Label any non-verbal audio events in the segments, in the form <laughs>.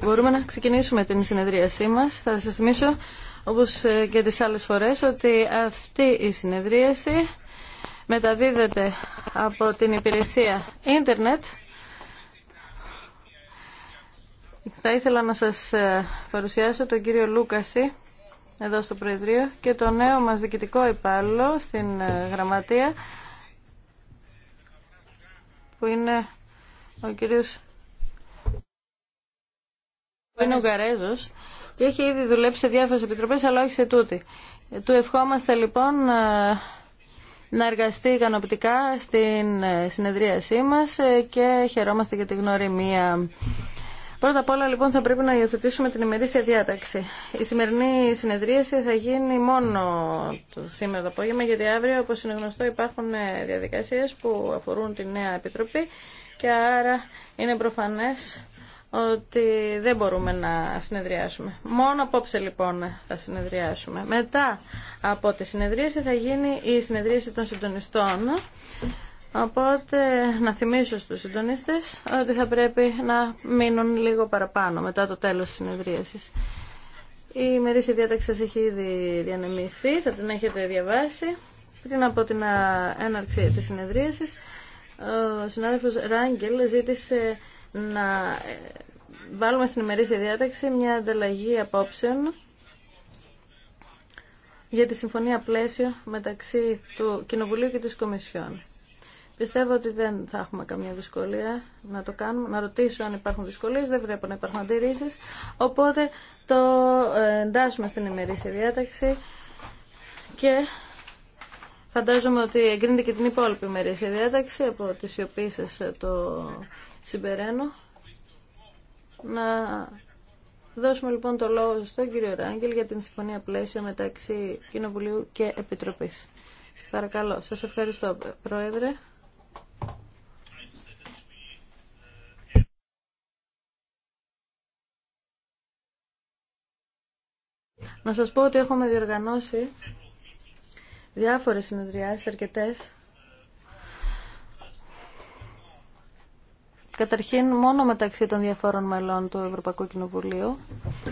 Μπορούμε να ξεκινήσουμε την συνεδρίασή μας. Θα σας θυμίσω, όπως ε, και τις άλλες φορές, ότι αυτή η συνεδρίαση μεταδίδεται από την υπηρεσία ίντερνετ. Θα ήθελα να σας ε, παρουσιάσω τον κύριο Λούκαση εδώ στο Προεδρείο και το νέο μας διοικητικό υπάλληλο στην ε, Γραμματεία που είναι ο κύριος που είναι Ουγγαρέζος και έχει ήδη δουλέψει σε διάφορες επιτροπές αλλά όχι σε τούτη. Του ευχόμαστε λοιπόν ε, να εργαστεί ικανοποιητικά στην ε, συνεδρίασή μας ε, και χαιρόμαστε για τη γνωριμία. Πρώτα απ' όλα λοιπόν θα πρέπει να υιοθετήσουμε την ημερήσια διάταξη. Η σημερινή συνεδρίαση θα γίνει μόνο το σήμερα το απόγευμα γιατί αύριο όπως είναι γνωστό υπάρχουν διαδικασίες που αφορούν τη νέα επιτροπή και άρα είναι προφανές ότι δεν μπορούμε να συνεδριάσουμε. Μόνο απόψε λοιπόν θα συνεδριάσουμε. Μετά από τη συνεδρίαση θα γίνει η συνεδρίαση των συντονιστών. Οπότε να θυμίσω στους συντονίστες ότι θα πρέπει να μείνουν λίγο παραπάνω μετά το τέλος της συνεδρίασης. Η ημερήσια διάταξη σας έχει ήδη διανεμηθεί, θα την έχετε διαβάσει πριν από την έναρξη της συνεδρίασης ο συνάδελφο Ράγκελ ζήτησε να ε, βάλουμε στην ημερήσια διάταξη μια ανταλλαγή απόψεων για τη συμφωνία πλαίσιο μεταξύ του Κοινοβουλίου και της Κομισιόν. Πιστεύω ότι δεν θα έχουμε καμία δυσκολία να το κάνουμε. Να ρωτήσω αν υπάρχουν δυσκολίες, δεν βλέπω να υπάρχουν αντιρρήσεις. Οπότε το ε, εντάσσουμε στην ημερήσια διάταξη και Φαντάζομαι ότι εγκρίνεται και την υπόλοιπη μερίσια διάταξη από τις οποίες το συμπεραίνω. Να δώσουμε λοιπόν το λόγο στον κύριο Ράγκελ για την συμφωνία πλαίσιο μεταξύ Κοινοβουλίου και Επιτροπής. παρακαλώ. Σας ευχαριστώ, Πρόεδρε. Να σας πω ότι έχουμε διοργανώσει διάφορες συνεδριάσεις, αρκετές. Καταρχήν μόνο μεταξύ των διαφόρων μελών του Ευρωπαϊκού Κοινοβουλίου,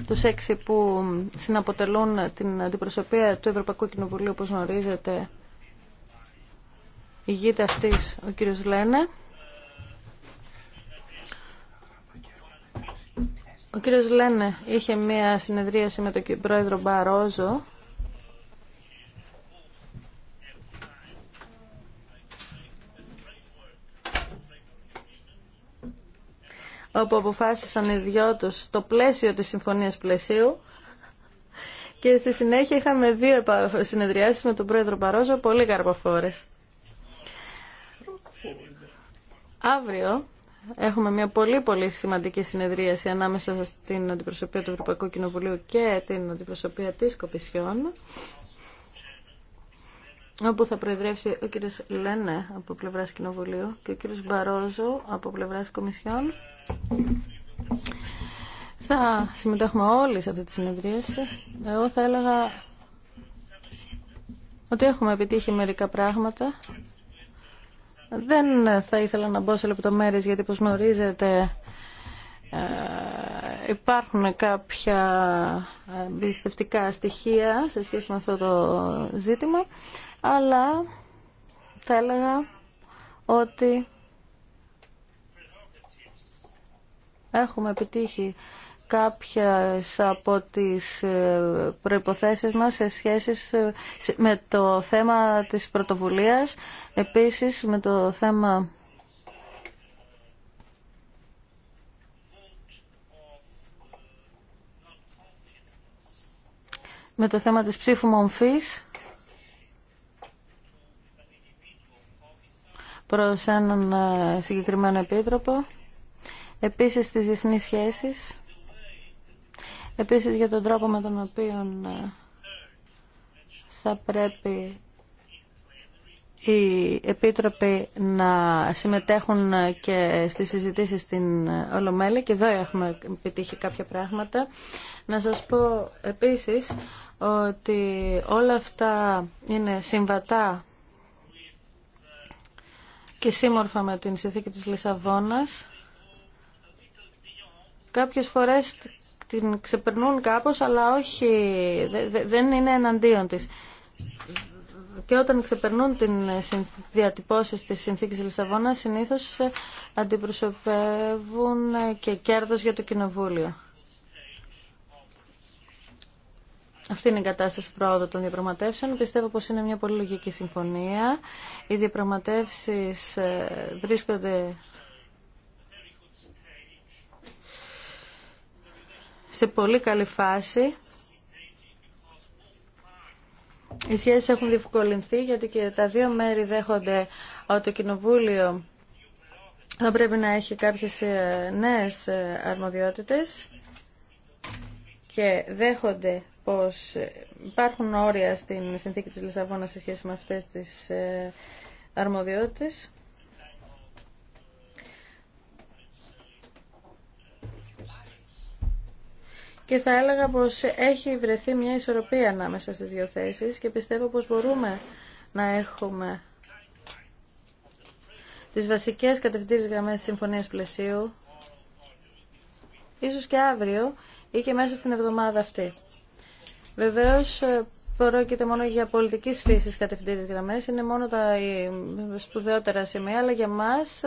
τους έξι που συναποτελούν την αντιπροσωπεία του Ευρωπαϊκού Κοινοβουλίου, όπως γνωρίζετε, ηγείται αυτής ο κύριος Λένε. Ο κύριος Λένε είχε μία συνεδρίαση με τον πρόεδρο Μπαρόζο όπου αποφάσισαν οι δυο τους το πλαίσιο της συμφωνίας πλαισίου και στη συνέχεια είχαμε δύο συνεδριάσεις με τον πρόεδρο Παρόζο, πολύ καρποφόρες. Αύριο έχουμε μια πολύ πολύ σημαντική συνεδρίαση ανάμεσα στην αντιπροσωπεία του Ευρωπαϊκού Κοινοβουλίου και την αντιπροσωπεία της Κοπισιόν όπου θα προεδρεύσει ο κύριος Λένε από πλευράς Κοινοβουλίου και ο κύριος Μπαρόζο από πλευράς Κομισιόν. Θα συμμετέχουμε όλοι σε αυτή τη συνεδρίαση. Εγώ θα έλεγα ότι έχουμε επιτύχει μερικά πράγματα. Δεν θα ήθελα να μπω σε λεπτομέρειες γιατί όπως γνωρίζετε ε, υπάρχουν κάποια εμπιστευτικά στοιχεία σε σχέση με αυτό το ζήτημα αλλά θα έλεγα ότι Έχουμε επιτύχει κάποιες από τις ε, προϋποθέσεις μας σε σχέση ε, με το θέμα της πρωτοβουλίας, επίσης με το θέμα με το θέμα της ψήφου μομφής προς έναν ε, συγκεκριμένο επίτροπο επίσης τις διεθνείς σχέσεις, επίσης για τον τρόπο με τον οποίο ε, θα πρέπει οι επίτροποι να συμμετέχουν ε, και στις συζητήσεις στην ε, Ολομέλη και εδώ έχουμε επιτύχει κάποια πράγματα. Να σας πω επίσης ότι όλα αυτά είναι συμβατά και σύμμορφα με την συνθήκη της Λισαβόνας κάποιες φορές την ξεπερνούν κάπως, αλλά όχι, δεν είναι εναντίον της. Και όταν ξεπερνούν την διατυπώσεις της συνθήκης Λισαβόνα, συνήθως ε, αντιπροσωπεύουν ε, και κέρδος για το Κοινοβούλιο. Αυτή είναι η κατάσταση πρόοδο των διαπραγματεύσεων. Πιστεύω πως είναι μια πολύ λογική συμφωνία. Οι διαπραγματεύσεις ε, βρίσκονται σε πολύ καλή φάση. Οι σχέσεις έχουν διευκολυνθεί γιατί και τα δύο μέρη δέχονται ότι το Κοινοβούλιο θα πρέπει να έχει κάποιες ε, νέες ε, αρμοδιότητες και δέχονται πως υπάρχουν όρια στην συνθήκη της Λισαβόνας σε σχέση με αυτές τις ε, αρμοδιότητες. και θα έλεγα πως έχει βρεθεί μια ισορροπία ανάμεσα στις δύο θέσεις και πιστεύω πως μπορούμε να έχουμε τις βασικές κατευθύνσεις γραμμές της Συμφωνίας Πλαισίου ίσως και αύριο ή και μέσα στην εβδομάδα αυτή. Βεβαίως πρόκειται μόνο για πολιτική φύσης κατευθύνσεις γραμμές, είναι μόνο τα σπουδαιότερα σημεία, αλλά για μάς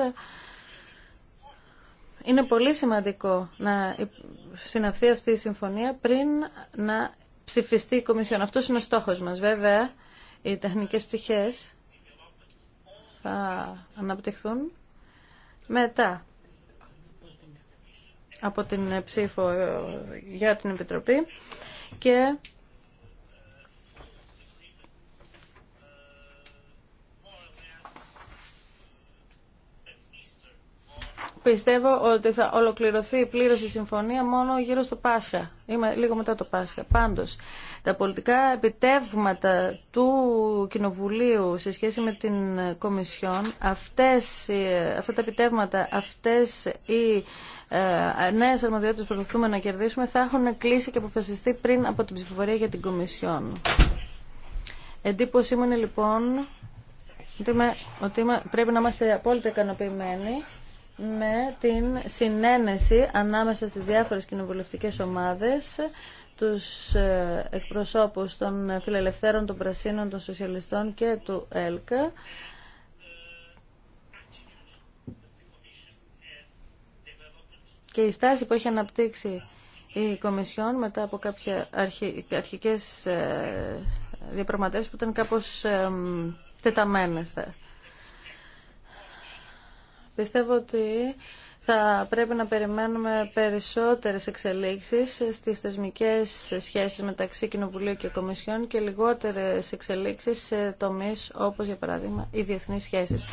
είναι πολύ σημαντικό να συναυθεί αυτή η συμφωνία πριν να ψηφιστεί η Κομισιόν. Αυτός είναι ο στόχος μας. Βέβαια, οι τεχνικές πτυχές θα αναπτυχθούν μετά από την ψήφο για την Επιτροπή και πιστεύω ότι θα ολοκληρωθεί πλήρω η συμφωνία μόνο γύρω στο Πάσχα. Είμαι λίγο μετά το Πάσχα. Πάντω, τα πολιτικά επιτεύγματα του Κοινοβουλίου σε σχέση με την Κομισιόν, αυτές, ε, αυτά τα επιτεύγματα, αυτέ οι ε, νέε αρμοδιότητε που προσπαθούμε να κερδίσουμε θα έχουν κλείσει και αποφασιστεί πριν από την ψηφοφορία για την Κομισιόν. Εντύπωσή μου είναι λοιπόν ότι, ότι πρέπει να είμαστε απόλυτα ικανοποιημένοι με την συνένεση ανάμεσα στις διάφορες κοινοβουλευτικές ομάδες τους ε, εκπροσώπους των φιλελευθέρων, των πρασίνων, των σοσιαλιστών και του ΕΛΚΑ και η στάση που έχει αναπτύξει η Κομισιόν μετά από κάποια αρχικές ε, διαπραγματεύσεις που ήταν κάπως τεταμένες. Πιστεύω ότι θα πρέπει να περιμένουμε περισσότερες εξελίξεις στις θεσμικές σχέσεις μεταξύ Κοινοβουλίου και Κομισιόν και λιγότερες εξελίξεις σε τομείς όπως για παράδειγμα οι διεθνείς σχέσεις.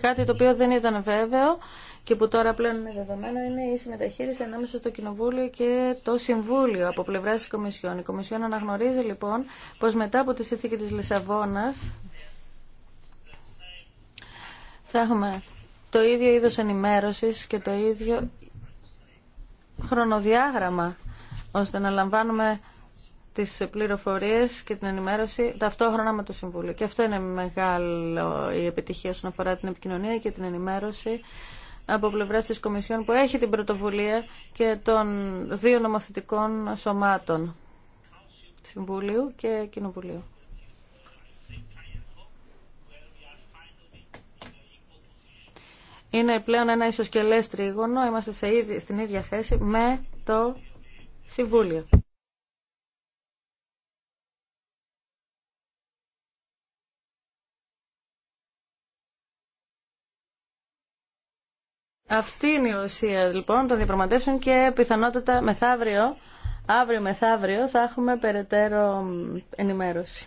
Κάτι το οποίο δεν ήταν βέβαιο και που τώρα πλέον είναι δεδομένο είναι η συμμεταχείριση ανάμεσα στο Κοινοβούλιο και το Συμβούλιο από πλευρά τη Κομισιόν. Η Κομισιόν αναγνωρίζει λοιπόν πω μετά από τη συνθήκη τη Λισαβόνα θα έχουμε το ίδιο είδος ενημέρωσης και το ίδιο χρονοδιάγραμμα ώστε να λαμβάνουμε τις πληροφορίες και την ενημέρωση ταυτόχρονα με το Συμβούλιο. Και αυτό είναι μεγάλο η επιτυχία όσον αφορά την επικοινωνία και την ενημέρωση από πλευράς της Κομισιόν που έχει την πρωτοβουλία και των δύο νομοθετικών σωμάτων Συμβουλίου και Κοινοβουλίου. Είναι πλέον ένα ισοσκελές τρίγωνο, είμαστε σε, στην ίδια θέση με το Συμβούλιο. Αυτή είναι η ουσία λοιπόν των διαπραγματεύσεων και πιθανότητα μεθαύριο, αύριο μεθαύριο θα έχουμε περαιτέρω ενημέρωση.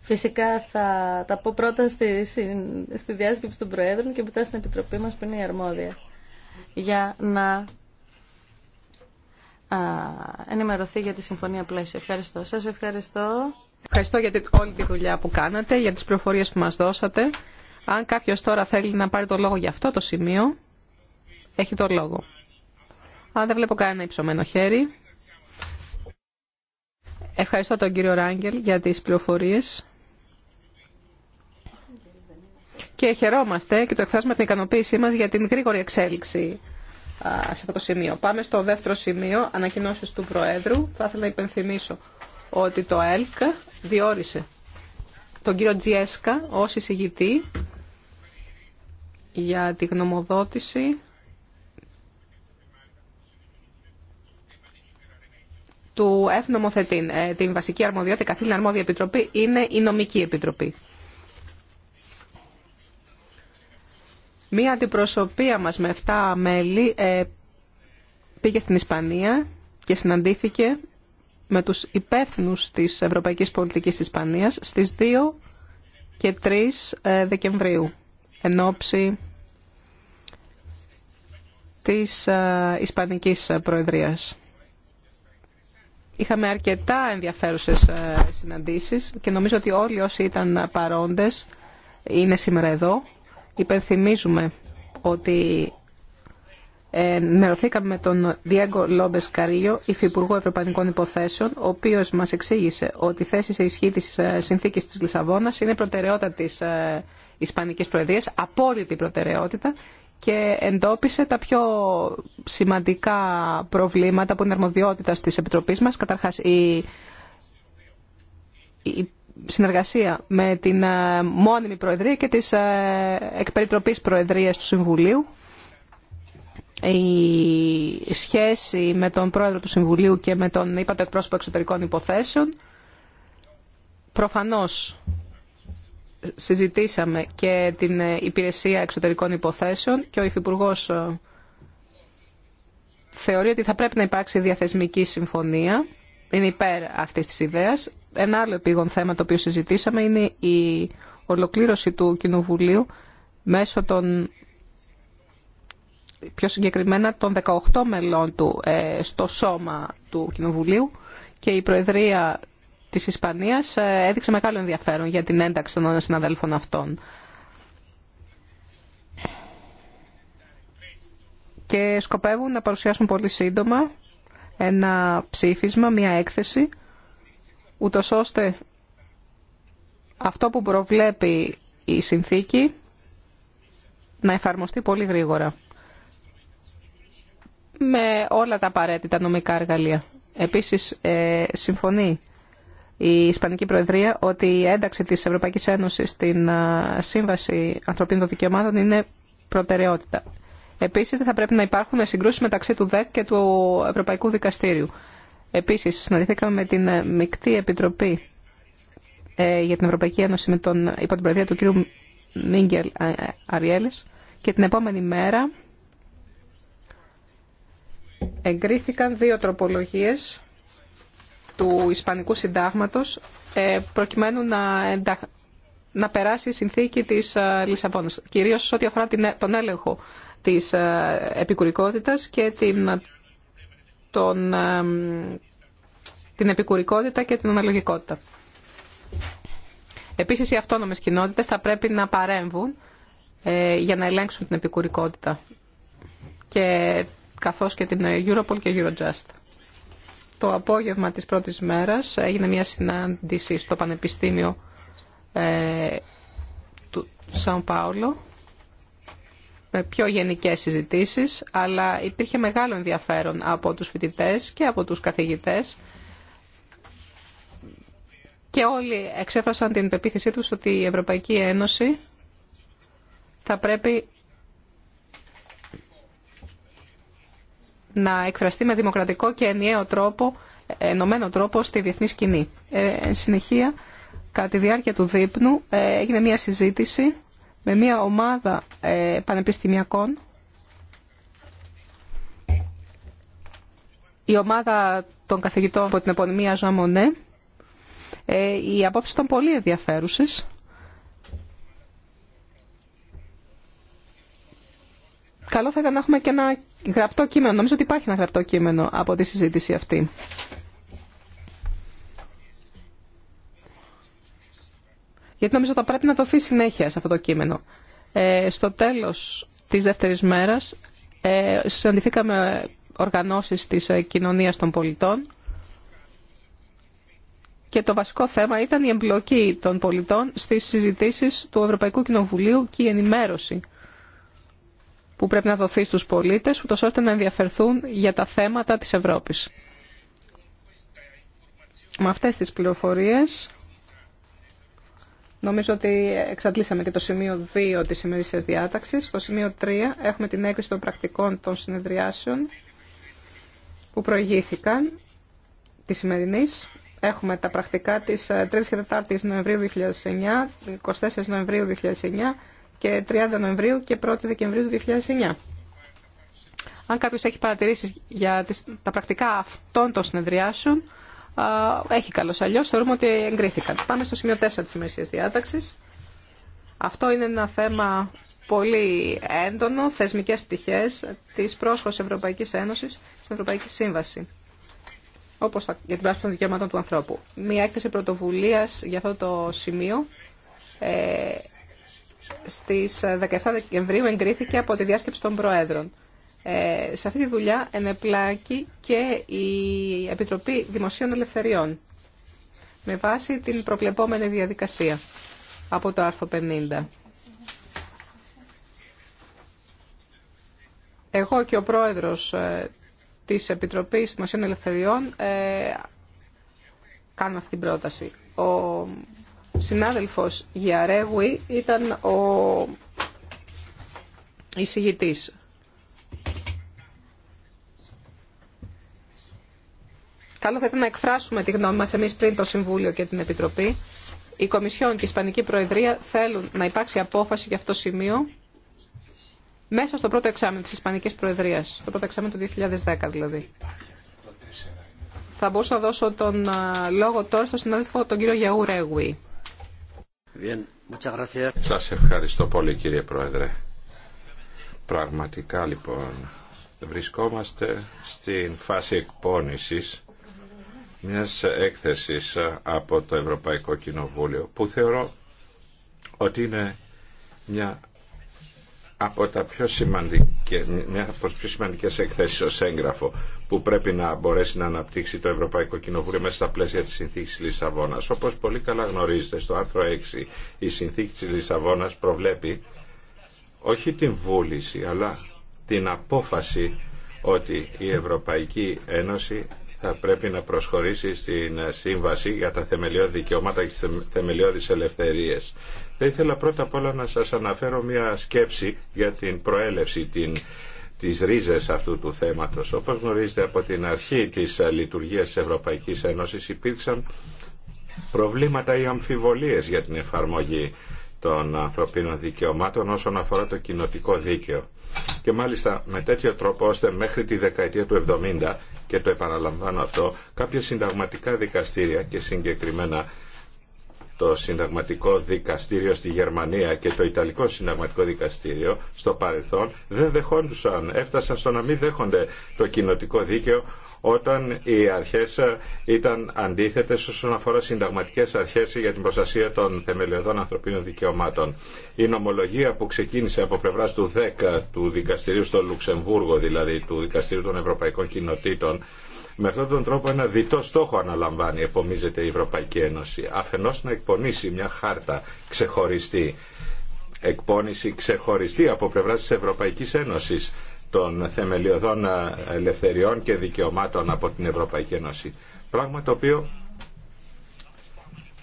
Φυσικά θα τα πω πρώτα στη, στη διάσκεψη των Προέδρων και μετά στην Επιτροπή μας που είναι η αρμόδια για να α, ενημερωθεί για τη Συμφωνία Πλαίσιο. Ευχαριστώ. Σας ευχαριστώ. Ευχαριστώ για όλη τη δουλειά που κάνατε, για τις προφορίες που μας δώσατε. Αν κάποιο τώρα θέλει να πάρει το λόγο για αυτό το σημείο, έχει το λόγο. Αν δεν βλέπω κανένα υψωμένο χέρι. Ευχαριστώ τον κύριο Ράγκελ για τις πληροφορίες. Και χαιρόμαστε και το εκφράζουμε την ικανοποίησή μας για την γρήγορη εξέλιξη σε αυτό το σημείο. Πάμε στο δεύτερο σημείο, ανακοινώσεις του Προέδρου. Θα ήθελα να υπενθυμίσω ότι το ΕΛΚ διόρισε τον κύριο Τζιέσκα ως εισηγητή για τη γνωμοδότηση του Εθνομοθετήν. Ε, την βασική αρμοδιότητα, καθήλυνα αρμόδια επιτροπή είναι η νομική επιτροπή. Μία αντιπροσωπεία μας με 7 μέλη ε, πήγε στην Ισπανία και συναντήθηκε με τους υπεύθυνους της Ευρωπαϊκής Πολιτικής Ισπανίας στις 2 και 3 ε, Δεκεμβρίου εν ώψη της ε, Ισπανικής ε, Προεδρίας. Είχαμε αρκετά ενδιαφέρουσες ε, συναντήσεις και νομίζω ότι όλοι όσοι ήταν παρόντες είναι σήμερα εδώ. Υπενθυμίζουμε ότι ε, μερωθήκαμε με τον Διέγκο Λόμπε Καρίλιο, υφυπουργό Ευρωπαϊκών Υποθέσεων, ο οποίο μα εξήγησε ότι η θέση σε ισχύ τη ε, συνθήκη τη Λισαβόνα είναι προτεραιότητα τη ε, Ισπανική Προεδρία, απόλυτη προτεραιότητα και εντόπισε τα πιο σημαντικά προβλήματα που είναι αρμοδιότητα τη Επιτροπή μας. Καταρχά, η, συνεργασία με την μόνιμη Προεδρία και τις εκπεριτροπή προεδρία του Συμβουλίου η σχέση με τον πρόεδρο του Συμβουλίου και με τον είπατε εκπρόσωπο εξωτερικών υποθέσεων. Προφανώς συζητήσαμε και την υπηρεσία εξωτερικών υποθέσεων και ο Υφυπουργό ε, θεωρεί ότι θα πρέπει να υπάρξει διαθεσμική συμφωνία. Είναι υπέρ αυτής της ιδέας. Ένα άλλο επίγον θέμα το οποίο συζητήσαμε είναι η ολοκλήρωση του Κοινοβουλίου μέσω των πιο συγκεκριμένα των 18 μελών του ε, στο σώμα του Κοινοβουλίου και η Προεδρία της Ισπανίας ε, έδειξε μεγάλο ενδιαφέρον για την ένταξη των συναδέλφων αυτών. Και σκοπεύουν να παρουσιάσουν πολύ σύντομα ένα ψήφισμα, μια έκθεση, ούτω ώστε αυτό που προβλέπει η συνθήκη να εφαρμοστεί πολύ γρήγορα με όλα τα απαραίτητα νομικά εργαλεία. Επίσης, ε, συμφωνεί η Ισπανική Προεδρία ότι η ένταξη της Ευρωπαϊκής Ένωσης στην ε, Σύμβαση Ανθρωπίνων Δικαιωμάτων είναι προτεραιότητα. Επίσης, δεν θα πρέπει να υπάρχουν συγκρούσεις μεταξύ του ΔΕΚ και του Ευρωπαϊκού Δικαστήριου. Επίσης, συναντηθήκαμε με την Μικτή Επιτροπή ε, για την Ευρωπαϊκή Ένωση με υπό την Προεδρία του κ. Μίγκελ Αριέλης και την επόμενη μέρα Εγκρίθηκαν δύο τροπολογίες του Ισπανικού Συντάγματος ε, προκειμένου να, να περάσει η συνθήκη της ε, Λισαβόνας. Κυρίως ό,τι αφορά ε, τον έλεγχο της επικουρικότητας και την, τον, την επικουρικότητα και την αναλογικότητα. Επίσης, οι αυτόνομες κοινότητες θα πρέπει να παρέμβουν για να ελέγξουν την επικουρικότητα και καθώς και την Europol και Eurojust. Το απόγευμα της πρώτης μέρας έγινε μια συνάντηση στο Πανεπιστήμιο ε, του Σαν Πάολο με πιο γενικές συζητήσεις, αλλά υπήρχε μεγάλο ενδιαφέρον από τους φοιτητές και από τους καθηγητές και όλοι εξέφρασαν την πεποίθησή τους ότι η Ευρωπαϊκή Ένωση θα πρέπει να εκφραστεί με δημοκρατικό και ενιαίο τρόπο, ενωμένο τρόπο στη διεθνή σκηνή. Ε, συνεχεία, κατά τη διάρκεια του δείπνου ε, έγινε μια συζήτηση με μια ομάδα ε, πανεπιστημιακών η ομάδα των καθηγητών από την επωνυμία Ζαμονέ. Ε, η απόψεις ήταν πολύ ενδιαφέρουσες. Καλό θα ήταν να έχουμε και ένα γραπτό κείμενο. Νομίζω ότι υπάρχει ένα γραπτό κείμενο από τη συζήτηση αυτή. Γιατί νομίζω θα πρέπει να δοθεί συνέχεια σε αυτό το κείμενο. Ε, στο τέλος της δεύτερης μέρας ε, συναντηθήκαμε οργανώσεις της ε, κοινωνίας των πολιτών και το βασικό θέμα ήταν η εμπλοκή των πολιτών στις συζητήσεις του Ευρωπαϊκού Κοινοβουλίου και η ενημέρωση που πρέπει να δοθεί στους πολίτες, ούτως ώστε να ενδιαφερθούν για τα θέματα της Ευρώπης. Με αυτές τις πληροφορίες νομίζω ότι εξαντλήσαμε και το σημείο 2 της ημερήσιας διάταξης. Στο σημείο 3 έχουμε την έκριση των πρακτικών των συνεδριάσεων που προηγήθηκαν τη σημερινή. Έχουμε τα πρακτικά της 3 ε, και 4 Νοεμβρίου 2009, 24 Νοεμβρίου 2009, και 30 Νοεμβρίου και 1 Δεκεμβρίου του 2009. Αν κάποιος έχει παρατηρήσεις για τα πρακτικά αυτών των συνεδριάσεων, έχει καλώς αλλιώς, θεωρούμε ότι εγκρίθηκαν. Πάμε στο σημείο 4 της ημερησίας διάταξης. Αυτό είναι ένα θέμα πολύ έντονο, θεσμικές πτυχές της πρόσχωσης Ευρωπαϊκής Ένωσης στην Ευρωπαϊκή Σύμβαση. Όπως για την πράξη των δικαιωμάτων του ανθρώπου. Μία έκθεση πρωτοβουλίας για αυτό το σημείο ε, στις 17 ε, Δεκεμβρίου εγκρίθηκε από τη διάσκεψη των Προέδρων. Ε, σε αυτή τη δουλειά ενεπλάκει και η Επιτροπή Δημοσίων Ελευθεριών με βάση την προβλεπόμενη διαδικασία από το άρθρο 50. Εγώ και ο πρόεδρος ε, της Επιτροπής Δημοσίων Ελευθεριών ε, αυτή την πρόταση. Ο συνάδελφος Γιαρέγουη ήταν ο εισηγητής. Καλό θα ήταν να εκφράσουμε τη γνώμη μας εμείς πριν το Συμβούλιο και την Επιτροπή. Η Κομισιόν και η Ισπανική Προεδρία θέλουν να υπάρξει απόφαση για αυτό το σημείο μέσα στο πρώτο εξάμεινο της Ισπανικής Προεδρίας, το πρώτο εξάμεινο του 2010 δηλαδή. Θα μπορούσα να δώσω τον λόγο τώρα στον συνάδελφο τον κύριο Ρέγουι. Σας ευχαριστώ πολύ κύριε Πρόεδρε. Πραγματικά λοιπόν βρισκόμαστε στην φάση εκπόνησης μιας έκθεσης από το Ευρωπαϊκό Κοινοβούλιο που θεωρώ ότι είναι μια από τα πιο σημαντικές, μια από τις πιο σημαντικές εκθέσεις ως έγγραφο που πρέπει να μπορέσει να αναπτύξει το Ευρωπαϊκό Κοινοβούλιο μέσα στα πλαίσια της Συνθήκης Λισαβόνας. Όπως πολύ καλά γνωρίζετε στο άρθρο 6 η Συνθήκη της Λισαβόνας προβλέπει όχι την βούληση αλλά την απόφαση ότι η Ευρωπαϊκή Ένωση θα πρέπει να προσχωρήσει στην Σύμβαση για τα θεμελιώδη δικαιώματα και τις θεμελιώδεις ελευθερίες. Θα ήθελα πρώτα απ' όλα να σας αναφέρω μια σκέψη για την προέλευση, την τις ρίζες αυτού του θέματος. Όπως γνωρίζετε από την αρχή της λειτουργίας της Ευρωπαϊκής Ένωσης υπήρξαν προβλήματα ή αμφιβολίες για την εφαρμογή των ανθρωπίνων δικαιωμάτων όσον αφορά το κοινοτικό δίκαιο. Και μάλιστα με τέτοιο τρόπο ώστε μέχρι τη δεκαετία του 70 και το επαναλαμβάνω αυτό κάποια συνταγματικά δικαστήρια και συγκεκριμένα το συνταγματικό δικαστήριο στη Γερμανία και το Ιταλικό συνταγματικό δικαστήριο στο παρελθόν δεν δεχόντουσαν, έφτασαν στο να μην δέχονται το κοινοτικό δίκαιο όταν οι αρχές ήταν αντίθετες όσον αφορά συνταγματικές αρχές για την προστασία των θεμελιωδών ανθρωπίνων δικαιωμάτων. Η νομολογία που ξεκίνησε από πλευρά του 10 του δικαστηρίου στο Λουξεμβούργο, δηλαδή του δικαστηρίου των Ευρωπαϊκών Κοινοτήτων, με αυτόν τον τρόπο ένα διτό στόχο αναλαμβάνει, επομίζεται η Ευρωπαϊκή Ένωση. Αφενός να εκπονήσει μια χάρτα ξεχωριστή, εκπόνηση ξεχωριστή από πλευρά της Ευρωπαϊκής Ένωσης των θεμελιωδών ε, ελευθεριών και δικαιωμάτων από την Ευρωπαϊκή Ένωση. Πράγμα το οποίο,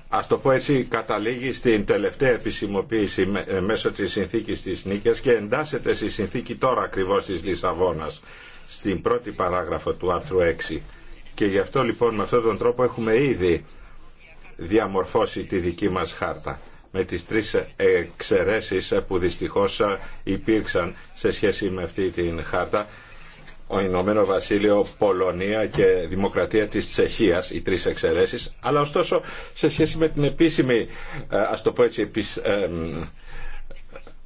ας το πω έτσι, καταλήγει στην τελευταία επισημοποίηση ε, μέσω της συνθήκης της Νίκης και εντάσσεται στη συνθήκη τώρα ακριβώς της Λισαβόνας, στην πρώτη παράγραφο του άρθρου 6. Και γι' αυτό λοιπόν με αυτόν τον τρόπο έχουμε ήδη διαμορφώσει τη δική μας χάρτα με τις τρεις εξαιρέσεις που δυστυχώς υπήρξαν σε σχέση με αυτή την χάρτα ο Ηνωμένο Βασίλειο, Πολωνία και Δημοκρατία της Τσεχίας, οι τρεις εξαιρέσεις, αλλά ωστόσο σε σχέση με την επίσημη, ε, ας το πω έτσι,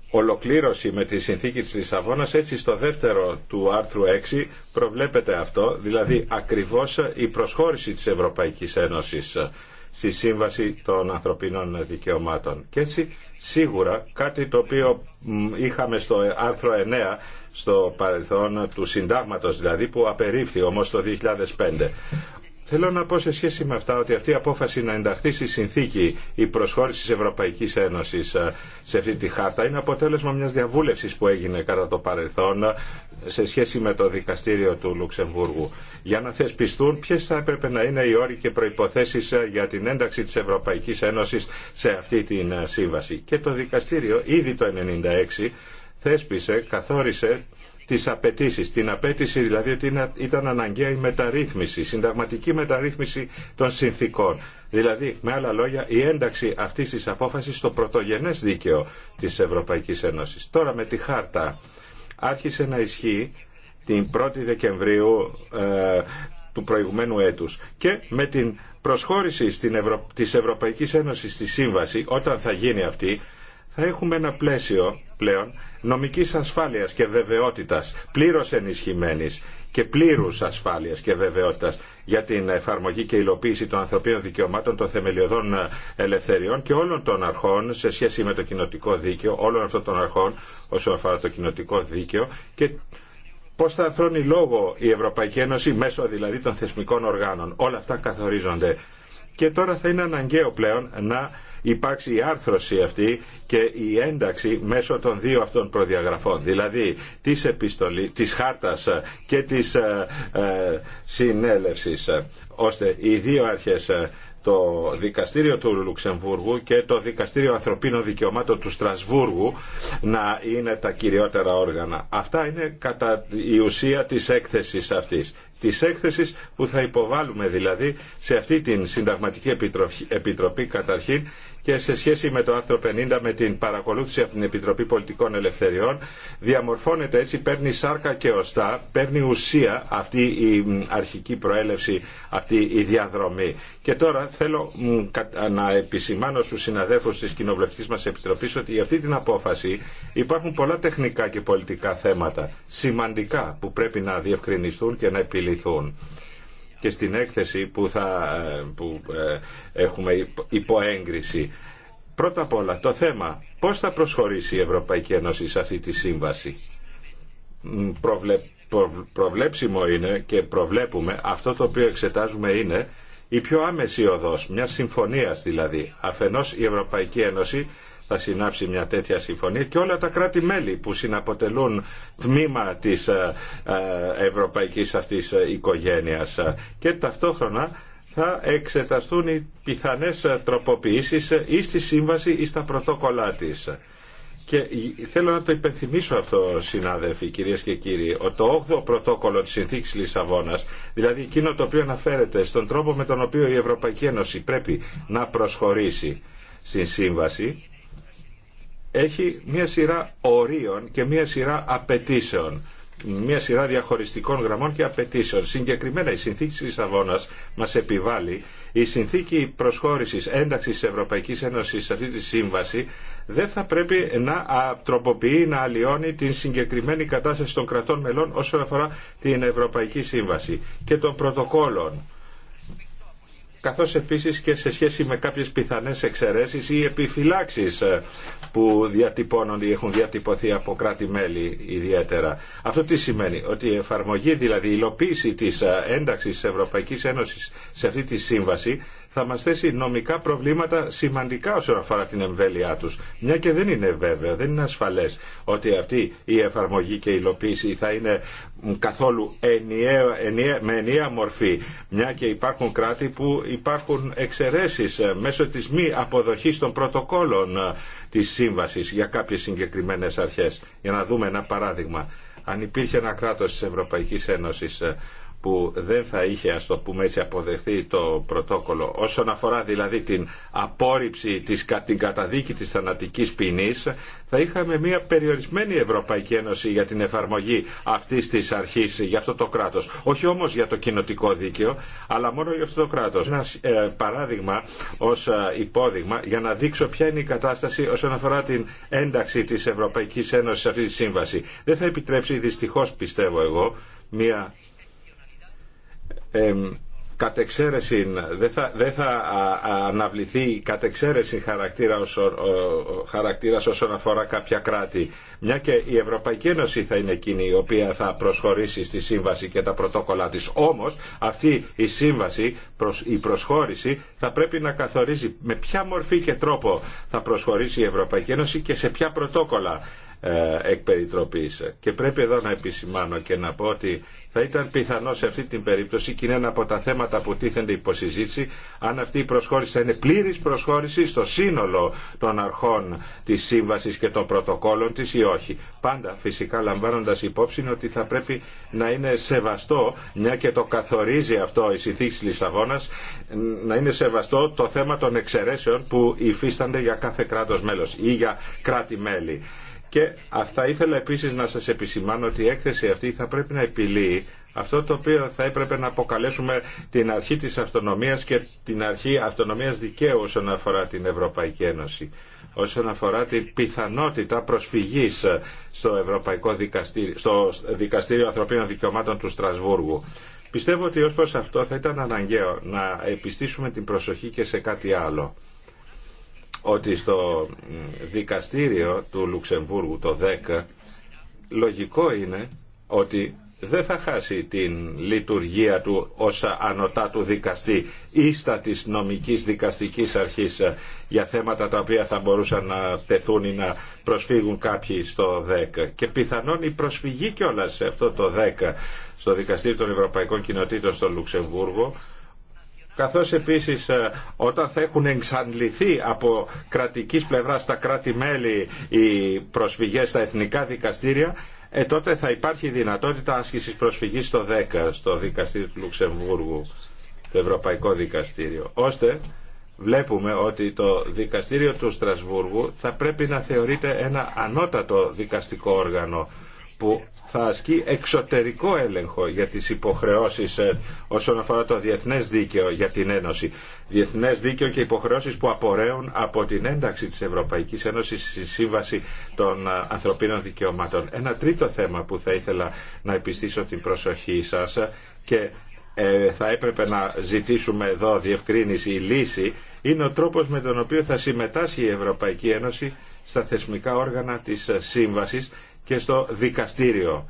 ολοκλήρωση με τη συνθήκη της Λισαβόνας, έτσι στο δεύτερο του άρθρου 6 προβλέπεται αυτό, δηλαδή ακριβώς η προσχώρηση της Ευρωπαϊκής Ένωσης στη Σύμβαση των Ανθρωπίνων Δικαιωμάτων. Και έτσι σίγουρα κάτι το οποίο είχαμε στο άρθρο 9 στο παρελθόν του συντάγματος δηλαδή που απερίφθη όμως το 2005 Θέλω να πω σε σχέση με αυτά ότι αυτή η απόφαση να ενταχθεί στη συνθήκη η προσχώρηση της ευρωπαϊκή Ένωση ε, σε αυτή τη χάρτα είναι αποτέλεσμα μιας διαβούλευσης που έγινε κατά το παρελθόν ε, σε σχέση με το δικαστήριο του Λουξεμβούργου για να θεσπιστούν ποιες θα έπρεπε να είναι οι όροι και προϋποθέσεις ε, για την ένταξη της Ευρωπαϊκής Ένωσης σε αυτή τη σύμβαση. Και το δικαστήριο ήδη το 1996 θέσπισε, καθόρισε τις απαιτήσει, την απέτηση δηλαδή ότι ήταν αναγκαία η μεταρρύθμιση, η συνταγματική μεταρρύθμιση των συνθήκων. Δηλαδή, με άλλα λόγια, η ένταξη αυτή τη απόφαση στο πρωτογενέ δίκαιο τη Ευρωπαϊκή Ένωση. Τώρα με τη χάρτα άρχισε να ισχύει την 1η Δεκεμβρίου ε, του προηγουμένου έτους και με την προσχώρηση στην Ευρω... της Ευρωπαϊκής Ένωσης στη Σύμβαση όταν θα γίνει αυτή θα έχουμε ένα πλαίσιο πλέον νομικής ασφάλειας και βεβαιότητας, πλήρως ενισχυμένης και πλήρους ασφάλειας και βεβαιότητας για την εφαρμογή και υλοποίηση των ανθρωπίνων δικαιωμάτων, των θεμελιωδών ελευθεριών και όλων των αρχών σε σχέση με το κοινοτικό δίκαιο, όλων αυτών των αρχών όσον αφορά το κοινοτικό δίκαιο και Πώ θα αρθρώνει λόγο η Ευρωπαϊκή Ένωση μέσω δηλαδή των θεσμικών οργάνων. Όλα αυτά καθορίζονται. Και τώρα θα είναι αναγκαίο πλέον να υπάρξει η άρθρωση αυτή και η ένταξη μέσω των δύο αυτών προδιαγραφών, δηλαδή της, επιστολή, της χάρτας και της ε, ε, συνέλευσης, ώστε οι δύο αρχές ε, το Δικαστήριο του Λουξεμβούργου και το Δικαστήριο Ανθρωπίνων Δικαιωμάτων του Στρασβούργου να είναι τα κυριότερα όργανα. Αυτά είναι κατά η ουσία της έκθεσης αυτής. Της έκθεσης που θα υποβάλουμε δηλαδή σε αυτή την Συνταγματική Επιτροπή καταρχήν και σε σχέση με το άρθρο 50 με την παρακολούθηση από την Επιτροπή Πολιτικών Ελευθεριών διαμορφώνεται έτσι, παίρνει σάρκα και οστά, παίρνει ουσία αυτή η αρχική προέλευση, αυτή η διαδρομή. Και τώρα θέλω να επισημάνω στους συναδέλφους της Κοινοβουλευτικής μας Επιτροπής ότι για αυτή την απόφαση υπάρχουν πολλά τεχνικά και πολιτικά θέματα, σημαντικά που πρέπει να διευκρινιστούν και να επιληθούν και στην έκθεση που, θα, ε, που ε, έχουμε υποέγκριση. Πρώτα απ' όλα το θέμα πώς θα προσχωρήσει η Ευρωπαϊκή Ένωση σε αυτή τη σύμβαση. Προβλε, προβλέψιμο είναι και προβλέπουμε, αυτό το οποίο εξετάζουμε είναι η πιο άμεση οδός, μια συμφωνία, δηλαδή. Αφενός η Ευρωπαϊκή Ένωση θα συνάψει μια τέτοια συμφωνία και όλα τα κράτη-μέλη που συναποτελούν τμήμα της ε, ε, ευρωπαϊκής αυτής ε, οικογένειας. Και ταυτόχρονα θα εξεταστούν οι πιθανές τροποποιήσεις ή στη σύμβαση ή στα πρωτόκολλά της. Και θέλω να το υπενθυμίσω αυτό, συνάδελφοι, κυρίε και κύριοι, ότι το 8ο πρωτόκολλο τη συνθήκη Λισαβόνα, δηλαδή εκείνο το οποίο αναφέρεται στον τρόπο με τον οποίο η Ευρωπαϊκή Ένωση πρέπει να προσχωρήσει στην σύμβαση, έχει μια σειρά ορίων και μια σειρά απαιτήσεων μια σειρά διαχωριστικών γραμμών και απαιτήσεων. Συγκεκριμένα η συνθήκη τη Λισαβόνα μας επιβάλλει η συνθήκη προσχώρησης ένταξης τη Ευρωπαϊκή Ένωση, σε αυτή τη σύμβαση δεν θα πρέπει να τροποποιεί, να αλλοιώνει την συγκεκριμένη κατάσταση των κρατών μελών όσον αφορά την Ευρωπαϊκή Σύμβαση και των πρωτοκόλων καθώς επίσης και σε σχέση με κάποιες πιθανές εξαιρέσεις ή επιφυλάξεις ε, που διατυπώνονται ή έχουν διατυπωθεί από κράτη-μέλη ιδιαίτερα. Αυτό τι σημαίνει, ότι η εφαρμογή, δηλαδή η υλοποίηση της ε, ένταξης της Ευρωπαϊκής Ένωσης σε αυτή τη σύμβαση θα μας θέσει νομικά προβλήματα σημαντικά όσον αφορά την εμβέλειά τους. Μια και δεν είναι βέβαιο, δεν είναι ασφαλές ότι αυτή η εφαρμογή και η υλοποίηση θα είναι καθόλου ενιαία, με ενιαία μορφή. Μια και υπάρχουν κράτη που υπάρχουν εξαιρέσεις ε, μέσω της μη αποδοχής των πρωτοκόλων ε, της σύμβασης για κάποιες συγκεκριμένες αρχές. Για να δούμε ένα παράδειγμα. Αν υπήρχε ένα κράτος της Ευρωπαϊκής Ένωσης ε, που δεν θα είχε ας το πούμε έτσι αποδεχθεί το πρωτόκολλο όσον αφορά δηλαδή την απόρριψη της, την καταδίκη της θανατικής ποινή, θα είχαμε μια περιορισμένη Ευρωπαϊκή Ένωση για την εφαρμογή αυτής της αρχής για αυτό το κράτος όχι όμως για το κοινοτικό δίκαιο αλλά μόνο για αυτό το κράτος ένα ε, παράδειγμα ως ε, υπόδειγμα για να δείξω ποια είναι η κατάσταση όσον αφορά την ένταξη της Ευρωπαϊκής Ένωσης σε αυτή τη σύμβαση δεν θα επιτρέψει δυστυχώς πιστεύω εγώ μια κατ' δεν θα, θα αναβληθεί κατ' εξαίρεση χαρακτήρα χαρακτήρας όσον αφορά κάποια κράτη. Μια και η Ευρωπαϊκή Ένωση θα είναι εκείνη η οποία θα προσχωρήσει στη σύμβαση και τα πρωτόκολλα της. Όμως αυτή η σύμβαση, η προσχώρηση θα πρέπει να καθορίζει με ποια μορφή και τρόπο θα προσχωρήσει η Ευρωπαϊκή Ένωση και σε ποια πρωτόκολλα ε, εκ Και πρέπει εδώ να επισημάνω και να πω ότι θα ήταν πιθανό σε αυτή την περίπτωση και είναι ένα από τα θέματα που τίθενται υποσυζήτηση αν αυτή η προσχώρηση θα είναι πλήρη προσχώρηση στο σύνολο των αρχών της σύμβασης και των πρωτοκόλων τη, ή όχι. Πάντα φυσικά λαμβάνοντας υπόψη ότι θα πρέπει να είναι σεβαστό, μια και το καθορίζει αυτό η συνθήκη τη Λισαβόνας, να είναι σεβαστό το θέμα των εξαιρέσεων που υφίστανται για κάθε κράτο μέλο ή για κράτη-μέλη. Και αυτά ήθελα επίσης να σας επισημάνω ότι η έκθεση αυτή θα πρέπει να επιλύει αυτό το οποίο θα έπρεπε να αποκαλέσουμε την αρχή της αυτονομίας και την αρχή αυτονομίας δικαίου όσον αφορά την Ευρωπαϊκή Ένωση όσον αφορά την πιθανότητα προσφυγής στο Ευρωπαϊκό Δικαστήριο, στο Δικαστήριο Ανθρωπίνων Δικαιωμάτων του Στρασβούργου. Πιστεύω ότι ως προς αυτό θα ήταν αναγκαίο να επιστήσουμε την προσοχή και σε κάτι άλλο ότι στο δικαστήριο του Λουξεμβούργου το 10 λογικό είναι ότι δεν θα χάσει την λειτουργία του ως ανωτά του δικαστή στα της νομικής δικαστικής αρχής ε, για θέματα τα οποία θα μπορούσαν να τεθούν ή να προσφύγουν κάποιοι στο 10 και πιθανόν η προσφυγή κιόλας σε αυτό το 10 στο Δικαστήριο των Ευρωπαϊκών Κοινοτήτων στο Λουξεμβούργο καθώς επίσης ε, όταν θα έχουν εξαντληθεί από κρατικής πλευράς στα κράτη-μέλη οι προσφυγές στα εθνικά δικαστήρια, ε, τότε θα υπάρχει δυνατότητα άσκησης προσφυγής στο 10, στο δικαστήριο του Λουξεμβούργου, το Ευρωπαϊκό Δικαστήριο, ώστε βλέπουμε ότι το δικαστήριο του Στρασβούργου θα πρέπει να θεωρείται ένα ανώτατο δικαστικό όργανο που θα ασκεί εξωτερικό έλεγχο για τις υποχρεώσεις ε, όσον αφορά το διεθνές δίκαιο για την Ένωση. Διεθνές δίκαιο και υποχρεώσεις που απορρέουν από την ένταξη της Ευρωπαϊκής Ένωσης στη Σύμβαση των ε, Ανθρωπίνων Δικαιωμάτων. Ένα τρίτο θέμα που θα ήθελα να επιστήσω την προσοχή σας και ε, θα έπρεπε να ζητήσουμε εδώ διευκρίνηση ή λύση είναι ο τρόπος με τον οποίο θα συμμετάσχει η Ευρωπαϊκή Ένωση στα θεσμικά όργανα της Σύμβασης και στο δικαστήριο.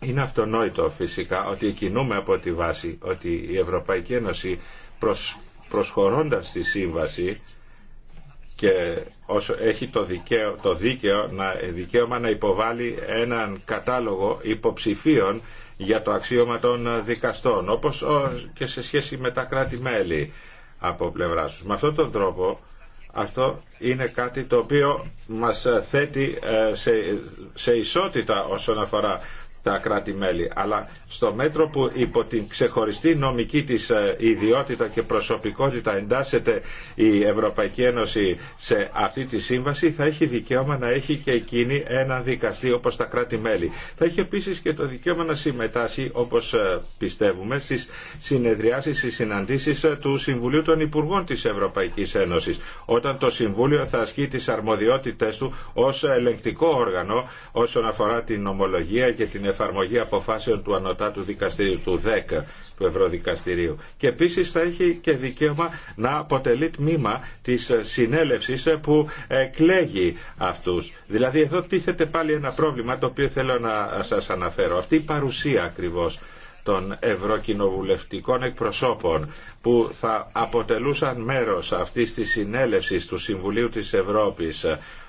Είναι αυτονόητο φυσικά ότι κινούμε από τη βάση ότι η Ευρωπαϊκή Ένωση προσ, προσχωρώντας τη σύμβαση και όσο έχει το, το δίκαιο, να, δικαίωμα να υποβάλει έναν κατάλογο υποψηφίων για το αξίωμα των δικαστών, όπως και σε σχέση με τα κράτη-μέλη από πλευρά τους. Με αυτόν τον τρόπο αυτό είναι κάτι το οποίο μας θέτει ε, σε ισότητα όσον αφορά τα κράτη-μέλη. Αλλά στο μέτρο που υπό την ξεχωριστή νομική της ε, ιδιότητα και προσωπικότητα εντάσσεται η Ευρωπαϊκή Ένωση σε αυτή τη σύμβαση, θα έχει δικαίωμα να έχει και εκείνη ένα δικαστή όπως τα κράτη-μέλη. Θα έχει επίσης και το δικαίωμα να συμμετάσχει όπως ε, πιστεύουμε στις συνεδριάσεις, στις συναντήσεις ε, του Συμβουλίου των Υπουργών της Ευρωπαϊκής Ένωσης όταν το Συμβούλιο θα ασκεί τις αρμοδιότητες του ως ελεγκτικό όργανο όσον αφορά την ομολογία και την εφαρμογή αποφάσεων του Ανωτάτου Δικαστηρίου, του 10 του Ευρωδικαστηρίου. Και επίσης θα έχει και δικαίωμα να αποτελεί τμήμα της συνέλευση που εκλέγει αυτούς. Δηλαδή εδώ τίθεται πάλι ένα πρόβλημα το οποίο θέλω να σα αναφέρω. Αυτή η παρουσία ακριβώς των ευρωκοινοβουλευτικών εκπροσώπων που θα αποτελούσαν μέρος αυτής της συνέλευσης του Συμβουλίου της Ευρώπης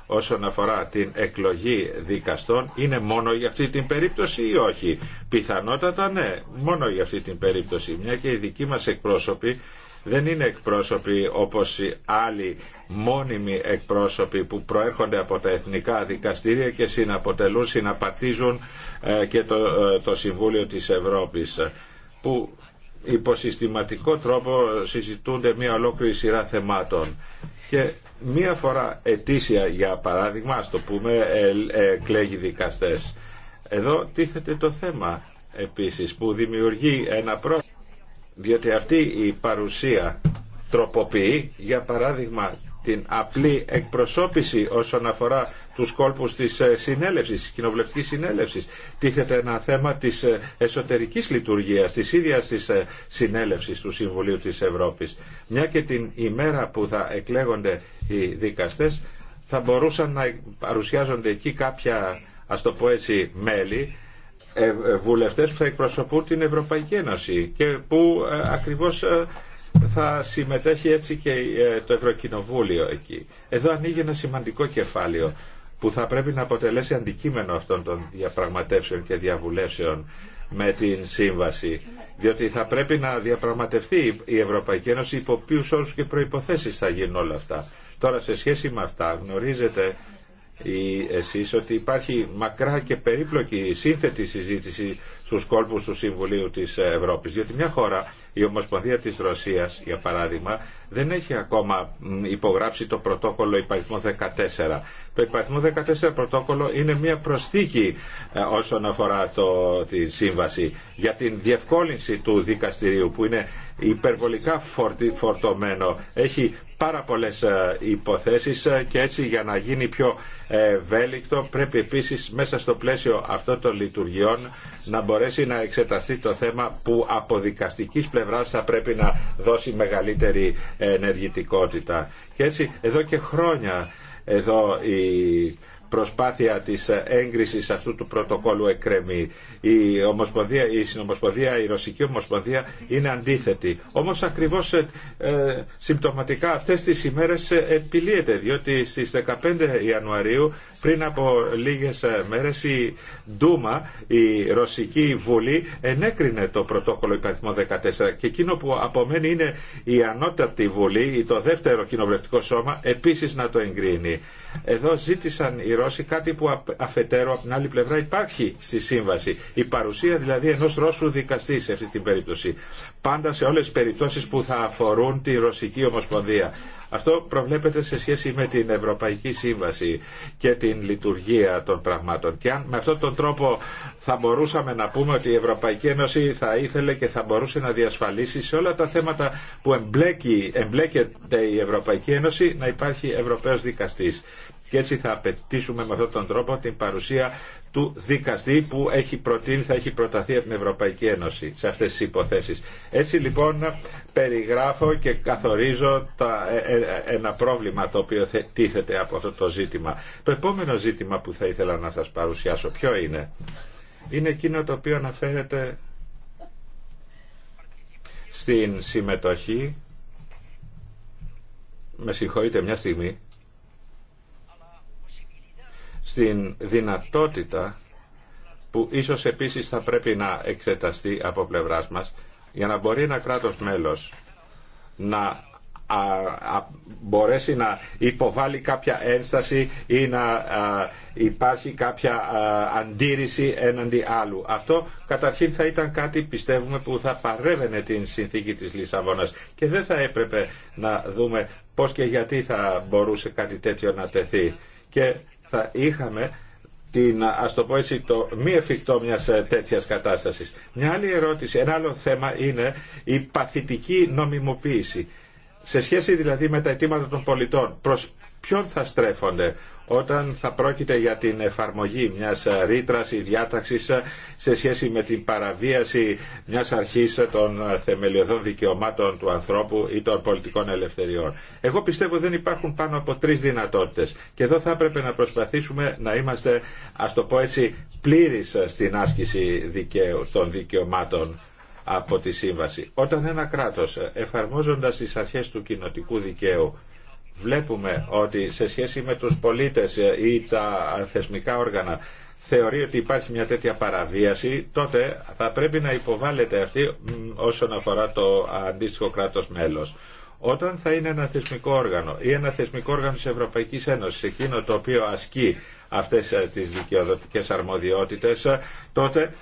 όσον αφορά την εκλογή δικαστών είναι μόνο για αυτή την περίπτωση ή όχι. Πιθανότατα ναι, μόνο για αυτή την περίπτωση. Μια και οι δικοί μας εκπρόσωποι δεν είναι εκπρόσωποι όπως οι άλλοι μόνιμοι εκπρόσωποι που προέρχονται από τα εθνικά δικαστήρια και συναποτελούν, συναπατίζουν ε, και το, ε, το Συμβούλιο της Ευρώπης που υποσυστηματικό τρόπο συζητούνται μια ολόκληρη σειρά θεμάτων μία φορά ετήσια για παράδειγμα, ας το πούμε, ε, ε, δικαστές. Εδώ τίθεται το θέμα επίσης που δημιουργεί ένα πρόβλημα, διότι αυτή η παρουσία τροποποιεί, για παράδειγμα, την απλή εκπροσώπηση όσον αφορά τους κόλπους της ε, συνέλευσης, της κοινοβουλευτικής συνέλευσης. Τίθεται ένα θέμα της ε, εσωτερικής λειτουργίας, της ίδιας της ε, συνέλευσης του Συμβουλίου της Ευρώπης. Μια και την ημέρα που θα εκλέγονται οι δικαστές θα μπορούσαν να παρουσιάζονται εκεί κάποια, ας το πω έτσι, μέλη, βουλευτές που θα εκπροσωπούν την Ευρωπαϊκή Ένωση και που ακριβώς θα συμμετέχει έτσι και το Ευρωκοινοβούλιο εκεί. Εδώ ανοίγει ένα σημαντικό κεφάλαιο που θα πρέπει να αποτελέσει αντικείμενο αυτών των διαπραγματεύσεων και διαβουλεύσεων με την σύμβαση. Διότι θα πρέπει να διαπραγματευτεί η Ευρωπαϊκή Ένωση υπό ποιου όρου και προϋποθέσεις θα γίνουν όλα αυτά. Τώρα σε σχέση με αυτά γνωρίζετε εσείς ότι υπάρχει μακρά και περίπλοκη σύνθετη συζήτηση στους κόλπου του Συμβουλίου της Ευρώπης. Διότι μια χώρα, η Ομοσπονδία τη Ρωσίας, για παράδειγμα, δεν έχει ακόμα υπογράψει το πρωτόκολλο υπαριθμό 14. Το υπαριθμό 14 πρωτόκολλο είναι μια προσθήκη ε, όσον αφορά το, τη σύμβαση για την διευκόλυνση του δικαστηρίου που είναι υπερβολικά φορτωμένο. Έχει πάρα πολλές ε, υποθέσεις ε, και έτσι για να γίνει πιο ευέλικτο. Πρέπει επίσης μέσα στο πλαίσιο αυτών των λειτουργιών να μπορέσει να εξεταστεί το θέμα που από δικαστικής πλευράς θα πρέπει να δώσει μεγαλύτερη ενεργητικότητα. Και έτσι εδώ και χρόνια εδώ η προσπάθεια της έγκρισης αυτού του πρωτοκόλου εκκρεμεί. Η, ομοσπονδία, η συνομοσπονδία, η ρωσική ομοσπονδία είναι αντίθετη. Όμως ακριβώς ε, ε συμπτωματικά αυτές τις ημέρες ε, επιλύεται διότι στις 15 Ιανουαρίου πριν από λίγες ε, μέρες η Ντούμα, η Ρωσική Βουλή ενέκρινε το πρωτόκολλο υπαριθμό 14 και εκείνο που απομένει είναι η Ανώτατη Βουλή, το δεύτερο κοινοβουλευτικό σώμα, επίσης να το εγκρίνει. Εδώ ζήτησαν οι ολοκληρώσει κάτι που αφετέρου από την άλλη πλευρά υπάρχει στη σύμβαση. Η παρουσία δηλαδή ενό Ρώσου δικαστή σε αυτή την περίπτωση. Πάντα σε όλε τι περιπτώσει που θα αφορούν τη Ρωσική Ομοσπονδία. Αυτό προβλέπεται σε σχέση με την Ευρωπαϊκή Σύμβαση και την λειτουργία των πραγμάτων. Και αν με αυτόν τον τρόπο θα μπορούσαμε να πούμε ότι η Ευρωπαϊκή Ένωση θα ήθελε και θα μπορούσε να διασφαλίσει σε όλα τα θέματα που εμπλέκει, εμπλέκεται η Ευρωπαϊκή Ένωση να υπάρχει Ευρωπαίος δικαστής και έτσι θα απαιτήσουμε με αυτόν τον τρόπο την παρουσία του δικαστή που έχει προτείνει, θα έχει προταθεί από την Ευρωπαϊκή Ένωση σε αυτές τις υποθέσεις. Έτσι λοιπόν περιγράφω και καθορίζω τα, ε, ε, ένα πρόβλημα το οποίο τίθεται από αυτό το ζήτημα. Το επόμενο ζήτημα που θα ήθελα να σας παρουσιάσω ποιο είναι. Είναι εκείνο το οποίο αναφέρεται στην συμμετοχή με συγχωρείτε μια στιγμή στην δυνατότητα που ίσως επίσης θα πρέπει να εξεταστεί από πλευράς μας για να μπορεί ένα κράτος μέλος να μπορέσει να υποβάλει κάποια ένσταση ή να υπάρχει κάποια αντίρρηση έναντι άλλου. Αυτό καταρχήν θα ήταν κάτι πιστεύουμε που θα παρέβαινε την συνθήκη της Λισαβόνας και δεν θα έπρεπε να δούμε πώς και γιατί θα μπορούσε κάτι τέτοιο να τεθεί. Και θα είχαμε την, ας το πω έτσι, το μη εφικτό ε, τέτοιας κατάστασης. Μια άλλη ερώτηση, ένα άλλο θέμα είναι η παθητική νομιμοποίηση. Σε σχέση δηλαδή με τα αιτήματα των πολιτών, προς ποιον θα στρέφονται όταν θα πρόκειται για την εφαρμογή μιας ρήτρα ή διάταξης σε σχέση με την παραβίαση μιας αρχής των θεμελιωδών δικαιωμάτων του ανθρώπου ή των πολιτικών ελευθεριών. Εγώ πιστεύω δεν υπάρχουν πάνω από τρεις δυνατότητες και εδώ θα έπρεπε να προσπαθήσουμε να είμαστε, ας το πω έτσι, πλήρης στην άσκηση των δικαιωμάτων από τη Σύμβαση. Όταν ένα κράτος εφαρμόζοντας τις αρχές του κοινοτικού δικαίου βλέπουμε ότι σε σχέση με τους πολίτες ή τα θεσμικά όργανα θεωρεί ότι υπάρχει μια τέτοια παραβίαση, τότε θα πρέπει να υποβάλλεται αυτή όσον αφορά το αντίστοιχο κράτος μέλος. Όταν θα είναι ένα θεσμικό όργανο ή ένα θεσμικό όργανο της Ευρωπαϊκής Ένωσης, εκείνο το οποίο ασκεί αυτές ε, τις δικαιοδοτικές αρμοδιότητες, ε, τότε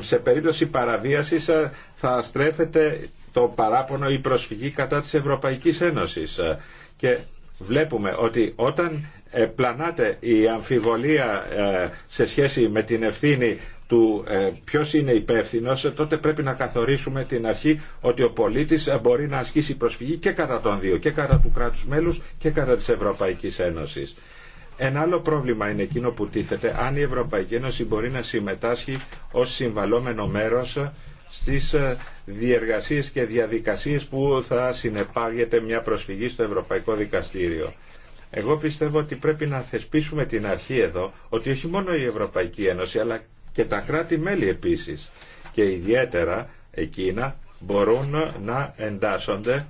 σε περίπτωση παραβίασης ε, θα στρέφεται το παράπονο ή προσφυγή κατά της Ευρωπαϊκής Ένωσης βλέπουμε ότι όταν ε, πλανάται η αμφιβολία ε, σε σχέση με την ευθύνη του ε, ποιος είναι υπεύθυνο, τότε πρέπει να καθορίσουμε την αρχή ότι ο πολίτης μπορεί να ασκήσει προσφυγή και κατά των δύο, και κατά του κράτους μέλους και κατά της Ευρωπαϊκής Ένωσης. Ένα άλλο πρόβλημα είναι εκείνο που τίθεται αν η Ευρωπαϊκή Ένωση μπορεί να συμμετάσχει ως συμβαλόμενο μέρος στις διεργασίες και διαδικασίες που θα συνεπάγεται μια προσφυγή στο Ευρωπαϊκό Δικαστήριο. Εγώ πιστεύω ότι πρέπει να θεσπίσουμε την αρχή εδώ ότι όχι μόνο η Ευρωπαϊκή Ένωση αλλά και τα κράτη-μέλη επίσης και ιδιαίτερα εκείνα μπορούν να εντάσσονται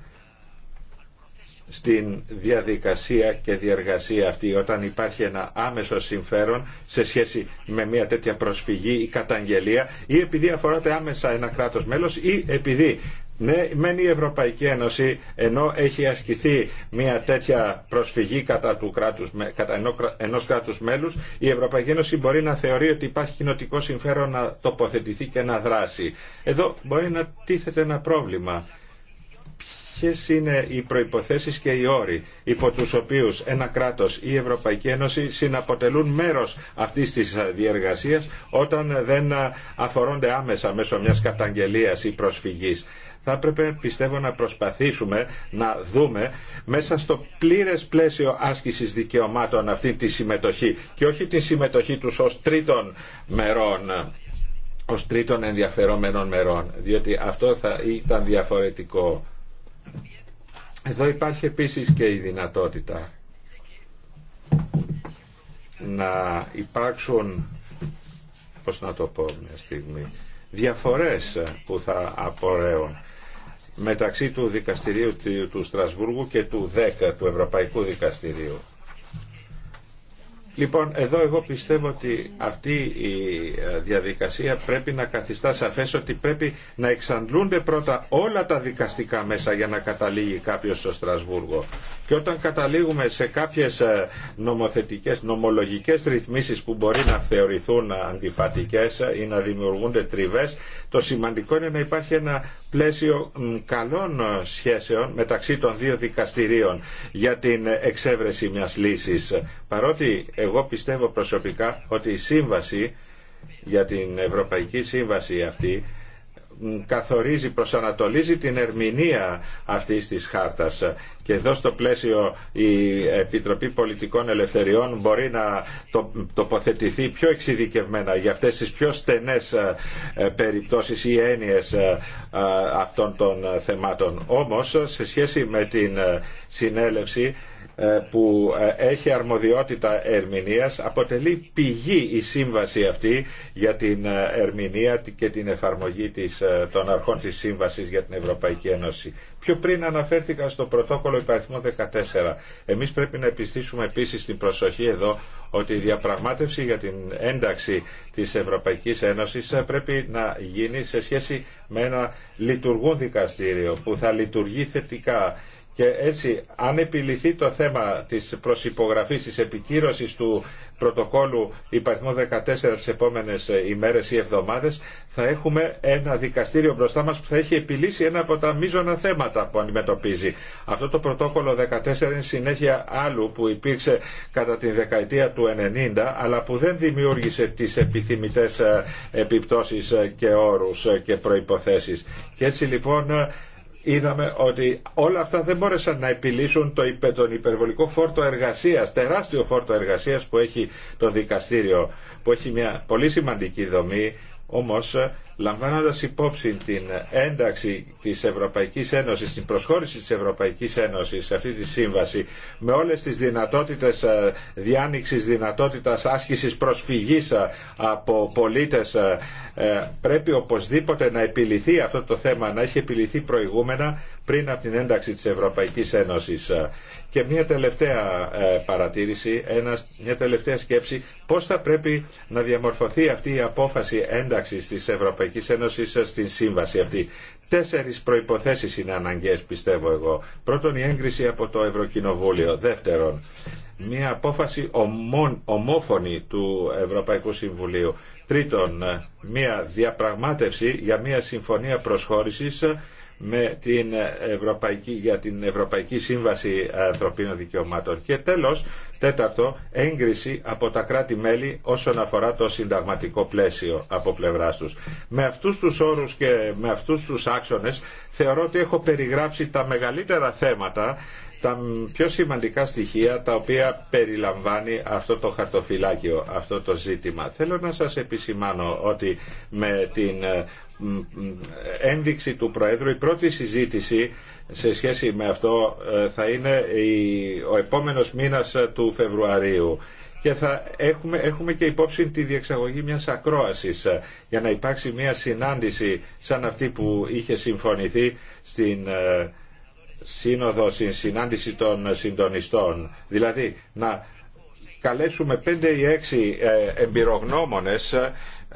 στην διαδικασία και διεργασία αυτή όταν υπάρχει ένα άμεσο συμφέρον σε σχέση με μια τέτοια προσφυγή ή καταγγελία ή επειδή αφοράται άμεσα ένα κράτος μέλος ή επειδή ναι, μένει η Ευρωπαϊκή Ένωση ενώ έχει ασκηθεί μια τέτοια προσφυγή κατά, του κράτους, κατά ενός κράτους μέλους η Ευρωπαϊκή Ένωση μπορεί να θεωρεί ότι υπάρχει κοινοτικό συμφέρον να τοποθετηθεί και να δράσει. Εδώ μπορεί να τίθεται ένα πρόβλημα Ποιε είναι οι προϋποθέσεις και οι όροι υπό τους οποίους ένα κράτος ή η Ευρωπαϊκή Ένωση συναποτελούν μέρος αυτής της διεργασία όταν δεν αφορώνται άμεσα μέσω μιας καταγγελία ή προσφυγής θα έπρεπε πιστεύω να προσπαθήσουμε να δούμε μέσα στο πλήρε πλαίσιο άσκησης δικαιωμάτων αυτή τη συμμετοχή και όχι τη συμμετοχή του ω τρίτων μερών ως τρίτων ενδιαφερόμενων μερών διότι αυτό θα ήταν διαφορετικό εδώ υπάρχει επίσης και η δυνατότητα να υπάρξουν, πώς να το πω μια στιγμή, διαφορές που θα απορρέουν μεταξύ του Δικαστηρίου του Στρασβούργου και του 10 του Ευρωπαϊκού Δικαστηρίου. Λοιπόν, εδώ εγώ πιστεύω ότι αυτή η ε, διαδικασία πρέπει να καθιστά σαφές ότι πρέπει να εξαντλούνται πρώτα όλα τα δικαστικά μέσα για να καταλήγει κάποιος στο Στρασβούργο. Και όταν καταλήγουμε σε κάποιες ε, νομοθετικές, νομολογικές ρυθμίσεις που μπορεί να θεωρηθούν αντιφατικές ή να δημιουργούνται τριβές, το σημαντικό είναι να υπάρχει ένα πλαίσιο καλών σχέσεων μεταξύ των δύο δικαστηρίων για την εξέβρεση μιας λύσης Παρότι εγώ πιστεύω προσωπικά ότι η σύμβαση για την Ευρωπαϊκή Σύμβαση αυτή καθορίζει, προσανατολίζει την ερμηνεία αυτής της χάρτας και εδώ στο πλαίσιο η Επιτροπή Πολιτικών Ελευθεριών μπορεί να τοποθετηθεί πιο εξειδικευμένα για αυτές τις πιο στενές ε, περιπτώσεις ή έννοιες ε, ε, αυτών των θεμάτων. Όμως, σε σχέση με την συνέλευση ε, που ε, έχει αρμοδιότητα ερμηνείας αποτελεί πηγή η σύμβαση αυτή για την ε, ερμηνεία και την εφαρμογή της, των αρχών της σύμβασης για την Ευρωπαϊκή Ένωση. Πιο πριν αναφέρθηκα στο πρωτόκολλο υπαριθμό 14. Εμείς πρέπει να επιστήσουμε επίσης την προσοχή εδώ ότι η διαπραγμάτευση για την ένταξη της Ευρωπαϊκής Ένωσης πρέπει να γίνει σε σχέση με ένα λειτουργούν δικαστήριο που θα λειτουργεί θετικά και έτσι, αν επιληθεί το θέμα της προσυπογραφής, της επικύρωσης του πρωτοκόλου υπαριθμών 14 τις επόμενες ε, ημέρες ή εβδομάδες, θα έχουμε ένα δικαστήριο μπροστά μας που θα έχει επιλύσει ένα από τα μείζωνα θέματα που αντιμετωπίζει. Αυτό το πρωτόκολλο 14 είναι συνέχεια άλλου που υπήρξε κατά την δεκαετία του 90, αλλά που δεν δημιούργησε τις επιθυμητές ε, επιπτώσεις ε, και όρους και προϋποθέσεις. Και έτσι λοιπόν είδαμε ότι όλα αυτά δεν μπόρεσαν να επιλύσουν το, τον υπερβολικό φόρτο εργασίας, τεράστιο φόρτο εργασίας που έχει το δικαστήριο, που έχει μια πολύ σημαντική δομή, όμως λαμβάνοντας υπόψη την ένταξη της Ευρωπαϊκής Ένωσης, την προσχώρηση της Ευρωπαϊκής Ένωσης σε αυτή τη σύμβαση, με όλες τις δυνατότητες ε, διάνοιξης, δυνατότητας άσκησης προσφυγής ε, από πολίτες, ε, πρέπει οπωσδήποτε να επιληθεί αυτό το θέμα, να έχει επιληθεί προηγούμενα πριν από την ένταξη της Ευρωπαϊκής Ένωσης. Ε, και μια τελευταία ε, παρατήρηση, μια τελευταία σκέψη, πώς θα πρέπει να διαμορφωθεί αυτή η απόφαση ένταξης της Ευρωπαϊκής Ένωσης ε, στην σύμβαση αυτή. Τέσσερις προϋποθέσεις είναι αναγκαίες πιστεύω εγώ. Πρώτον η έγκριση από το Ευρωκοινοβούλιο. Δεύτερον, μια απόφαση ομόφωνη του Ευρωπαϊκού Συμβουλίου. Τρίτον, μια διαπραγμάτευση για μια συμφωνία προσχώρησης με την Ευρωπαϊκή, για την Ευρωπαϊκή Σύμβαση Ανθρωπίνων Δικαιωμάτων. Και τέλος, τέταρτο, έγκριση από τα κράτη-μέλη όσον αφορά το συνταγματικό πλαίσιο από πλευρά τους. Με αυτούς τους όρους και με αυτούς τους άξονες θεωρώ ότι έχω περιγράψει τα μεγαλύτερα θέματα τα πιο σημαντικά στοιχεία τα οποία περιλαμβάνει αυτό το χαρτοφυλάκιο, αυτό το ζήτημα. Θέλω να σας επισημάνω ότι με την ε, ένδειξη του Προέδρου η πρώτη συζήτηση σε σχέση με αυτό ε, θα είναι ο επόμενος μήνας ε, του Φεβρουαρίου και θα έχουμε, έχουμε και υπόψη τη διεξαγωγή μιας ακρόασης για να υπάρξει μια συνάντηση σαν αυτή που είχε συμφωνηθεί στην σύνοδο συνάντηση των συντονιστών. Δηλαδή να καλέσουμε πέντε ή έξι ε, εμπειρογνώμονες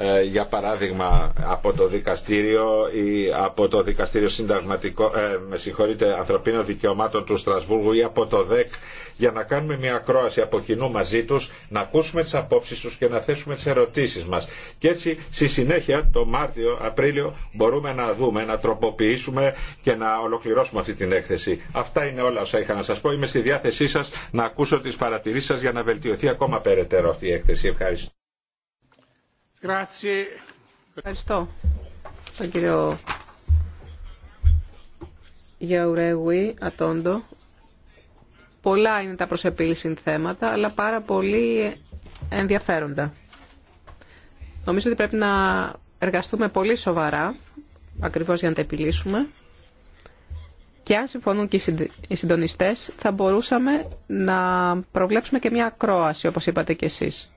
ε, για παράδειγμα από το δικαστήριο ή από το δικαστήριο συνταγματικό, ε, με συγχωρείτε, ανθρωπίνων δικαιωμάτων του Στρασβούργου ή από το ΔΕΚ για να κάνουμε μια ακρόαση από κοινού μαζί τους, να ακούσουμε τις απόψεις τους και να θέσουμε τις ερωτήσεις μας. Και έτσι στη συνέχεια το Μάρτιο, Απρίλιο μπορούμε να δούμε, να τροποποιήσουμε και να ολοκληρώσουμε αυτή την έκθεση. Αυτά είναι όλα όσα είχα να σας πω. Είμαι στη διάθεσή σας να ακούσω τις παρατηρήσεις σας για να βελτιωθεί ακόμα περαιτέρω αυτή η έκθεση. Ευχαριστώ. Ευχαριστώ τον κύριο Γιαουρέγουι Ατόντο. Πολλά είναι τα προσεπίληση θέματα, αλλά πάρα πολύ ενδιαφέροντα. Νομίζω ότι πρέπει να εργαστούμε πολύ σοβαρά, ακριβώς για να τα επιλύσουμε. Και αν συμφωνούν και οι συντονιστές, θα μπορούσαμε να προβλέψουμε και μια ακρόαση, όπως είπατε κι εσείς.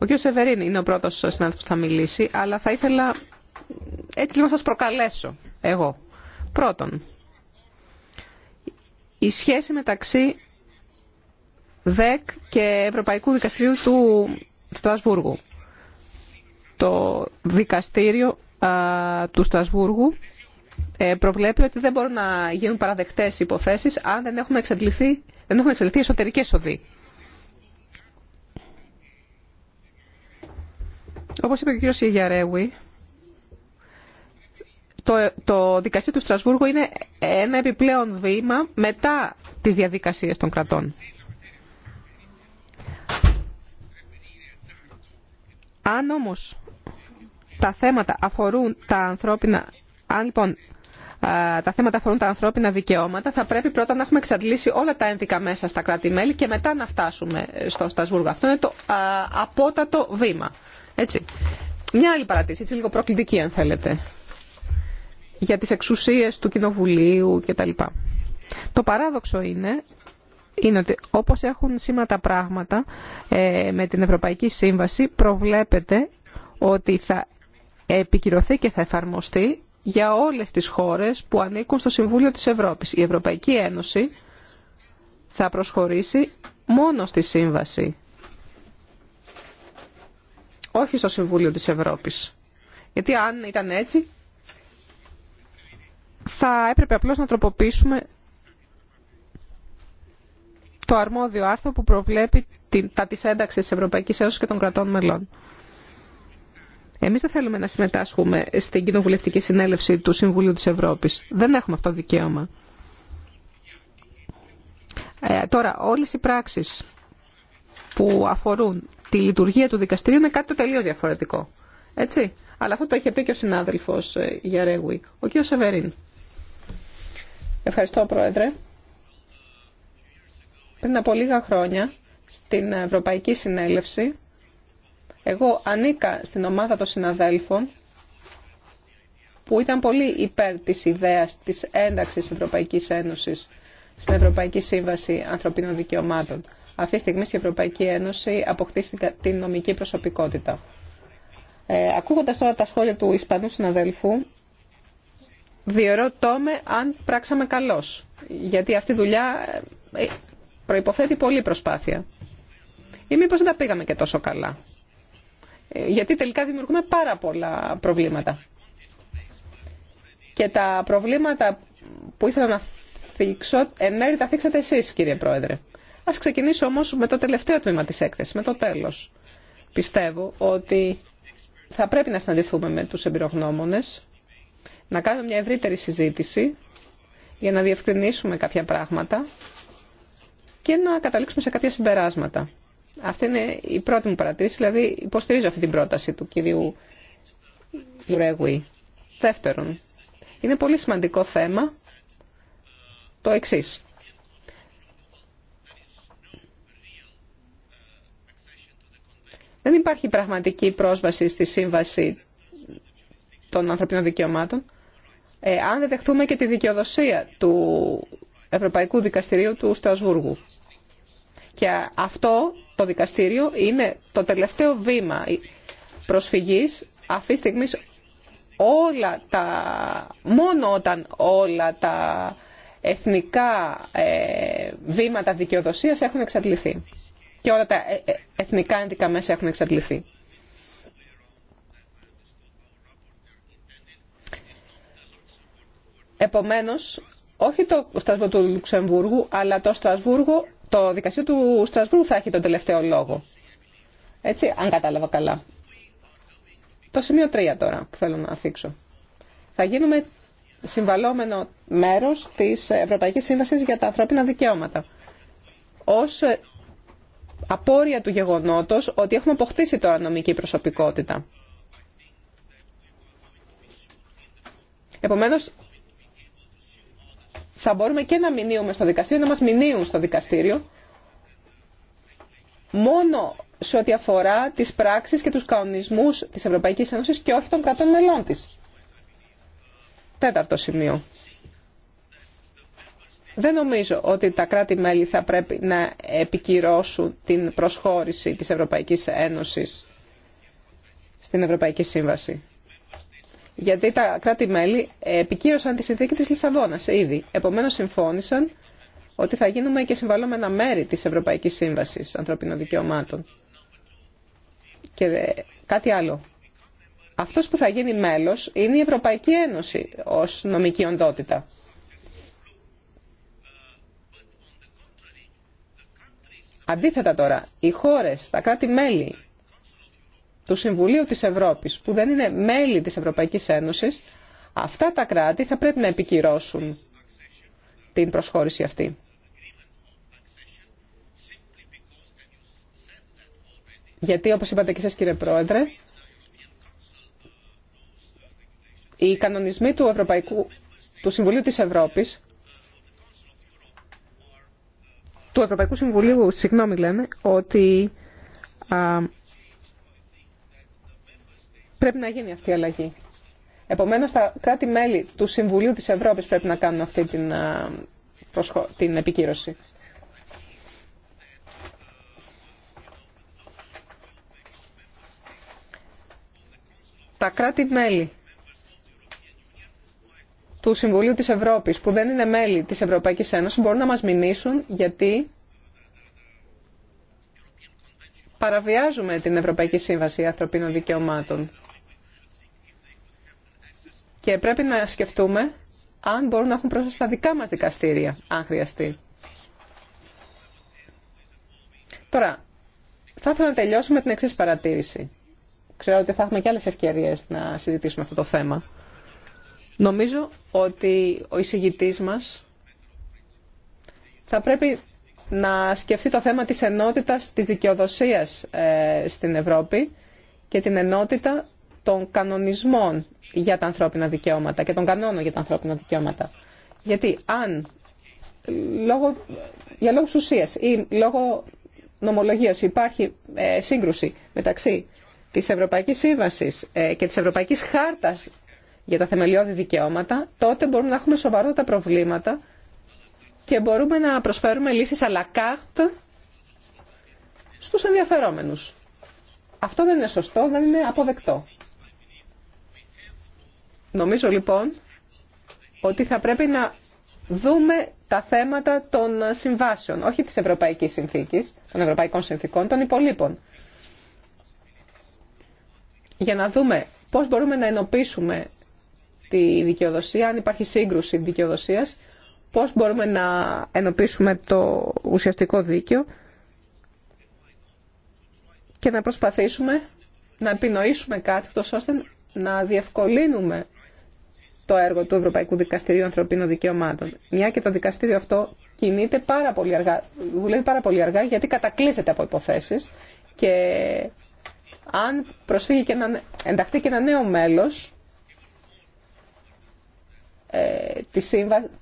Ο κ. Σεβερίν είναι ο πρώτος συνάδελφος που θα μιλήσει, αλλά θα ήθελα έτσι λίγο να σας προκαλέσω εγώ. Πρώτον, η σχέση μεταξύ ΔΕΚ και Ευρωπαϊκού Δικαστηρίου του Στρασβούργου. Το δικαστήριο του Στρασβούργου ε, προβλέπει ότι δεν μπορούν να γίνουν παραδεκτές υποθέσεις αν δεν έχουν εξαντληθεί, δεν έχουμε εξαντληθεί εσωτερικές οδοί. Όπω είπε και ο κ. Ιγιαρέουι, το, το δικαστήριο του Στρασβούργου είναι ένα επιπλέον βήμα μετά τις διαδικασίες των κρατών. Αν όμως τα θέματα αφορούν τα ανθρώπινα, αν λοιπόν τα θέματα αφορούν τα ανθρώπινα δικαιώματα, θα πρέπει πρώτα να έχουμε εξαντλήσει όλα τα ένδικα μέσα στα κράτη-μέλη και μετά να φτάσουμε στο Στασβούργο. Αυτό είναι το απότατο βήμα. Έτσι. Μια άλλη παρατήρηση, έτσι λίγο προκλητική αν θέλετε, για τις εξουσίες του Κοινοβουλίου κτλ. Το παράδοξο είναι, είναι ότι όπως έχουν σήματα τα πράγματα ε, με την Ευρωπαϊκή Σύμβαση προβλέπεται ότι θα επικυρωθεί και θα εφαρμοστεί για όλες τις χώρες που ανήκουν στο Συμβούλιο της Ευρώπης. Η Ευρωπαϊκή Ένωση θα προσχωρήσει μόνο στη Σύμβαση όχι στο Συμβούλιο της Ευρώπης. Γιατί αν ήταν έτσι, θα έπρεπε απλώς να τροποποιήσουμε το αρμόδιο άρθρο που προβλέπει τα της ένταξης της Ευρωπαϊκής Ένωσης και των κρατών μελών. Εμείς δεν θέλουμε να συμμετάσχουμε στην κοινοβουλευτική συνέλευση του Συμβουλίου της Ευρώπης. Δεν έχουμε αυτό το δικαίωμα. Ε, τώρα, όλες οι πράξεις που αφορούν τη λειτουργία του δικαστηρίου είναι κάτι το τελείω διαφορετικό. Έτσι. Αλλά αυτό το είχε πει και ο συνάδελφος ε, Γιαρέγουι, ο κ. Σεβερίν. Ευχαριστώ, Πρόεδρε. Πριν από λίγα χρόνια, στην Ευρωπαϊκή Συνέλευση, εγώ ανήκα στην ομάδα των συναδέλφων που ήταν πολύ υπέρ της ιδέας της ένταξης Ευρωπαϊκής Ένωσης στην Ευρωπαϊκή Σύμβαση Ανθρωπίνων Δικαιωμάτων. Αυτή τη στιγμή η Ευρωπαϊκή Ένωση αποκτήσει την νομική προσωπικότητα. Ε, Ακούγοντα τώρα τα σχόλια του Ισπανού συναδέλφου, διερωτώ με αν πράξαμε καλώ. Γιατί αυτή η δουλειά ε, προποθέτει πολλή προσπάθεια. Ή μήπω δεν τα πήγαμε και τόσο καλά. Ε, γιατί τελικά δημιουργούμε πάρα πολλά προβλήματα. Και τα προβλήματα που ήθελα να θίξω, εν μέρη τα θίξατε εσείς κύριε Πρόεδρε. Α ξεκινήσω όμω με το τελευταίο τμήμα τη έκθεσης, με το τέλο. Πιστεύω ότι θα πρέπει να συναντηθούμε με του εμπειρογνώμονε, να κάνουμε μια ευρύτερη συζήτηση για να διευκρινίσουμε κάποια πράγματα και να καταλήξουμε σε κάποια συμπεράσματα. Αυτή είναι η πρώτη μου παρατήρηση, δηλαδή υποστηρίζω αυτή την πρόταση του κυρίου Γιουρέγουη. Δεύτερον, είναι πολύ σημαντικό θέμα το εξή. Δεν υπάρχει πραγματική πρόσβαση στη σύμβαση των ανθρωπίνων δικαιωμάτων ε, αν δεν δεχτούμε και τη δικαιοδοσία του Ευρωπαϊκού Δικαστηρίου του Στρασβούργου. Και αυτό το δικαστήριο είναι το τελευταίο βήμα προσφυγής αυτή τη στιγμή όλα τα, μόνο όταν όλα τα εθνικά ε, βήματα δικαιοδοσίας έχουν εξαντληθεί και όλα τα ε, ε, εθνικά ενδικά μέσα έχουν εξαντληθεί. Επομένως, όχι το Στρασβούργο του Λουξεμβούργου, αλλά το, Στρασβούργο, το δικαστήριο του Στρασβούργου θα έχει τον τελευταίο λόγο. Έτσι, αν κατάλαβα καλά. Το σημείο 3 τώρα που θέλω να αφήξω. Θα γίνουμε συμβαλόμενο μέρος της Ευρωπαϊκής Σύμβασης για τα ανθρώπινα δικαιώματα. Ως ε, απόρρια του γεγονότος ότι έχουμε αποκτήσει τώρα νομική προσωπικότητα. Επομένως, θα μπορούμε και να μηνύουμε στο δικαστήριο, να μας μηνύουν στο δικαστήριο, μόνο σε ό,τι αφορά τις πράξεις και τους κανονισμούς της Ευρωπαϊκής Ένωσης και όχι των κρατών μελών της. Τέταρτο σημείο. Δεν νομίζω ότι τα κράτη-μέλη θα πρέπει να επικυρώσουν την προσχώρηση της Ευρωπαϊκής Ένωσης στην Ευρωπαϊκή Σύμβαση. Γιατί τα κράτη-μέλη επικύρωσαν τη συνθήκη της Λισαβόνας ήδη. Επομένως συμφώνησαν ότι θα γίνουμε και συμβαλόμενα μέρη της Ευρωπαϊκής Σύμβασης Ανθρωπίνων Δικαιωμάτων. Και ε, κάτι άλλο αυτός που θα γίνει μέλος είναι η Ευρωπαϊκή Ένωση ως νομική οντότητα. Αντίθετα τώρα, οι χώρες, τα κράτη-μέλη του Συμβουλίου της Ευρώπης που δεν είναι μέλη της Ευρωπαϊκής Ένωσης, αυτά τα κράτη θα πρέπει να επικυρώσουν την προσχώρηση αυτή. Γιατί, όπως είπατε και εσείς κύριε Πρόεδρε, Οι κανονισμοί του, Ευρωπαϊκού, του Συμβουλίου της Ευρώπης, του Ευρωπαϊκού Συμβουλίου, συγγνώμη λένε, ότι πρέπει να γίνει αυτή η αλλαγή. Επομένως, τα κράτη-μέλη του Συμβουλίου της Ευρώπης πρέπει να κάνουν αυτή την, α, την επικύρωση. Τα κράτη-μέλη του Συμβουλίου της Ευρώπης που δεν είναι μέλη της Ευρωπαϊκής Ένωσης μπορούν να μας μηνύσουν γιατί παραβιάζουμε την Ευρωπαϊκή Σύμβαση Ανθρωπίνων Δικαιωμάτων. Και πρέπει να σκεφτούμε αν μπορούν να έχουν πρόσβαση στα δικά μας δικαστήρια, αν χρειαστεί. Τώρα, θα ήθελα να τελειώσουμε την εξή παρατήρηση. Ξέρω ότι θα έχουμε και άλλες ευκαιρίες να συζητήσουμε αυτό το θέμα. Νομίζω ότι ο εισηγητής μας θα πρέπει να σκεφτεί το θέμα της ενότητας της δικαιοδοσίας ε, στην Ευρώπη και την ενότητα των κανονισμών για τα ανθρώπινα δικαιώματα και των κανόνων για τα ανθρώπινα δικαιώματα. Γιατί αν λόγω, για λόγους ουσίας ή λόγω νομολογίας υπάρχει ε, σύγκρουση μεταξύ της Ευρωπαϊκής Σύμβασης ε, και της Ευρωπαϊκής Χάρτας για τα θεμελιώδη δικαιώματα, τότε μπορούμε να έχουμε σοβαρότατα προβλήματα και μπορούμε να προσφέρουμε λύσεις à la carte στους ενδιαφερόμενους. Αυτό δεν είναι σωστό, δεν είναι αποδεκτό. Νομίζω λοιπόν ότι θα πρέπει να δούμε τα θέματα των συμβάσεων, όχι της Ευρωπαϊκής Συνθήκης, των Ευρωπαϊκών Συνθήκων, των υπολείπων. Για να δούμε πώς μπορούμε να ενοποιήσουμε τη δικαιοδοσία, αν υπάρχει σύγκρουση δικαιοδοσίας, πώς μπορούμε να ενοποιήσουμε το ουσιαστικό δίκαιο και να προσπαθήσουμε να επινοήσουμε κάτι ώστε να διευκολύνουμε το έργο του Ευρωπαϊκού Δικαστηρίου Ανθρωπίνων Δικαιωμάτων. Μια και το δικαστήριο αυτό κινείται πάρα πολύ αργά, δουλεύει πάρα πολύ αργά γιατί κατακλείζεται από υποθέσεις και αν προσφύγει και ένα, ενταχθεί και ένα νέο μέλος ε, τη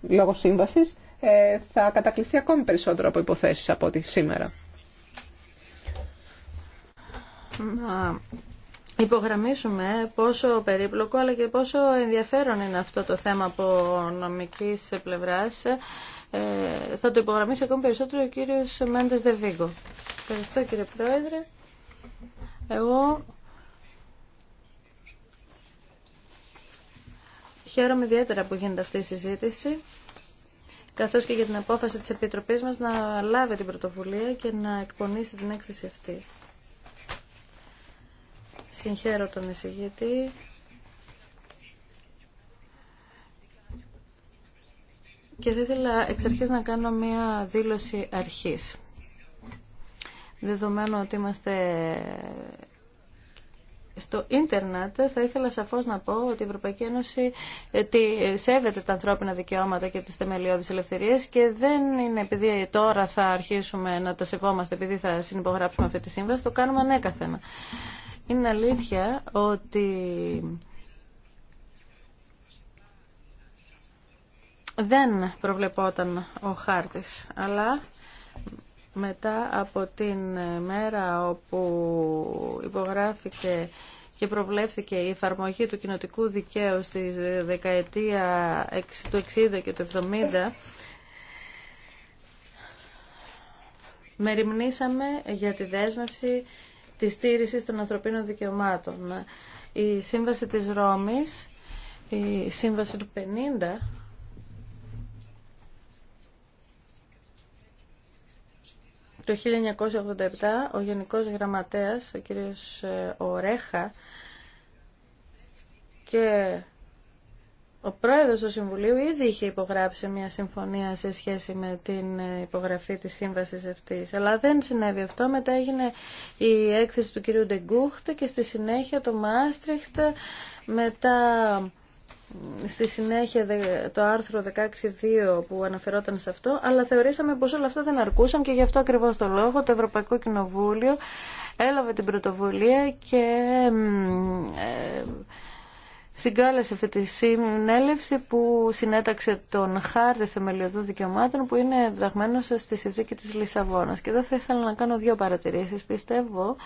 λόγω σύμβασης ε, θα κατακλειστεί ακόμη περισσότερο από υποθέσεις από ό,τι σήμερα. Να υπογραμμίσουμε πόσο περίπλοκο αλλά και πόσο ενδιαφέρον είναι αυτό το θέμα από νομικής πλευράς. Ε, θα το υπογραμμίσει ακόμη περισσότερο ο κύριος Μέντες Δεβίγκο. Ευχαριστώ κύριε Πρόεδρε. Εγώ Χαίρομαι ιδιαίτερα που γίνεται αυτή η συζήτηση, καθώς και για την απόφαση της Επιτροπής μας να λάβει την πρωτοβουλία και να εκπονήσει την έκθεση αυτή. Συγχαίρω τον εισηγητή. Και θα ήθελα εξ αρχής να κάνω μία δήλωση αρχής. Δεδομένου ότι είμαστε στο ίντερνετ θα ήθελα σαφώς να πω ότι η Ευρωπαϊκή Ένωση ε, ε, σέβεται τα ανθρώπινα δικαιώματα και τις θεμελιώδεις ελευθερίες και δεν είναι επειδή τώρα θα αρχίσουμε να τα σεβόμαστε επειδή θα συνυπογράψουμε αυτή τη σύμβαση, το κάνουμε ανέκαθεν. Είναι αλήθεια ότι δεν προβλεπόταν ο χάρτης, αλλά μετά από την μέρα όπου υπογράφηκε και προβλέφθηκε η εφαρμογή του κοινοτικού δικαίου στη δεκαετία του 60 και του 70, μεριμνήσαμε για τη δέσμευση της στήρησης των ανθρωπίνων δικαιωμάτων. Η Σύμβαση της Ρώμης, η Σύμβαση του 50, Το 1987 ο Γενικός Γραμματέας, ο κύριος ε, Ορέχα και ο πρόεδρος του Συμβουλίου ήδη είχε υπογράψει μια συμφωνία σε σχέση με την ε, υπογραφή της σύμβασης αυτής. Αλλά δεν συνέβη αυτό. Μετά έγινε η έκθεση του κυρίου Ντεγκούχτ και στη συνέχεια το Μάστριχτ μετά στη συνέχεια το άρθρο 16.2 που αναφερόταν σε αυτό, αλλά θεωρήσαμε πως όλα αυτά δεν αρκούσαν και γι' αυτό ακριβώς το λόγο το Ευρωπαϊκό Κοινοβούλιο έλαβε την πρωτοβουλία και ε, συγκάλεσε αυτή τη συνέλευση που συνέταξε τον χάρτη θεμελιωδών δικαιωμάτων που είναι δραγμένος στη συνθήκη της Λισαβόνας. Και εδώ θα ήθελα να κάνω δύο παρατηρήσεις. Πιστεύω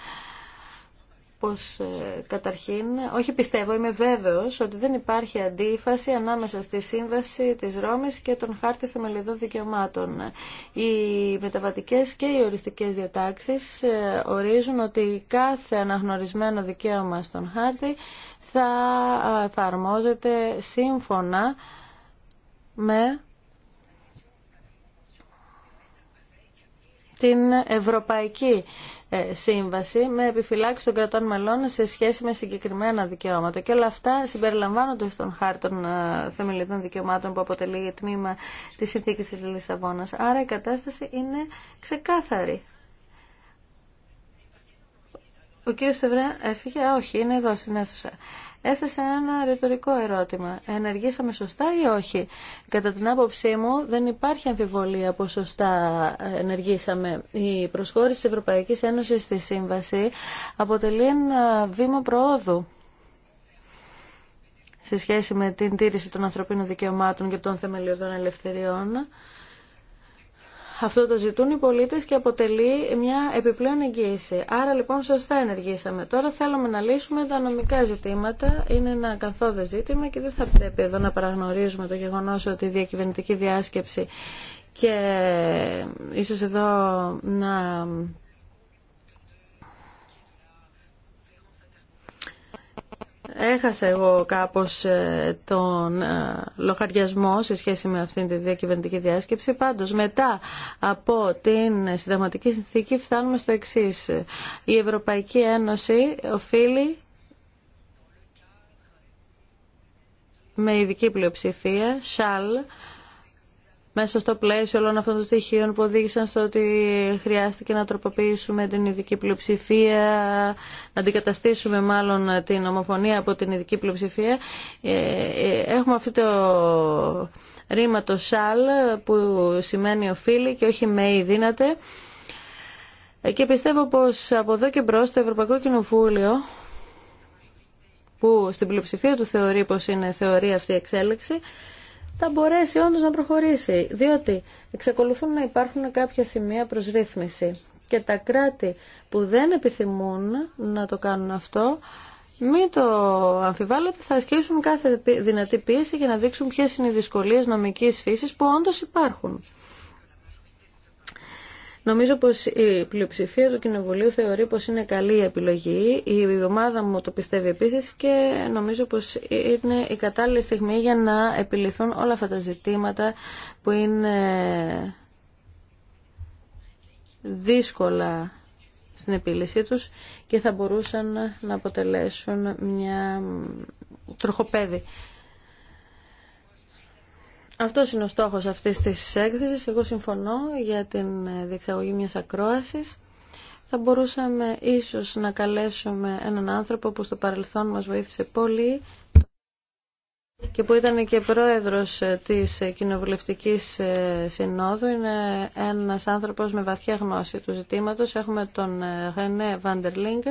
πως ε, καταρχήν, όχι πιστεύω, είμαι βέβαιος ότι δεν υπάρχει αντίφαση ανάμεσα στη σύμβαση της Ρώμης και τον χάρτη θεμελιδών δικαιωμάτων. Οι μεταβατικές και οι οριστικές διατάξεις ε, ορίζουν ότι κάθε αναγνωρισμένο δικαίωμα στον χάρτη θα ε, εφαρμόζεται σύμφωνα με στην Ευρωπαϊκή ε, Σύμβαση με επιφυλάξει των κρατών μελών σε σχέση με συγκεκριμένα δικαιώματα. Και όλα αυτά συμπεριλαμβάνονται στον χάρτη των ε, θεμελιωδών δικαιωμάτων που αποτελεί τμήμα τη συνθήκη τη Λισαβόνα. Άρα η κατάσταση είναι ξεκάθαρη. Ο κύριος Σεβρέα έφυγε, όχι, είναι εδώ στην αίθουσα έθεσε ένα ρητορικό ερώτημα. Ενεργήσαμε σωστά ή όχι. Κατά την άποψή μου δεν υπάρχει αμφιβολία πως σωστά ενεργήσαμε. Η προσχώρηση της Ευρωπαϊκής Ένωσης στη Σύμβαση αποτελεί ένα βήμα προόδου σε σχέση με την τήρηση των ανθρωπίνων δικαιωμάτων και των θεμελιωδών ελευθεριών αυτό το ζητούν οι πολίτες και αποτελεί μια επιπλέον εγγύηση. Άρα λοιπόν σωστά ενεργήσαμε. Τώρα θέλουμε να λύσουμε τα νομικά ζητήματα. Είναι ένα καθόδε ζήτημα και δεν θα πρέπει εδώ να παραγνωρίζουμε το γεγονός ότι η διακυβερνητική διάσκεψη και ίσως εδώ να Έχασα εγώ κάπως ε, τον ε, λογαριασμό σε σχέση με αυτήν τη διακυβερνητική διάσκεψη. Πάντως μετά από την συνταγματική συνθήκη φτάνουμε στο εξής. Η Ευρωπαϊκή Ένωση οφείλει με ειδική πλειοψηφία, ΣΑΛ, μέσα στο πλαίσιο όλων αυτών των στοιχείων που οδήγησαν στο ότι χρειάστηκε να τροποποιήσουμε την ειδική πλειοψηφία, να αντικαταστήσουμε μάλλον την ομοφωνία από την ειδική πλειοψηφία. Ε, ε, έχουμε αυτό το ρήμα το «σαλ» που σημαίνει «οφείλει» και όχι «με ή δύναται». Ε, και πιστεύω πως από εδώ και μπρος το Ευρωπαϊκό Κοινοβούλιο που στην πλειοψηφία του θεωρεί πως είναι θεωρεί αυτή η εξέλιξη, θα μπορέσει όντως να προχωρήσει, διότι εξακολουθούν να υπάρχουν κάποια σημεία προς ρύθμιση και τα κράτη που δεν επιθυμούν να το κάνουν αυτό μην το αμφιβάλλετε, θα ασκήσουν κάθε δυνατή πίεση για να δείξουν ποιες είναι οι δυσκολίες νομικής φύσης που όντως υπάρχουν. Νομίζω πως η πλειοψηφία του Κοινοβουλίου θεωρεί πως είναι καλή η επιλογή. Η ομάδα μου το πιστεύει επίσης και νομίζω πως είναι η κατάλληλη στιγμή για να επιληθούν όλα αυτά τα ζητήματα που είναι δύσκολα στην επίλυσή τους και θα μπορούσαν να αποτελέσουν μια τροχοπέδη αυτό είναι ο στόχος αυτή τη έκθεσης. Εγώ συμφωνώ για την διεξαγωγή μιας ακρόασης. Θα μπορούσαμε ίσως να καλέσουμε έναν άνθρωπο που στο παρελθόν μας βοήθησε πολύ και που ήταν και πρόεδρος της Κοινοβουλευτικής Συνόδου. Είναι ένας άνθρωπος με βαθιά γνώση του ζητήματος. Έχουμε τον Ρενέ Βαντερλίνγκ,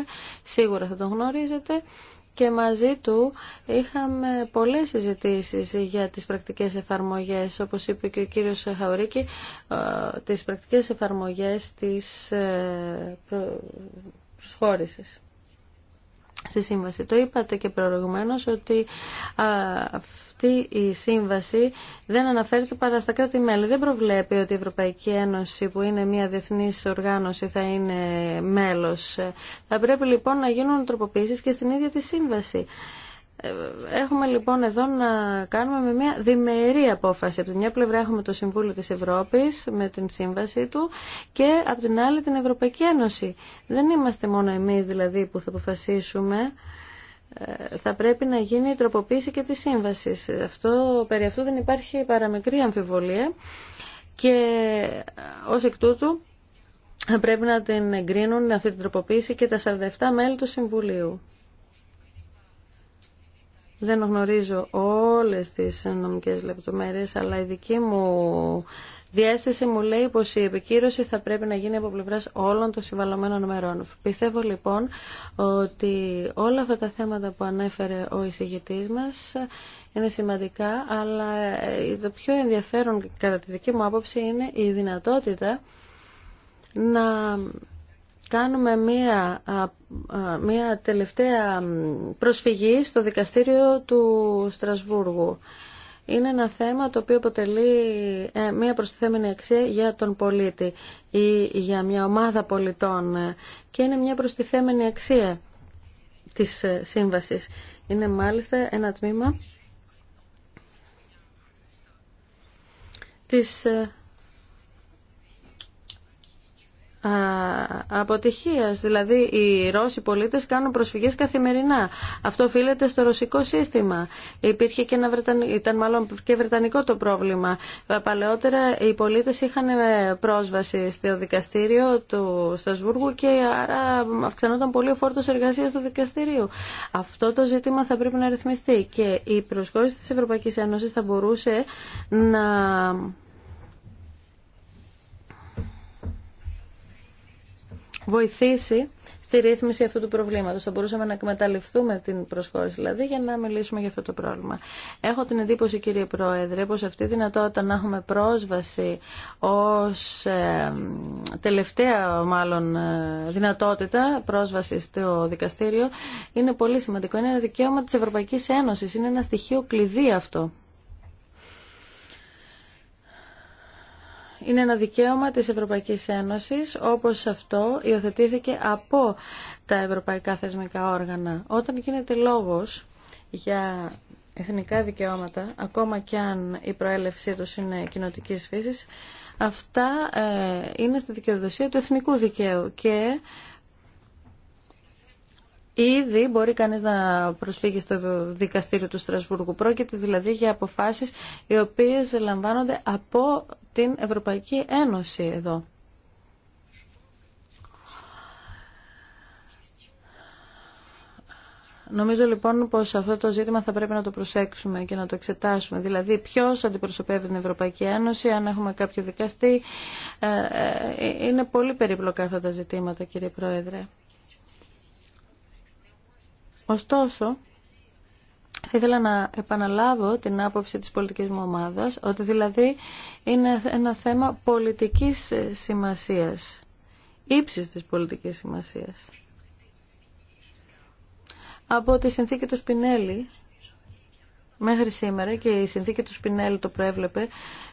σίγουρα θα τον γνωρίζετε και μαζί του είχαμε πολλές συζητήσεις για τις πρακτικές εφαρμογές, όπως είπε και ο κύριος Χαουρίκη, ε, τις πρακτικές εφαρμογές της ε, προσχώρησης στη σύμβαση. Το είπατε και προηγουμένως ότι αυτή η σύμβαση δεν αναφέρεται παρά στα κράτη-μέλη. Δεν προβλέπει ότι η Ευρωπαϊκή Ένωση που είναι μια διεθνής οργάνωση θα είναι μέλος. Θα πρέπει λοιπόν να γίνουν τροποποίησεις και στην ίδια τη σύμβαση. Έχουμε λοιπόν εδώ να κάνουμε με μια διμερή απόφαση. Από τη μια πλευρά έχουμε το Συμβούλιο της Ευρώπης με την σύμβασή του και από την άλλη την Ευρωπαϊκή Ένωση. Δεν είμαστε μόνο εμείς δηλαδή που θα αποφασίσουμε ε, θα πρέπει να γίνει η τροποποίηση και της σύμβαση. Αυτό, περί αυτού δεν υπάρχει παραμικρή αμφιβολία και ε, ως εκ τούτου θα πρέπει να την εγκρίνουν αυτή την τροποποίηση και τα 47 μέλη του Συμβουλίου. Δεν γνωρίζω όλες τις νομικές λεπτομέρειες, αλλά η δική μου διέστηση μου λέει πως η επικύρωση θα πρέπει να γίνει από πλευράς όλων των συμβαλωμένων μερών. Πιστεύω λοιπόν ότι όλα αυτά τα θέματα που ανέφερε ο εισηγητής μας είναι σημαντικά, αλλά το πιο ενδιαφέρον κατά τη δική μου άποψη είναι η δυνατότητα να κάνουμε μία, μία τελευταία προσφυγή στο δικαστήριο του Στρασβούργου. Είναι ένα θέμα το οποίο αποτελεί ε, μία προστιθέμενη αξία για τον πολίτη ή για μια ομάδα πολιτών ε, και είναι μία προστιθέμενη αξία της ε, σύμβασης. Είναι μάλιστα ένα τμήμα της αποτυχίας. Δηλαδή οι Ρώσοι πολίτες κάνουν προσφυγές καθημερινά. Αυτό οφείλεται στο ρωσικό σύστημα. Υπήρχε και ένα ήταν μάλλον και βρετανικό το πρόβλημα. Ε, παλαιότερα οι πολίτες είχαν ε, πρόσβαση στο δικαστήριο του Στασβούργου και άρα αυξανόταν πολύ ο φόρτος εργασίας του δικαστηρίου. Αυτό το ζήτημα θα πρέπει να ρυθμιστεί και η προσχώρηση της Ευρωπαϊκής Ένωσης θα μπορούσε να βοηθήσει στη ρύθμιση αυτού του προβλήματος. Θα μπορούσαμε να εκμεταλλευτούμε την προσχώρηση δηλαδή για να μιλήσουμε για αυτό το πρόβλημα. Έχω την εντύπωση κύριε Πρόεδρε πως αυτή η δυνατότητα να έχουμε πρόσβαση ως ε, τελευταία μάλλον ε, δυνατότητα πρόσβαση στο δικαστήριο είναι πολύ σημαντικό. Είναι ένα δικαίωμα της Ευρωπαϊκής Ένωσης. Είναι ένα στοιχείο κλειδί αυτό. είναι ένα δικαίωμα της Ευρωπαϊκής Ένωσης, όπως αυτό υιοθετήθηκε από τα ευρωπαϊκά θεσμικά όργανα. Όταν γίνεται λόγος για εθνικά δικαιώματα, ακόμα και αν η προέλευσή τους είναι κοινοτική φύσης, αυτά ε, είναι στη δικαιοδοσία του εθνικού δικαίου και ήδη μπορεί κανείς να προσφύγει στο δικαστήριο του Στρασβούργου. Πρόκειται δηλαδή για αποφάσεις οι οποίες λαμβάνονται από την Ευρωπαϊκή Ένωση εδώ. Νομίζω λοιπόν πως αυτό το ζήτημα θα πρέπει να το προσέξουμε και να το εξετάσουμε. Δηλαδή ποιος αντιπροσωπεύει την Ευρωπαϊκή Ένωση, αν έχουμε κάποιο δικαστή. Ε, ε, ε, είναι πολύ περίπλοκα αυτά τα ζητήματα κύριε Πρόεδρε. Ωστόσο, θα ήθελα να επαναλάβω την άποψη της πολιτικής μου ομάδας, ότι δηλαδή είναι ένα θέμα πολιτικής σημασίας, ύψης της πολιτικής σημασίας. Από τη συνθήκη του Σπινέλη, μέχρι σήμερα και η συνθήκη του Σπινέλη το προέβλεπε,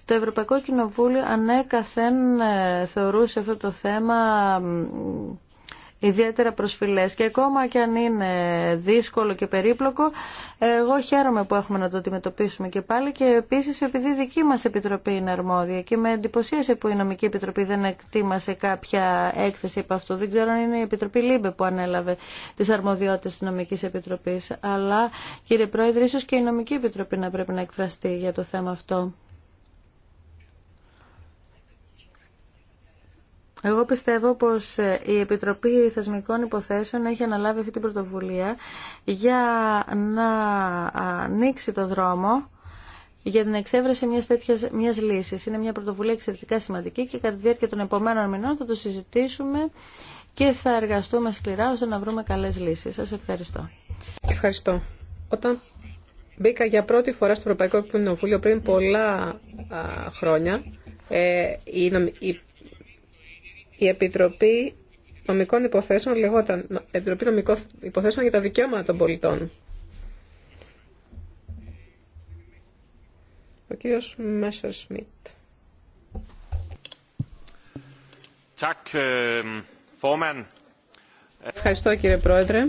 το Ευρωπαϊκό Κοινοβούλιο ανέκαθεν ε, θεωρούσε αυτό το θέμα ιδιαίτερα προσφυλές και ακόμα και αν είναι δύσκολο και περίπλοκο εγώ χαίρομαι που έχουμε να το αντιμετωπίσουμε και πάλι και επίσης επειδή δική μας Επιτροπή είναι αρμόδια και με εντυπωσίασε που η Νομική Επιτροπή δεν εκτίμασε κάποια έκθεση από αυτό δεν ξέρω αν είναι η Επιτροπή ΛΥΜΠΕ που ανέλαβε τις αρμοδιότητες της Νομικής Επιτροπής αλλά κύριε Πρόεδρε ίσως και η Νομική Επιτροπή να πρέπει να εκφραστεί για το θέμα αυτό. Εγώ πιστεύω πως ε, η Επιτροπή Θεσμικών Υποθέσεων έχει αναλάβει αυτή την πρωτοβουλία για να ανοίξει το δρόμο για την εξέβρεση μιας τέτοια μιας λύσης. Είναι μια πρωτοβουλία εξαιρετικά σημαντική και κατά τη διάρκεια των επόμενων μηνών θα το συζητήσουμε και θα εργαστούμε σκληρά ώστε να βρούμε καλές λύσεις. Σα ευχαριστώ. Ευχαριστώ. Όταν μπήκα για πρώτη φορά στο Ευρωπαϊκό Κοινοβούλιο πριν πολλά χρόνια, ε, η, η Επιτροπή Νομικών Υποθέσεων λεγόταν Επιτροπή Νομικών Υποθέσεων για τα Δικαιώματα των Πολιτών. Ο κύριος Μέσσερ Σμιτ. Ehm, Ευχαριστώ κύριε Πρόεδρε.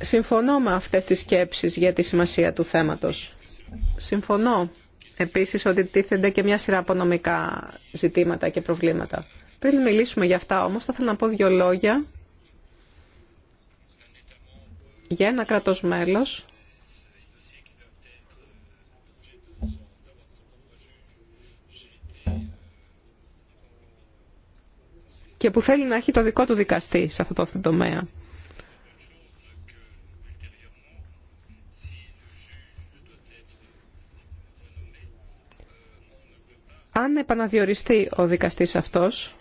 Συμφωνώ με αυτές τις σκέψεις για τη σημασία του θέματος. Συμφωνώ επίσης ότι τίθενται και μια σειρά νομικά ζητήματα και προβλήματα. Πριν μιλήσουμε για αυτά όμως θα ήθελα να πω δύο λόγια για ένα κρατός μέλος και που θέλει να έχει το δικό του δικαστή σε αυτό το τομέα. Αν επαναδιοριστεί ο δικαστής αυτός,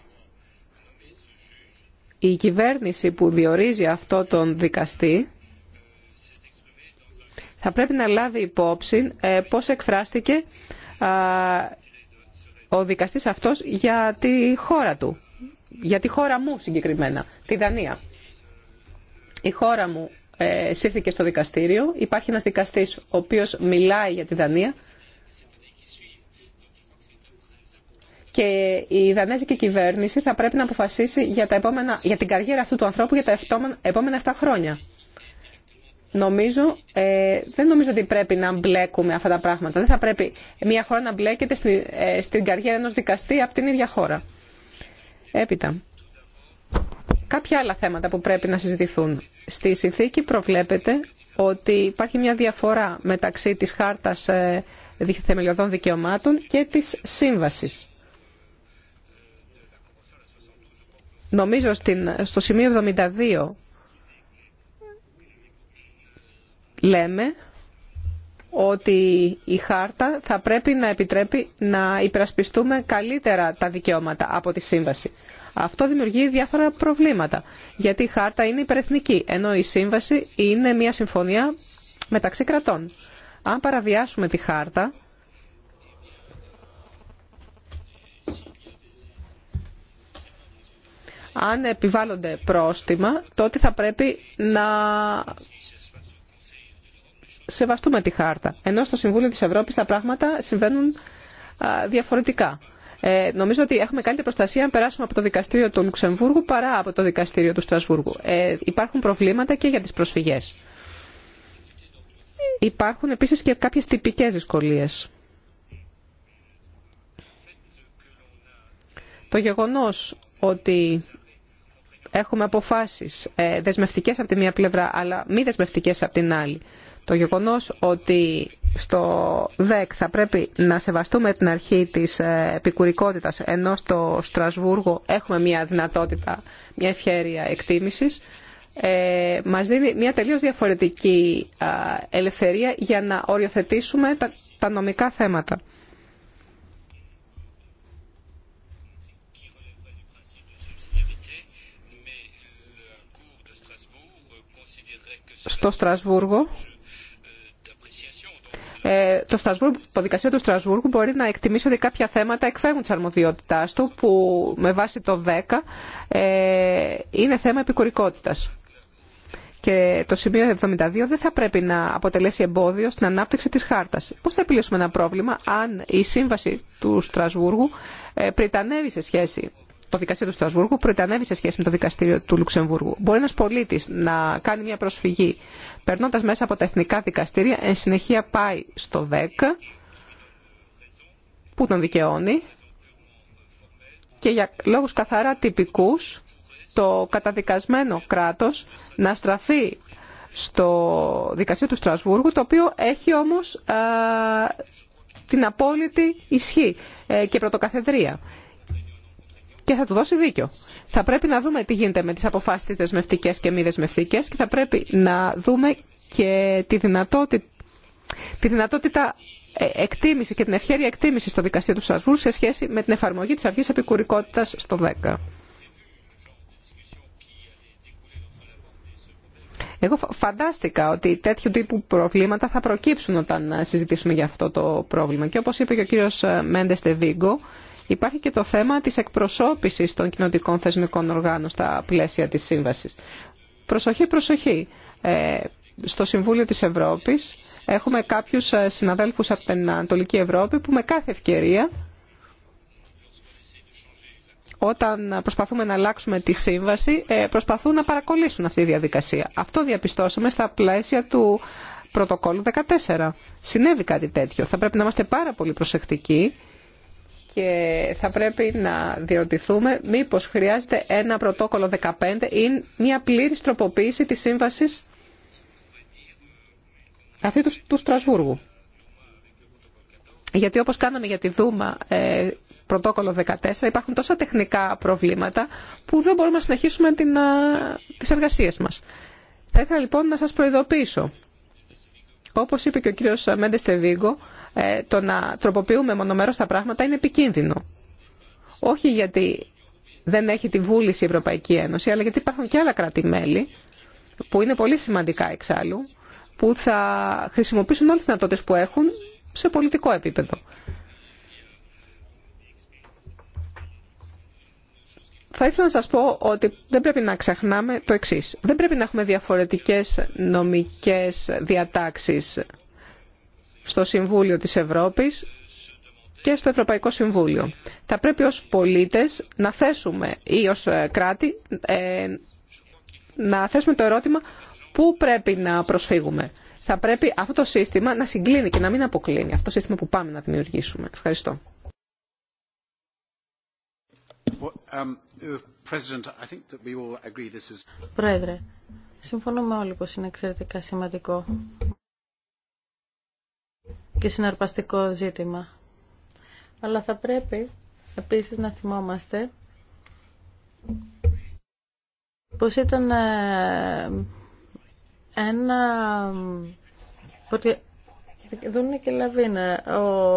η κυβέρνηση που διορίζει αυτό τον δικαστή θα πρέπει να λάβει υπόψη ε, πώς εκφράστηκε ο δικαστής αυτός για τη χώρα του, για τη χώρα μου συγκεκριμένα, τη Δανία. Η χώρα μου ε, σύρθηκε στο δικαστήριο, υπάρχει ένας δικαστής ο οποίος μιλάει για τη Δανία και η δανέζικη κυβέρνηση θα πρέπει να αποφασίσει για, τα επόμενα, για την καριέρα αυτού του ανθρώπου για τα επόμενα 7 χρόνια. Νομίζω, ε, δεν νομίζω ότι πρέπει να μπλέκουμε αυτά τα πράγματα. Δεν θα πρέπει μια χώρα να μπλέκεται στην, ε, στην καριέρα ενός δικαστή από την ίδια χώρα. Έπειτα, κάποια άλλα θέματα που πρέπει να συζητηθούν. Στη συνθήκη προβλέπεται ότι υπάρχει μια διαφορά μεταξύ της χάρτας ε, θεμελιωδών δικαιωμάτων και της σύμβασης. Νομίζω στο σημείο 72 λέμε ότι η χάρτα θα πρέπει να επιτρέπει να υπερασπιστούμε καλύτερα τα δικαιώματα από τη σύμβαση. Αυτό δημιουργεί διάφορα προβλήματα, γιατί η χάρτα είναι υπερεθνική, ενώ η σύμβαση είναι μια συμφωνία μεταξύ κρατών. Αν παραβιάσουμε τη χάρτα, αν επιβάλλονται πρόστιμα, τότε θα πρέπει να σεβαστούμε τη χάρτα. Ενώ στο Συμβούλιο της Ευρώπης τα πράγματα συμβαίνουν διαφορετικά. Ε, νομίζω ότι έχουμε καλύτερη προστασία αν περάσουμε από το δικαστήριο του Λουξεμβούργου παρά από το δικαστήριο του Στρασβούργου. Ε, υπάρχουν προβλήματα και για τις προσφυγές. Υπάρχουν επίσης και κάποιες τυπικές δυσκολίες. Το γεγονός ότι έχουμε αποφάσεις ε, δεσμευτικές από τη μία πλευρά αλλά μη δεσμευτικές από την άλλη. Το γεγονός ότι στο ΔΕΚ θα πρέπει να σεβαστούμε την αρχή της ε, επικουρικότητας ενώ στο Στρασβούργο έχουμε μια δυνατότητα, μια ευχαίρεια εκτίμησης ε, μας δίνει μια τελείως διαφορετική ελευθερία για να οριοθετήσουμε τα νομικά θέματα. στο Στρασβούργο ε, το, Στρασβούργο, το δικαστήριο του Στρασβούργου μπορεί να εκτιμήσει ότι κάποια θέματα εκφεύγουν τη αρμοδιότητά του, που με βάση το 10 ε, είναι θέμα επικουρικότητα. Και το σημείο 72 δεν θα πρέπει να αποτελέσει εμπόδιο στην ανάπτυξη τη χάρτα. Πώ θα επιλύσουμε ένα πρόβλημα αν η σύμβαση του Στρασβούργου ε, πριτανεύει σε σχέση το δικαστήριο του Στρασβούργου προετανεύει σε σχέση με το δικαστήριο του Λουξεμβούργου. Μπορεί ένα πολίτη να κάνει μια προσφυγή περνώντα μέσα από τα εθνικά δικαστήρια, εν συνεχεία πάει στο ΔΕΚ που τον δικαιώνει και για λόγους καθαρά τυπικούς το καταδικασμένο κράτος να στραφεί στο δικαστήριο του Στρασβούργου, το οποίο έχει όμως ε, την απόλυτη ισχύ ε, και πρωτοκαθεδρία και θα του δώσει δίκιο. Θα πρέπει να δούμε τι γίνεται με τις αποφάσεις τις δεσμευτικές και μη δεσμευτικές και θα πρέπει να δούμε και τη δυνατότητα, τη δυνατότητα ε, εκτίμηση και την ευχαίρεια εκτίμηση στο δικαστήριο του Στρασβούργου σε σχέση με την εφαρμογή της αρχής επικουρικότητας στο 10. Εγώ φαντάστηκα ότι τέτοιου τύπου προβλήματα θα προκύψουν όταν ε, συζητήσουμε για αυτό το πρόβλημα. Και όπως είπε και ο κύριος ε, Μέντες Τεβίγκο, Υπάρχει και το θέμα της εκπροσώπησης των κοινωνικών θεσμικών οργάνων στα πλαίσια της σύμβασης. Προσοχή, προσοχή. Ε, στο Συμβούλιο της Ευρώπης έχουμε κάποιους ε, συναδέλφους από την Ανατολική Ευρώπη που με κάθε ευκαιρία όταν προσπαθούμε να αλλάξουμε τη σύμβαση ε, προσπαθούν να παρακολύσουν αυτή τη διαδικασία. Αυτό διαπιστώσαμε στα πλαίσια του πρωτοκόλλου 14. Συνέβη κάτι τέτοιο. Θα πρέπει να είμαστε πάρα πολύ προσεκτικοί και θα πρέπει να διωτηθούμε μήπως χρειάζεται ένα πρωτόκολλο 15 ή μια πλήρης τροποποίηση της σύμβασης αυτή του, του Στρασβούργου. Γιατί όπως κάναμε για τη Δούμα ε, πρωτόκολλο 14 υπάρχουν τόσα τεχνικά προβλήματα που δεν μπορούμε να συνεχίσουμε την, α, ε, τις εργασίες μας. Θα ήθελα λοιπόν να σας προειδοποιήσω όπως είπε και ο κύριος Μέντες Τεβίγκο, ε, το να τροποποιούμε μονομέρως τα πράγματα είναι επικίνδυνο. Όχι γιατί δεν έχει τη βούληση η Ευρωπαϊκή Ένωση, αλλά γιατί υπάρχουν και άλλα κράτη-μέλη, που είναι πολύ σημαντικά εξάλλου, που θα χρησιμοποιήσουν όλες τις δυνατότητες που έχουν σε πολιτικό επίπεδο. Θα ήθελα να σας πω ότι δεν πρέπει να ξεχνάμε το εξής. Δεν πρέπει να έχουμε διαφορετικές νομικές διατάξεις στο Συμβούλιο της Ευρώπης και στο Ευρωπαϊκό Συμβούλιο. Θα πρέπει ως πολίτες να θέσουμε ή ως κράτη ε, να θέσουμε το ερώτημα πού πρέπει να προσφύγουμε. Θα πρέπει αυτό το σύστημα να συγκλίνει και να μην αποκλίνει. Αυτό το σύστημα που πάμε να δημιουργήσουμε. Ευχαριστώ. Um, Uh, Πρόεδρε, συμφωνούμε όλοι πως είναι εξαιρετικά σημαντικό και συναρπαστικό ζήτημα. Αλλά θα πρέπει επίσης να θυμόμαστε πως ήταν ε, ένα δούνε και λαβίνε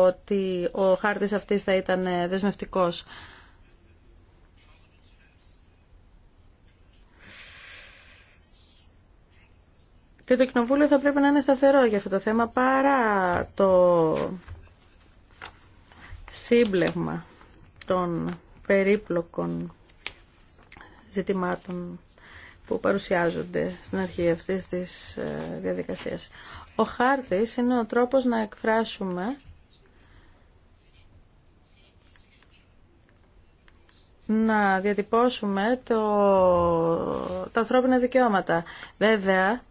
ότι ο χάρτης αυτής θα ήταν ε, δεσμευτικός. Και το Κοινοβούλιο θα πρέπει να είναι σταθερό για αυτό το θέμα παρά το σύμπλεγμα των περίπλοκων ζητημάτων που παρουσιάζονται στην αρχή αυτής της ε, διαδικασίας. Ο χάρτης είναι ο τρόπος να εκφράσουμε να διατυπώσουμε το, τα ανθρώπινα δικαιώματα. Βέβαια,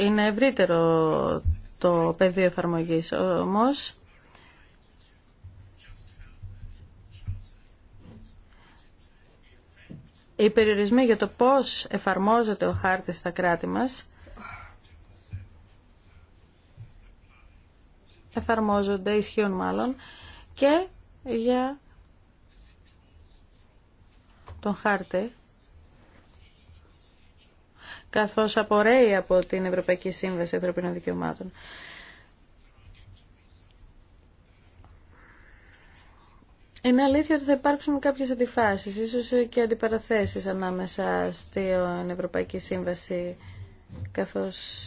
είναι ευρύτερο το πεδίο εφαρμογής. Όμως, οι περιορισμοί για το πώς εφαρμόζεται ο χάρτης στα κράτη μας εφαρμόζονται, ισχύουν μάλλον, και για τον χάρτη καθώς απορρέει από την Ευρωπαϊκή Σύμβαση Ανθρωπίνων Δικαιωμάτων. Είναι αλήθεια ότι θα υπάρξουν κάποιες αντιφάσεις, ίσως και αντιπαραθέσεις ανάμεσα στην Ευρωπαϊκή Σύμβαση, καθώς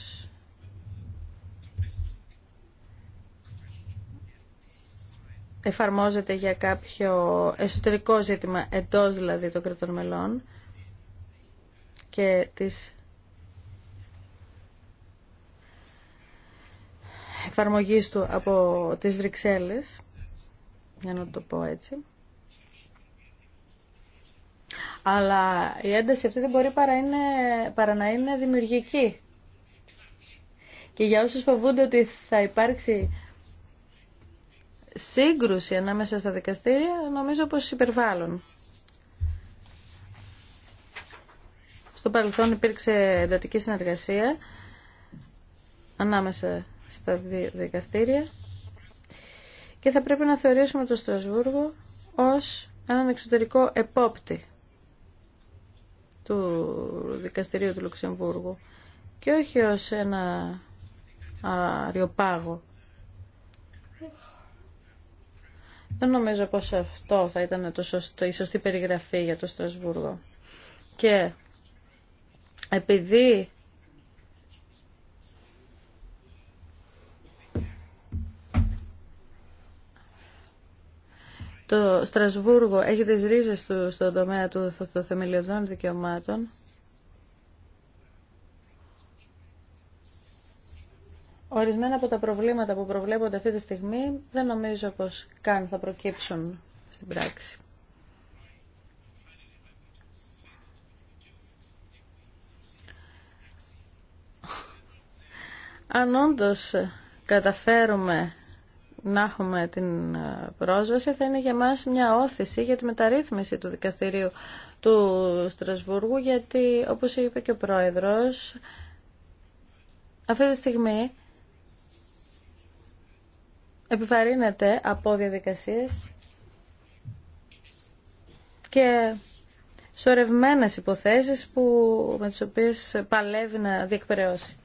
εφαρμόζεται για κάποιο εσωτερικό ζήτημα εντός δηλαδή των κρατών μελών και της εφαρμογής του από τις Βρυξέλλες, για να το πω έτσι. Αλλά η ένταση αυτή δεν μπορεί παρά, είναι, να είναι δημιουργική. Και για όσους φοβούνται ότι θα υπάρξει σύγκρουση ανάμεσα στα δικαστήρια, νομίζω πως υπερβάλλουν. Στο παρελθόν υπήρξε εντατική συνεργασία ανάμεσα στα δικαστήρια και θα πρέπει να θεωρήσουμε το Στρασβούργο ως έναν εξωτερικό επόπτη του δικαστηρίου του Λουξεμβούργου και όχι ως ένα αριοπάγο. Δεν νομίζω πως αυτό θα ήταν το σωστό, η σωστή περιγραφή για το Στρασβούργο. Και επειδή το Στρασβούργο έχει τις ρίζες του στον τομέα του θεμελιωδών δικαιωμάτων. Ορισμένα από τα προβλήματα που προβλέπονται αυτή τη στιγμή δεν νομίζω πως καν θα προκύψουν στην πράξη. Αν όντως καταφέρουμε να έχουμε την ε, πρόσβαση θα είναι για μας μια όθηση για τη μεταρρύθμιση του δικαστηρίου του Στρασβούργου γιατί όπως είπε και ο πρόεδρος αυτή τη στιγμή επιβαρύνεται από διαδικασίες και σορευμένες υποθέσεις που, με τις οποίες παλεύει να διεκπαιρεώσει.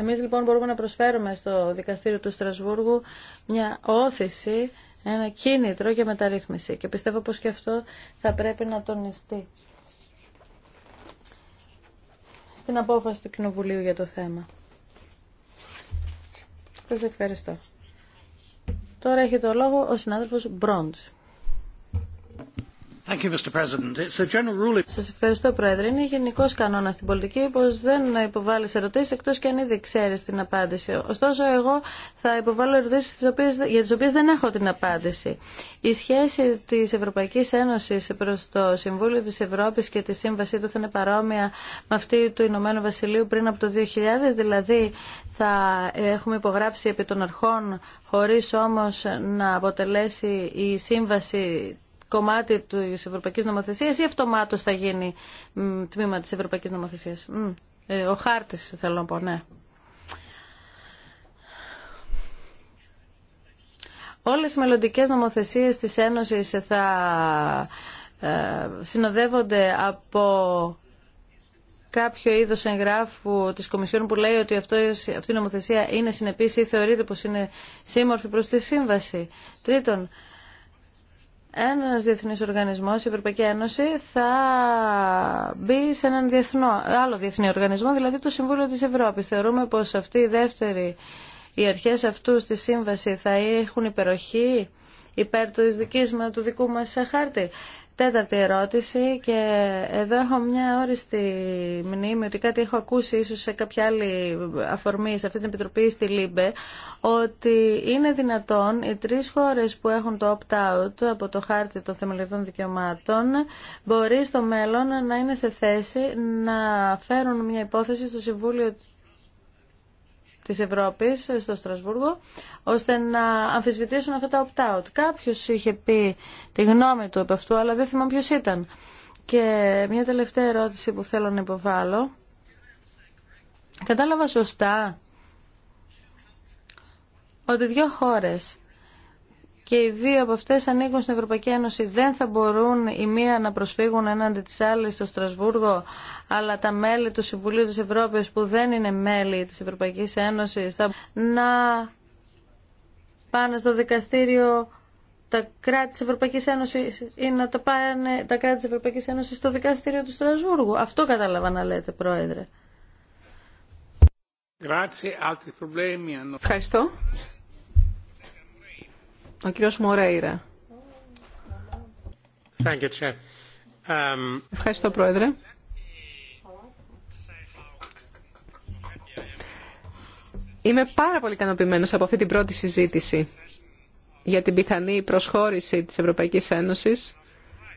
Εμείς λοιπόν μπορούμε να προσφέρουμε στο δικαστήριο του Στρασβούργου μια όθηση, ένα κίνητρο για μεταρρύθμιση και πιστεύω πως και αυτό θα πρέπει να τονιστεί στην απόφαση του Κοινοβουλίου για το θέμα. Σας ευχαριστώ. Τώρα έχει το λόγο ο συνάδελφος Μπρόντς. Σα ευχαριστώ, Πρόεδρε. Είναι γενικό κανόνα στην πολιτική πω δεν υποβάλλει ερωτήσει εκτό και αν ήδη ξέρει την απάντηση. Ωστόσο, εγώ θα υποβάλω ερωτήσει για τι οποίε δεν έχω την απάντηση. Η σχέση τη Ευρωπαϊκή Ένωση προ το Συμβούλιο τη Ευρώπη και τη σύμβασή του θα είναι παρόμοια με αυτή του Ηνωμένου Βασιλείου πριν από το 2000, δηλαδή θα έχουμε υπογράψει επί των αρχών χωρίς όμως να αποτελέσει η σύμβαση κομμάτι τη Ευρωπαϊκής Νομοθεσίας ή αυτομάτως θα γίνει τμήμα της Ευρωπαϊκής Νομοθεσίας. Ε, ο χάρτης θέλω να πω, ναι. Όλες οι μελλοντικέ νομοθεσίες της Ένωσης θα ε, συνοδεύονται από κάποιο είδος εγγράφου της Κομισιόν που λέει ότι αυτή η νομοθεσία είναι συνεπής ή θεωρείται πως είναι σύμμορφη προς τη σύμβαση. Τρίτον, ένας διεθνής οργανισμός, η Ευρωπαϊκή Ένωση, θα μπει σε έναν διεθνό, άλλο διεθνή οργανισμό, δηλαδή το Συμβούλιο της Ευρώπης. Θεωρούμε πως αυτή η δεύτερη, οι αρχές αυτού στη σύμβαση θα έχουν υπεροχή υπέρ του, δικής, του δικού μας χάρτη. Τέταρτη ερώτηση και εδώ έχω μια όριστη μνήμη ότι κάτι έχω ακούσει ίσως σε κάποια άλλη αφορμή σε αυτή την Επιτροπή στη ΛΥΜΠΕ ότι είναι δυνατόν οι τρεις χώρες που έχουν το opt-out από το χάρτη των θεμελιωδών δικαιωμάτων μπορεί στο μέλλον να είναι σε θέση να φέρουν μια υπόθεση στο Συμβούλιο Τη Ευρώπης στο Στρασβούργο, ώστε να αμφισβητήσουν αυτά τα opt-out. Κάποιος είχε πει τη γνώμη του από αυτού, αλλά δεν θυμάμαι ποιος ήταν. Και μια τελευταία ερώτηση που θέλω να υποβάλω. Κατάλαβα σωστά ότι δύο χώρες και οι δύο από αυτές ανήκουν στην Ευρωπαϊκή Ένωση. Δεν θα μπορούν η μία να προσφύγουν έναντι της άλλης στο Στρασβούργο, αλλά τα μέλη του Συμβουλίου της Ευρώπης που δεν είναι μέλη της Ευρωπαϊκής Ένωσης θα να πάνε στο δικαστήριο τα κράτη της Ευρωπαϊκής Ένωσης ή να τα πάνε τα κράτη της Ευρωπαϊκής Ένωσης στο δικαστήριο του Στρασβούργου. Αυτό κατάλαβα να λέτε, Πρόεδρε. Ευχαριστώ. Ο κύριος Μορέιρα. Um, Ευχαριστώ, Πρόεδρε. Είμαι πάρα πολύ ικανοποιημένο από αυτή την πρώτη συζήτηση για την πιθανή προσχώρηση της Ευρωπαϊκής Ένωσης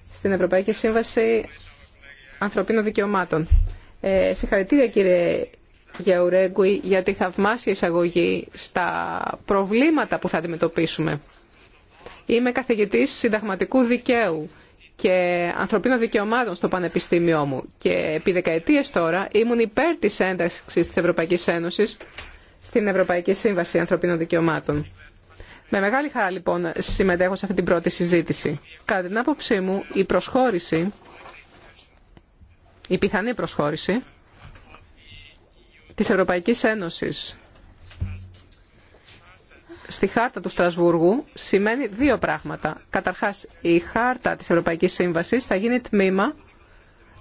στην Ευρωπαϊκή Σύμβαση Ανθρωπίνων Δικαιωμάτων. Ε, συγχαρητήρια κύριε Γιαουρέγκουι για τη θαυμάσια εισαγωγή στα προβλήματα που θα αντιμετωπίσουμε Είμαι καθηγητής συνταγματικού δικαίου και ανθρωπίνων δικαιωμάτων στο πανεπιστήμιό μου και επί δεκαετίες τώρα ήμουν υπέρ της ένταξης της Ευρωπαϊκής Ένωσης στην Ευρωπαϊκή Σύμβαση Ανθρωπίνων Δικαιωμάτων. Με μεγάλη χαρά λοιπόν συμμετέχω σε αυτή την πρώτη συζήτηση. Κατά την άποψή μου η προσχώρηση, η πιθανή προσχώρηση της Ευρωπαϊκής Ένωσης στη χάρτα του Στρασβούργου σημαίνει δύο πράγματα. Καταρχάς, η χάρτα της Ευρωπαϊκής Σύμβασης θα γίνει τμήμα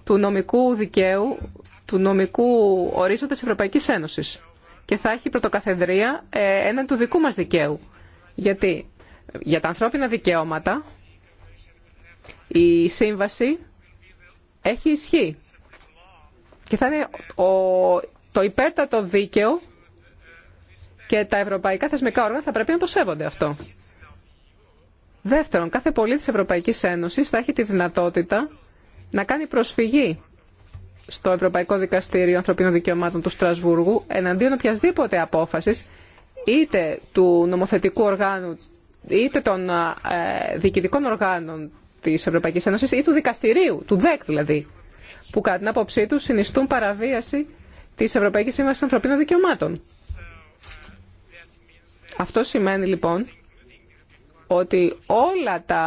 του νομικού δικαίου, του νομικού ορίζοντα της Ευρωπαϊκής Ένωσης και θα έχει πρωτοκαθεδρία ε, έναν του δικού μας δικαίου. Γιατί για τα ανθρώπινα δικαιώματα η σύμβαση έχει ισχύ και θα είναι το υπέρτατο δίκαιο και τα ευρωπαϊκά θεσμικά όργανα θα πρέπει να το σέβονται αυτό. Δεύτερον, κάθε πολίτη της Ευρωπαϊκής Ένωσης θα έχει τη δυνατότητα να κάνει προσφυγή στο Ευρωπαϊκό Δικαστήριο Ανθρωπίνων Δικαιωμάτων του Στρασβούργου εναντίον οποιασδήποτε απόφαση, είτε του νομοθετικού οργάνου είτε των ε, διοικητικών οργάνων της Ευρωπαϊκής Ένωσης ή του δικαστηρίου, του ΔΕΚ δηλαδή, που κατά την άποψή του συνιστούν παραβίαση της Ευρωπαϊκής Σύμβασης Ανθρωπίνων Δικαιωμάτων. Αυτό σημαίνει λοιπόν ότι όλα τα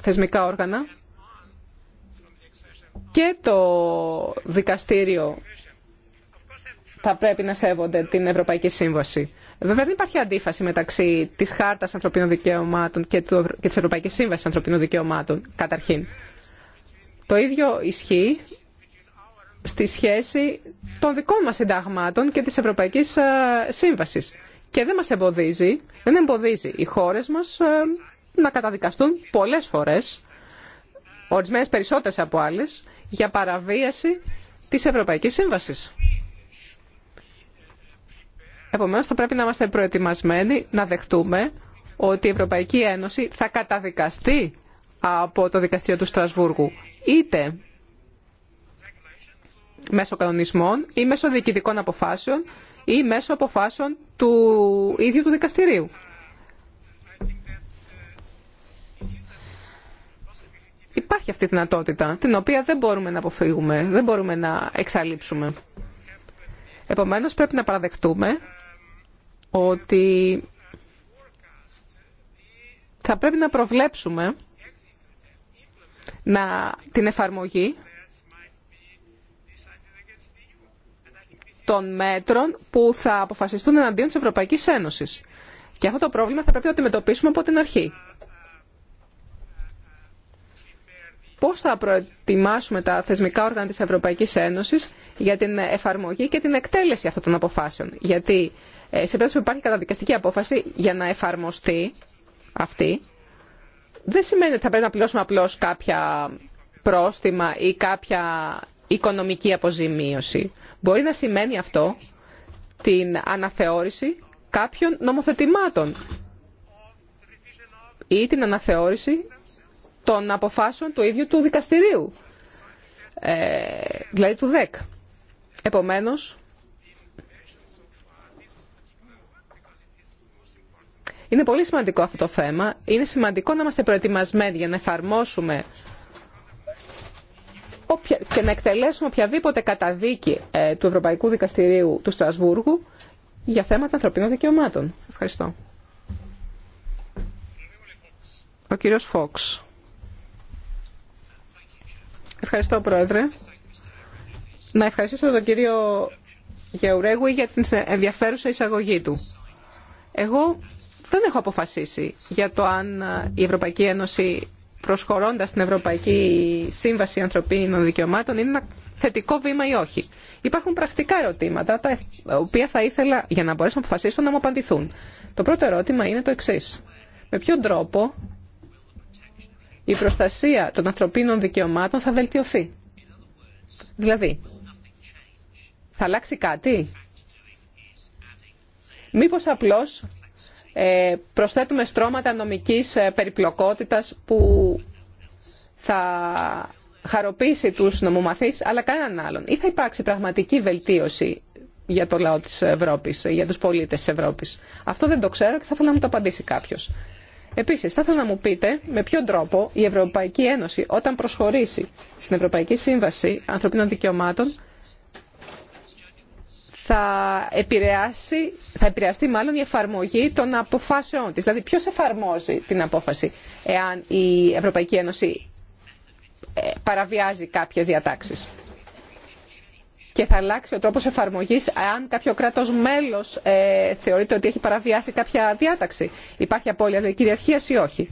θεσμικά όργανα και το δικαστήριο θα πρέπει να σέβονται την Ευρωπαϊκή Σύμβαση. Βέβαια δεν υπάρχει αντίφαση μεταξύ της Χάρτας Ανθρωπίνων Δικαιωμάτων και της Ευρωπαϊκής Σύμβασης Ανθρωπίνων Δικαιωμάτων, καταρχήν. Το ίδιο ισχύει στη σχέση των δικών μας συνταγμάτων και της Ευρωπαϊκής ε, Σύμβασης και δεν μας εμποδίζει, δεν εμποδίζει οι χώρες μας ε, να καταδικαστούν πολλές φορές, ορισμένες περισσότερες από άλλες, για παραβίαση της Ευρωπαϊκής Σύμβασης. Επομένως θα πρέπει να είμαστε προετοιμασμένοι να δεχτούμε ότι η Ευρωπαϊκή Ένωση θα καταδικαστεί από το δικαστήριο του Στρασβούργου είτε μέσω κανονισμών ή μέσω διοικητικών αποφάσεων ή μέσω αποφάσεων του ίδιου του δικαστηρίου. Υπάρχει αυτή η δυνατότητα, την οποία δεν μπορούμε να αποφύγουμε, δεν μπορούμε να εξαλείψουμε. Επομένως, πρέπει να παραδεχτούμε ότι θα πρέπει να προβλέψουμε να, την εφαρμογή των μέτρων που θα αποφασιστούν εναντίον τη Ευρωπαϊκή Ένωση. Και αυτό το πρόβλημα θα πρέπει να αντιμετωπίσουμε από την αρχή. Πώ θα προετοιμάσουμε τα θεσμικά όργανα τη Ευρωπαϊκή Ένωση για την εφαρμογή και την εκτέλεση αυτών των αποφάσεων. Γιατί ε, σε περίπτωση που υπάρχει καταδικαστική απόφαση για να εφαρμοστεί αυτή, δεν σημαίνει ότι θα πρέπει να πληρώσουμε απλώ κάποια πρόστιμα ή κάποια οικονομική αποζημίωση. Μπορεί να σημαίνει αυτό την αναθεώρηση κάποιων νομοθετημάτων ή την αναθεώρηση των αποφάσεων του ίδιου του δικαστηρίου, ε, δηλαδή του ΔΕΚ. Επομένως, είναι πολύ σημαντικό αυτό το θέμα. Είναι σημαντικό να είμαστε προετοιμασμένοι για να εφαρμόσουμε και να εκτελέσουμε οποιαδήποτε καταδίκη ε, του Ευρωπαϊκού Δικαστηρίου του Στρασβούργου για θέματα ανθρωπίνων δικαιωμάτων. Ευχαριστώ. Ο κύριος Φόξ. Ευχαριστώ, Πρόεδρε. Να ευχαριστήσω τον κύριο Γεουρέγουη για την ενδιαφέρουσα εισαγωγή του. Εγώ δεν έχω αποφασίσει για το αν η Ευρωπαϊκή Ένωση προσχωρώντα την Ευρωπαϊκή Σύμβαση Ανθρωπίνων Δικαιωμάτων είναι ένα θετικό βήμα ή όχι. Υπάρχουν πρακτικά ερωτήματα τα οποία θα ήθελα για να μπορέσω να αποφασίσω να μου απαντηθούν. Το πρώτο ερώτημα είναι το εξή. Με ποιον τρόπο η προστασία των ανθρωπίνων δικαιωμάτων θα βελτιωθεί. Δηλαδή, θα αλλάξει κάτι. Μήπως απλώς ε, προσθέτουμε στρώματα νομικής ε, περιπλοκότητας που θα χαροποίησει τους νομομαθείς, αλλά κανέναν άλλον. Ή θα υπάρξει πραγματική βελτίωση για το λαό της Ευρώπης, ε, για τους πολίτες της Ευρώπης. Αυτό δεν το ξέρω και θα ήθελα να μου το απαντήσει κάποιος. Επίσης, θα ήθελα να μου πείτε με ποιον τρόπο η Ευρωπαϊκή Ένωση όταν προσχωρήσει στην Ευρωπαϊκή Σύμβαση Ανθρωπίνων Δικαιωμάτων θα, επηρεάσει, θα επηρεαστεί μάλλον η εφαρμογή των αποφάσεών της. Δηλαδή ποιος εφαρμόζει την απόφαση εάν η Ευρωπαϊκή Ένωση ε, παραβιάζει κάποιες διατάξεις. Και θα αλλάξει ο τρόπος εφαρμογής εάν κάποιο κράτος μέλος ε, θεωρείται ότι έχει παραβιάσει κάποια διάταξη. Υπάρχει απώλεια κυριαρχίας ή όχι.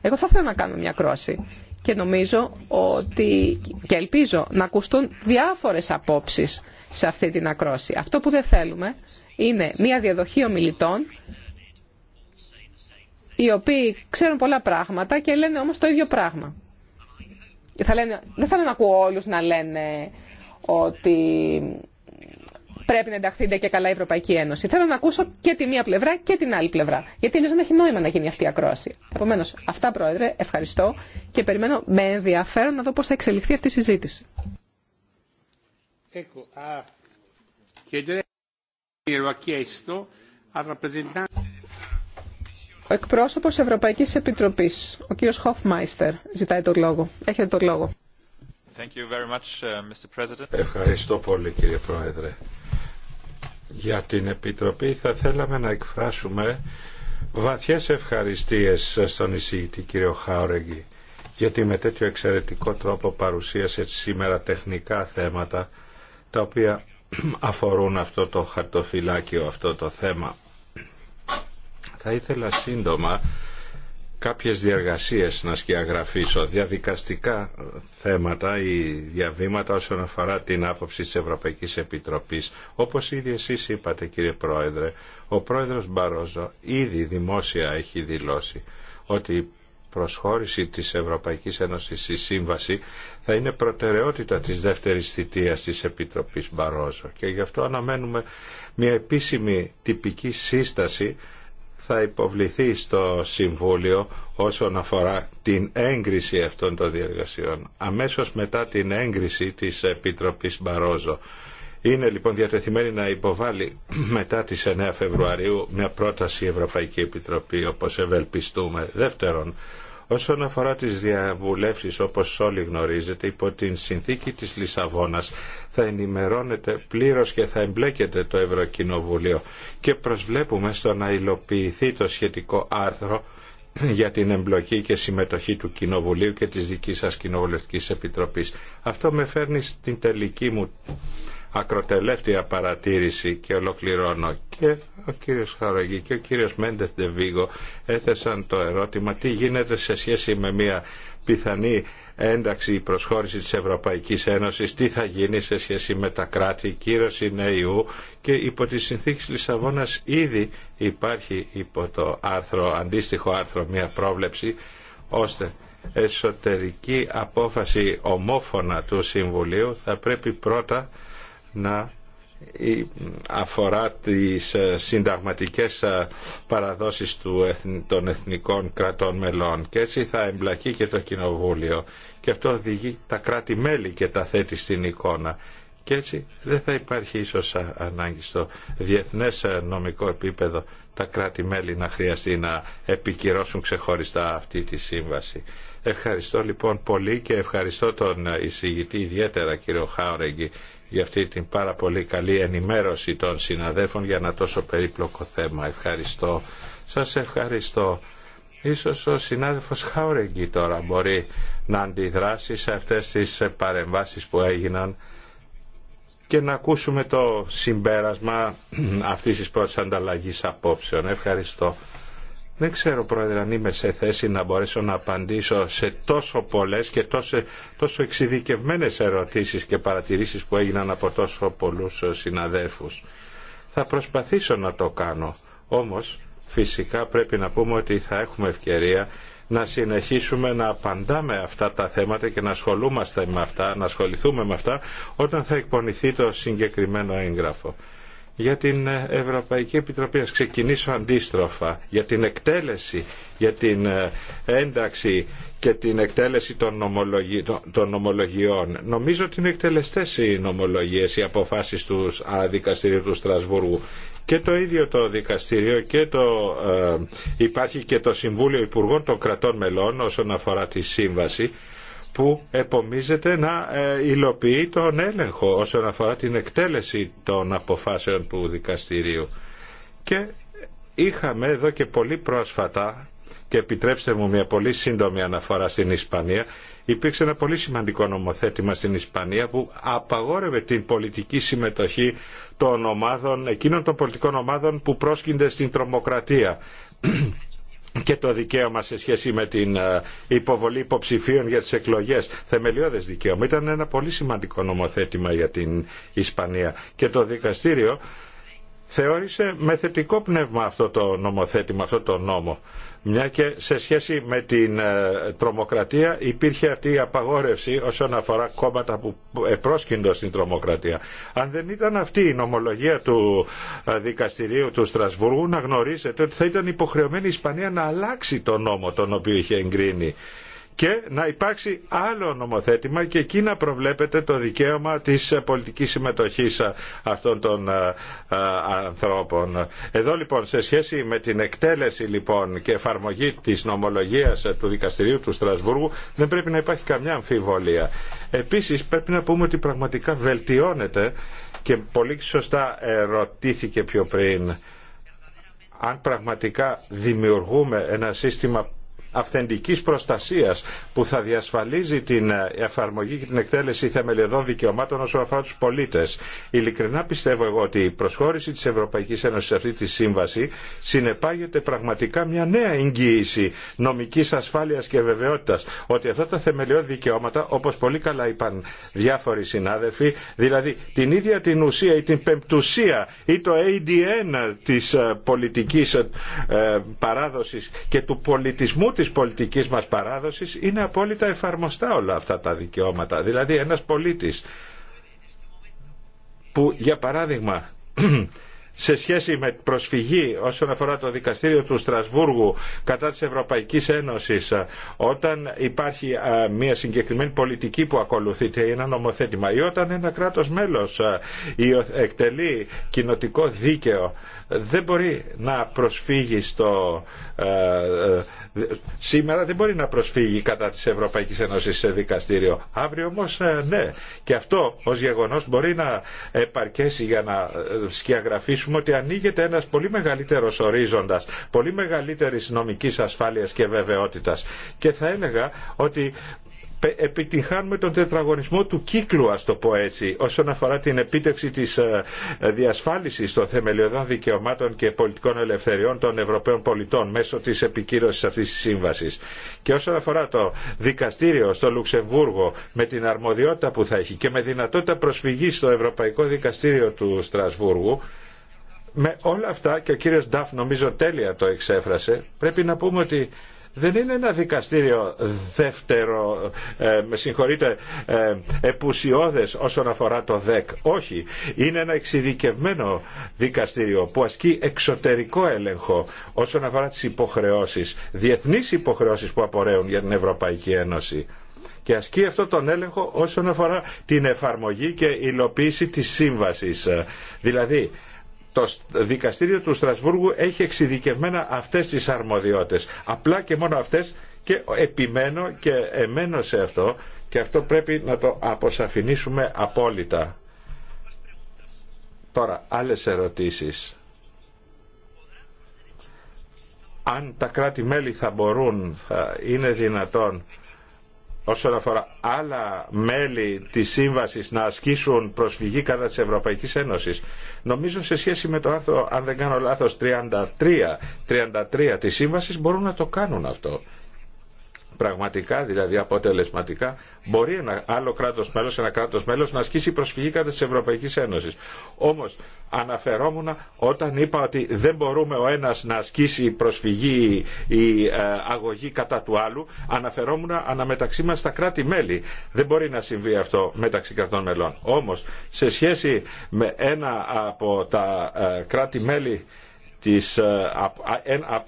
Εγώ θα ήθελα να κάνω μια κρόση και νομίζω ότι και ελπίζω να ακουστούν διάφορες απόψεις σε αυτή την ακρόση. Αυτό που δεν θέλουμε είναι μια διαδοχή ομιλητών οι οποίοι ξέρουν πολλά πράγματα και λένε όμως το ίδιο πράγμα. Θα λένε, δεν θέλω να ακούω όλους να λένε ότι πρέπει να ενταχθείτε και καλά η Ευρωπαϊκή Ένωση. Θέλω να ακούσω και τη μία πλευρά και την άλλη πλευρά. Γιατί αλλιώ δεν έχει νόημα να γίνει αυτή η ακρόαση. Επομένω, αυτά, Πρόεδρε, ευχαριστώ και περιμένω με ενδιαφέρον να δω πώ θα εξελιχθεί αυτή η συζήτηση ο εκπρόσωπος Ευρωπαϊκής Επιτροπής, ο κύριος Χοφμάιστερ, ζητάει το λόγο. Έχετε το λόγο. Uh, Ευχαριστώ πολύ κύριε Πρόεδρε. Για την Επιτροπή θα θέλαμε να εκφράσουμε βαθιές ευχαριστίες στον εισηγητή κύριο Χάουρεγγι γιατί με τέτοιο εξαιρετικό τρόπο παρουσίασε σήμερα τεχνικά θέματα τα οποία <clears throat> αφορούν αυτό το χαρτοφυλάκιο, αυτό το θέμα. Θα ήθελα σύντομα κάποιες διαργασίες να σκιαγραφήσω διαδικαστικά θέματα ή διαβήματα όσον αφορά την άποψη της Ευρωπαϊκής Επιτροπής. Όπως ήδη εσείς είπατε κύριε Πρόεδρε, ο Πρόεδρος Μπαρόζο ήδη δημόσια έχει δηλώσει ότι προσχώρηση της Ευρωπαϊκής Ένωσης στη Σύμβαση θα είναι προτεραιότητα της δεύτερης θητείας της Επιτροπής Μπαρόζο και γι' αυτό αναμένουμε μια επίσημη τυπική σύσταση θα υποβληθεί στο Συμβούλιο όσον αφορά την έγκριση αυτών των διεργασιών αμέσως μετά την έγκριση της Επιτροπής Μπαρόζο είναι λοιπόν διατεθειμένη να υποβάλει <clears throat> μετά τις 9 Φεβρουαρίου μια πρόταση η Ευρωπαϊκή Επιτροπή όπως ευελπιστούμε. Δεύτερον, όσον αφορά τις διαβουλεύσεις όπως όλοι γνωρίζετε υπό την συνθήκη της Λισαβόνας θα ενημερώνεται πλήρως και θα εμπλέκεται το Ευρωκοινοβουλίο και προσβλέπουμε στο να υλοποιηθεί το σχετικό άρθρο <clears throat> για την εμπλοκή και συμμετοχή του Κοινοβουλίου και της δικής σας κοινοβουλευτική Επιτροπής. Αυτό με φέρνει στην τελική μου ακροτελεύτια παρατήρηση και ολοκληρώνω. Και ο κύριος Χαραγή και ο κύριος Μέντεθ Ντεβίγο έθεσαν το ερώτημα τι γίνεται σε σχέση με μια πιθανή ένταξη ή προσχώρηση της Ευρωπαϊκής Ένωσης, τι θα γίνει σε σχέση με τα κράτη, κύρωση νέου και υπό τις συνθήκες Λισαβόνας ήδη υπάρχει υπό το άρθρο, αντίστοιχο άρθρο μια πρόβλεψη ώστε εσωτερική απόφαση ομόφωνα του Συμβουλίου θα πρέπει πρώτα να αφορά τις ε, συνταγματικές ε, παραδόσεις των εθνικών κρατών μελών και έτσι θα εμπλακεί και το Κοινοβούλιο και αυτό οδηγεί τα κράτη-μέλη και τα θέτει στην εικόνα και έτσι δεν θα υπάρχει ίσως ανάγκη στο διεθνές ε, νομικό επίπεδο τα κράτη-μέλη να χρειαστεί να επικυρώσουν ξεχωριστά αυτή τη σύμβαση. Ευχαριστώ λοιπόν πολύ και ευχαριστώ τον εισηγητή ιδιαίτερα κύριο Χάουρεγγι για αυτή την πάρα πολύ καλή ενημέρωση των συναδέφων για ένα τόσο περίπλοκο θέμα. Ευχαριστώ. Σας ευχαριστώ. Ίσως ο συνάδελφος Χάουρεγγι τώρα μπορεί να αντιδράσει σε αυτές τις παρεμβάσεις που έγιναν και να ακούσουμε το συμπέρασμα <clears throat> αυτής της πρώτης ανταλλαγής απόψεων. Ευχαριστώ. Δεν ξέρω, Πρόεδρε, αν είμαι σε θέση να μπορέσω να απαντήσω σε τόσο πολλές και τόσο, τόσο εξειδικευμένες ερωτήσεις και παρατηρήσεις που έγιναν από τόσο πολλούς συναδέλφους. Θα προσπαθήσω να το κάνω, όμως φυσικά πρέπει να πούμε ότι θα έχουμε ευκαιρία να συνεχίσουμε να απαντάμε αυτά τα θέματα και να ασχολούμαστε με αυτά, να ασχοληθούμε με αυτά όταν θα εκπονηθεί το συγκεκριμένο έγγραφο για την Ευρωπαϊκή Επιτροπή. να ξεκινήσω αντίστροφα για την εκτέλεση, για την ε, ένταξη και την εκτέλεση των, νομολογιών. Νομίζω ότι είναι εκτελεστές οι νομολογίες, οι αποφάσεις του δικαστηρίου του Στρασβούργου και το ίδιο το δικαστήριο και το, ε, υπάρχει και το Συμβούλιο Υπουργών των Κρατών Μελών όσον αφορά τη σύμβαση που επομίζεται να ε, υλοποιεί τον έλεγχο όσον αφορά την εκτέλεση των αποφάσεων του δικαστηρίου. Και είχαμε εδώ και πολύ πρόσφατα, και επιτρέψτε μου μια πολύ σύντομη αναφορά στην Ισπανία, υπήρξε ένα πολύ σημαντικό νομοθέτημα στην Ισπανία που απαγόρευε την πολιτική συμμετοχή των ομάδων, εκείνων των πολιτικών ομάδων που πρόσκυνται στην τρομοκρατία και το δικαίωμα σε σχέση με την ε, υποβολή υποψηφίων για τις εκλογές. Θεμελιώδες δικαίωμα. Ήταν ένα πολύ σημαντικό νομοθέτημα για την Ισπανία. Και το δικαστήριο θεώρησε με θετικό πνεύμα αυτό το νομοθέτημα, αυτό το νόμο μια και σε σχέση με την ε, τρομοκρατία υπήρχε αυτή η απαγόρευση όσον αφορά κόμματα που επρόσκυντο στην τρομοκρατία. Αν δεν ήταν αυτή η νομολογία του ε, δικαστηρίου του Στρασβουργού να γνωρίζετε ότι θα ήταν υποχρεωμένη η Ισπανία να αλλάξει τον νόμο τον οποίο είχε εγκρίνει και να υπάρξει άλλο νομοθέτημα και εκεί να προβλέπεται το δικαίωμα της πολιτικής συμμετοχής αυτών των ε, ε, ανθρώπων. Εδώ λοιπόν σε σχέση με την εκτέλεση λοιπόν και εφαρμογή της νομολογίας του Δικαστηρίου του Στρασβούργου δεν πρέπει να υπάρχει καμιά αμφιβολία. Επίσης πρέπει να πούμε ότι πραγματικά βελτιώνεται και πολύ σωστά ερωτήθηκε πιο πριν αν πραγματικά δημιουργούμε ένα σύστημα αυθεντικής προστασίας που θα διασφαλίζει την ε, εφαρμογή και την εκτέλεση θεμελιωδών δικαιωμάτων όσο αφορά τους πολίτες. Ειλικρινά πιστεύω εγώ ότι η προσχώρηση της Ευρωπαϊκής Ένωσης σε αυτή τη σύμβαση συνεπάγεται πραγματικά μια νέα εγγύηση νομικής ασφάλειας και βεβαιότητας ότι αυτά τα θεμελιώδη δικαιώματα όπως πολύ καλά είπαν διάφοροι συνάδελφοι δηλαδή την ίδια την ουσία ή την πεμπτουσία ή το ADN της ε, πολιτικής ε, παράδοσης και του πολιτισμού της πολιτικής μας παράδοσης είναι απόλυτα εφαρμοστά όλα αυτά τα δικαιώματα. Δηλαδή ένας πολίτης που για παράδειγμα <clears throat> σε σχέση με προσφυγή όσον αφορά το δικαστήριο του Στρασβούργου κατά της Ευρωπαϊκής Ένωσης όταν υπάρχει μια συγκεκριμένη πολιτική που ακολουθείται ή ένα νομοθέτημα ή όταν ένα κράτος μέλος εκτελεί κοινοτικό δίκαιο δεν μπορεί να προσφύγει στο, ε, ε, σήμερα δεν μπορεί να προσφύγει κατά της Ευρωπαϊκής Ένωσης σε δικαστήριο. Αύριο όμως ε, ναι. Και αυτό ως γεγονός μπορεί να επαρκέσει για να σκιαγραφίσουμε ότι ανοίγεται ένας πολύ μεγαλύτερος ορίζοντας, πολύ μεγαλύτερης νομικής ασφάλειας και βεβαιότητας. Και θα έλεγα ότι επιτυχάνουμε τον τετραγωνισμό του κύκλου, ας το πω έτσι, όσον αφορά την επίτευξη της ε, ε, διασφάλισης των θεμελιωδών δικαιωμάτων και πολιτικών ελευθεριών των Ευρωπαίων πολιτών μέσω της επικύρωσης αυτής της σύμβασης. Και όσον αφορά το δικαστήριο στο Λουξεμβούργο με την αρμοδιότητα που θα έχει και με δυνατότητα προσφυγής στο Ευρωπαϊκό Δικαστήριο του Στρασβούργου, με όλα αυτά και ο κύριος Νταφ νομίζω τέλεια το εξέφρασε, πρέπει να πούμε ότι δεν είναι ένα δικαστήριο δεύτερο, ε, με συγχωρείτε, ε, επουσιώδες όσον αφορά το ΔΕΚ. Όχι, είναι ένα εξειδικευμένο δικαστήριο που ασκεί εξωτερικό έλεγχο όσον αφορά τις υποχρεώσεις, διεθνείς υποχρεώσεις που απορρέουν για την Ευρωπαϊκή Ένωση και ασκεί αυτό τον έλεγχο όσον αφορά την εφαρμογή και υλοποίηση της σύμβασης. Δηλαδή, το δικαστήριο του Στρασβούργου έχει εξειδικευμένα αυτές τις αρμοδιότητες. Απλά και μόνο αυτές και επιμένω και εμένω σε αυτό και αυτό πρέπει να το αποσαφηνίσουμε απόλυτα. Τώρα, άλλες ερωτήσεις. Αν τα κράτη-μέλη θα μπορούν, θα είναι δυνατόν όσον αφορά άλλα μέλη της σύμβασης να ασκήσουν προσφυγή κατά της Ευρωπαϊκής Ένωσης. Νομίζω σε σχέση με το άρθρο, αν δεν κάνω λάθος, 33, 33 της σύμβασης μπορούν να το κάνουν αυτό πραγματικά, δηλαδή αποτελεσματικά, μπορεί ένα άλλο κράτο μέλο, ένα κράτο μέλο να ασκήσει προσφυγή κατά τη Ευρωπαϊκή Ένωση. Όμω, αναφερόμουν όταν είπα ότι δεν μπορούμε ο ένα να ασκήσει προσφυγή ή ε, αγωγή κατά του άλλου, αναφερόμουν αναμεταξύ μα στα κράτη-μέλη. Δεν μπορεί να συμβεί αυτό μεταξύ κρατών μελών. Όμω, σε σχέση με ένα από τα ε, κράτη-μέλη ε,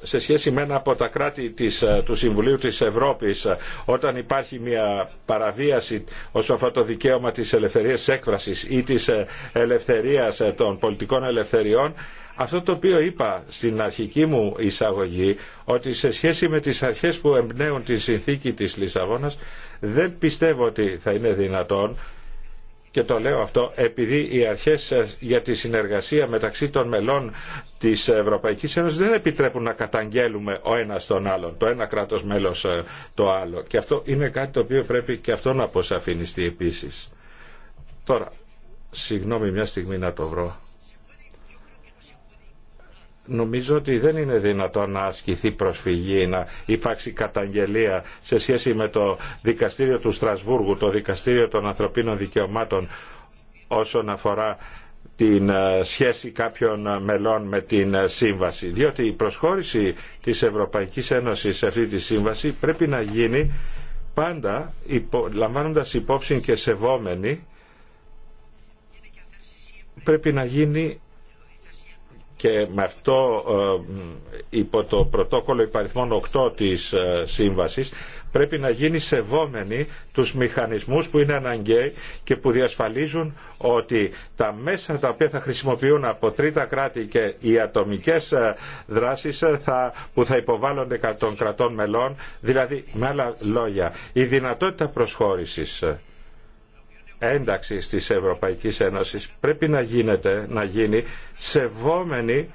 σε σχέση με ένα από τα κράτη της, ε, του Συμβουλίου της Ευρώπης ε, όταν υπάρχει μια παραβίαση όσο αυτό το δικαίωμα της ελευθερίας έκφρασης ή της ελευθερίας των πολιτικών ελευθεριών αυτό το οποίο είπα στην αρχική μου εισαγωγή ότι σε σχέση με τις αρχές που εμπνέουν τη συνθήκη της Λισαβόνας δεν πιστεύω ότι θα είναι δυνατόν και το λέω αυτό επειδή οι αρχές ε, για τη συνεργασία μεταξύ των μελών της Ευρωπαϊκής Ένωσης δεν επιτρέπουν να καταγγέλουμε ο ένας τον άλλον, το ένα κράτος μέλος ε, το άλλο. Και αυτό είναι κάτι το οποίο πρέπει και αυτό να αποσαφινιστεί επίσης. Τώρα, συγγνώμη μια στιγμή να το βρω νομίζω ότι δεν είναι δυνατόν να ασκηθεί προσφυγή, να υπάρξει καταγγελία σε σχέση με το δικαστήριο του Στρασβούργου, το δικαστήριο των ανθρωπίνων δικαιωμάτων όσον αφορά την ε, σχέση κάποιων ε, μελών με την ε, σύμβαση. Διότι η προσχώρηση της Ευρωπαϊκής Ένωσης σε αυτή τη σύμβαση πρέπει να γίνει πάντα υπο, λαμβάνοντας υπόψη και σεβόμενη πρέπει να γίνει και με αυτό ε, υπό το πρωτόκολλο υπαριθμών 8 της ε, σύμβασης πρέπει να γίνει σεβόμενη τους μηχανισμούς που είναι αναγκαίοι και που διασφαλίζουν ότι τα μέσα τα οποία θα χρησιμοποιούν από τρίτα κράτη και οι ατομικές ε, δράσεις θα, που θα υποβάλλονται κατά των κρατών μελών, δηλαδή με άλλα λόγια η δυνατότητα προσχώρησης Ένταξη της Ευρωπαϊκής Ένωσης πρέπει να, γίνεται, να γίνει σεβόμενη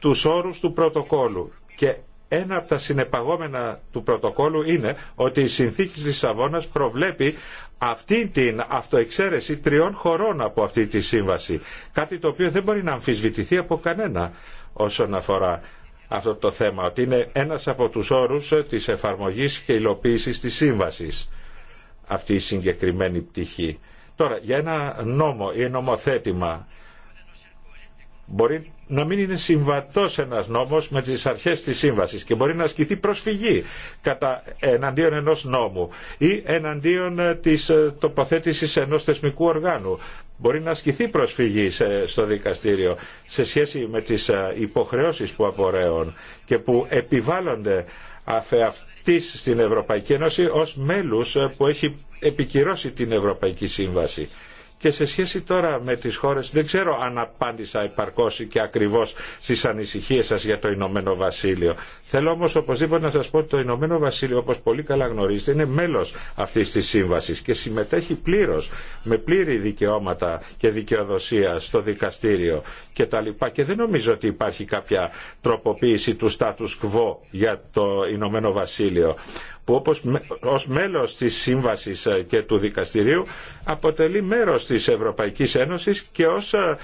τους όρους του πρωτοκόλου και ένα από τα συνεπαγόμενα του πρωτοκόλου είναι ότι η συνθήκη της Λισαβόνας προβλέπει αυτή την αυτοεξαίρεση τριών χωρών από αυτή τη σύμβαση. Κάτι το οποίο δεν μπορεί να αμφισβητηθεί από κανένα όσον αφορά αυτό το θέμα, ότι είναι ένας από τους όρους ε, της εφαρμογής και υλοποίησης της σύμβασης αυτή η συγκεκριμένη πτυχή. Τώρα, για ένα νόμο ή νομοθέτημα μπορεί να μην είναι συμβατός ένας νόμος με τις αρχές της σύμβασης και μπορεί να ασκηθεί προσφυγή κατά εναντίον ενός νόμου ή εναντίον ε, της ε, τοποθέτησης ενός θεσμικού οργάνου. Μπορεί να ασκηθεί προσφυγή στο δικαστήριο σε σχέση με τις ε, υποχρεώσεις που απορρέουν και που επιβάλλονται της στην Ευρωπαϊκή Ένωση ως μέλους που έχει επικυρώσει την Ευρωπαϊκή Σύμβαση. Και σε σχέση τώρα με τις χώρες, δεν ξέρω αν απάντησα επαρκώς και ακριβώς στις ανησυχίες σας για το Ηνωμένο Βασίλειο. Θέλω όμως οπωσδήποτε να σας πω ότι το Ηνωμένο Βασίλειο, όπως πολύ καλά γνωρίζετε, είναι μέλος αυτής της σύμβασης και συμμετέχει πλήρως, με πλήρη δικαιώματα και δικαιοδοσία στο δικαστήριο και Και δεν νομίζω ότι υπάρχει κάποια τροποποίηση του status quo για το Ηνωμένο Βασίλειο που ως μέλος της Σύμβασης ε, και του Δικαστηρίου αποτελεί μέρος της Ευρωπαϊκής Ένωσης και ως ε,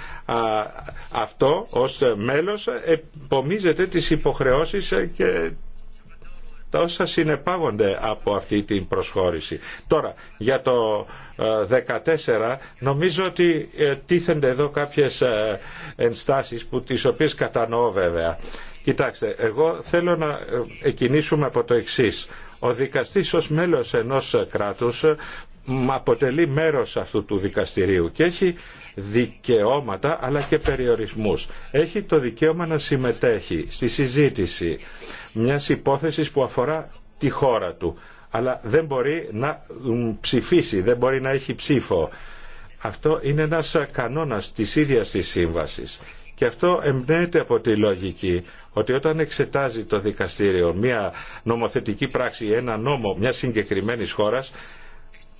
αυτό, ως μέλος, ε, επομίζεται τις υποχρεώσεις και τα όσα συνεπάγονται από αυτή την προσχώρηση. Τώρα, για το 14 νομίζω ότι τίθενται εδώ κάποιες ενστάσεις που, τις οποίες κατανοώ βέβαια. Κοιτάξτε, εγώ θέλω να εκινήσουμε από το εξής ο δικαστής ως μέλος ενός κράτους αποτελεί μέρος αυτού του δικαστηρίου και έχει δικαιώματα αλλά και περιορισμούς. Έχει το δικαίωμα να συμμετέχει στη συζήτηση μιας υπόθεσης που αφορά τη χώρα του αλλά δεν μπορεί να ψηφίσει, δεν μπορεί να έχει ψήφο. Αυτό είναι ένας κανόνας της ίδιας της σύμβασης. Και αυτό εμπνέεται από τη λογική ότι όταν εξετάζει το δικαστήριο μια νομοθετική πράξη, ένα νόμο μια συγκεκριμένη χώρα,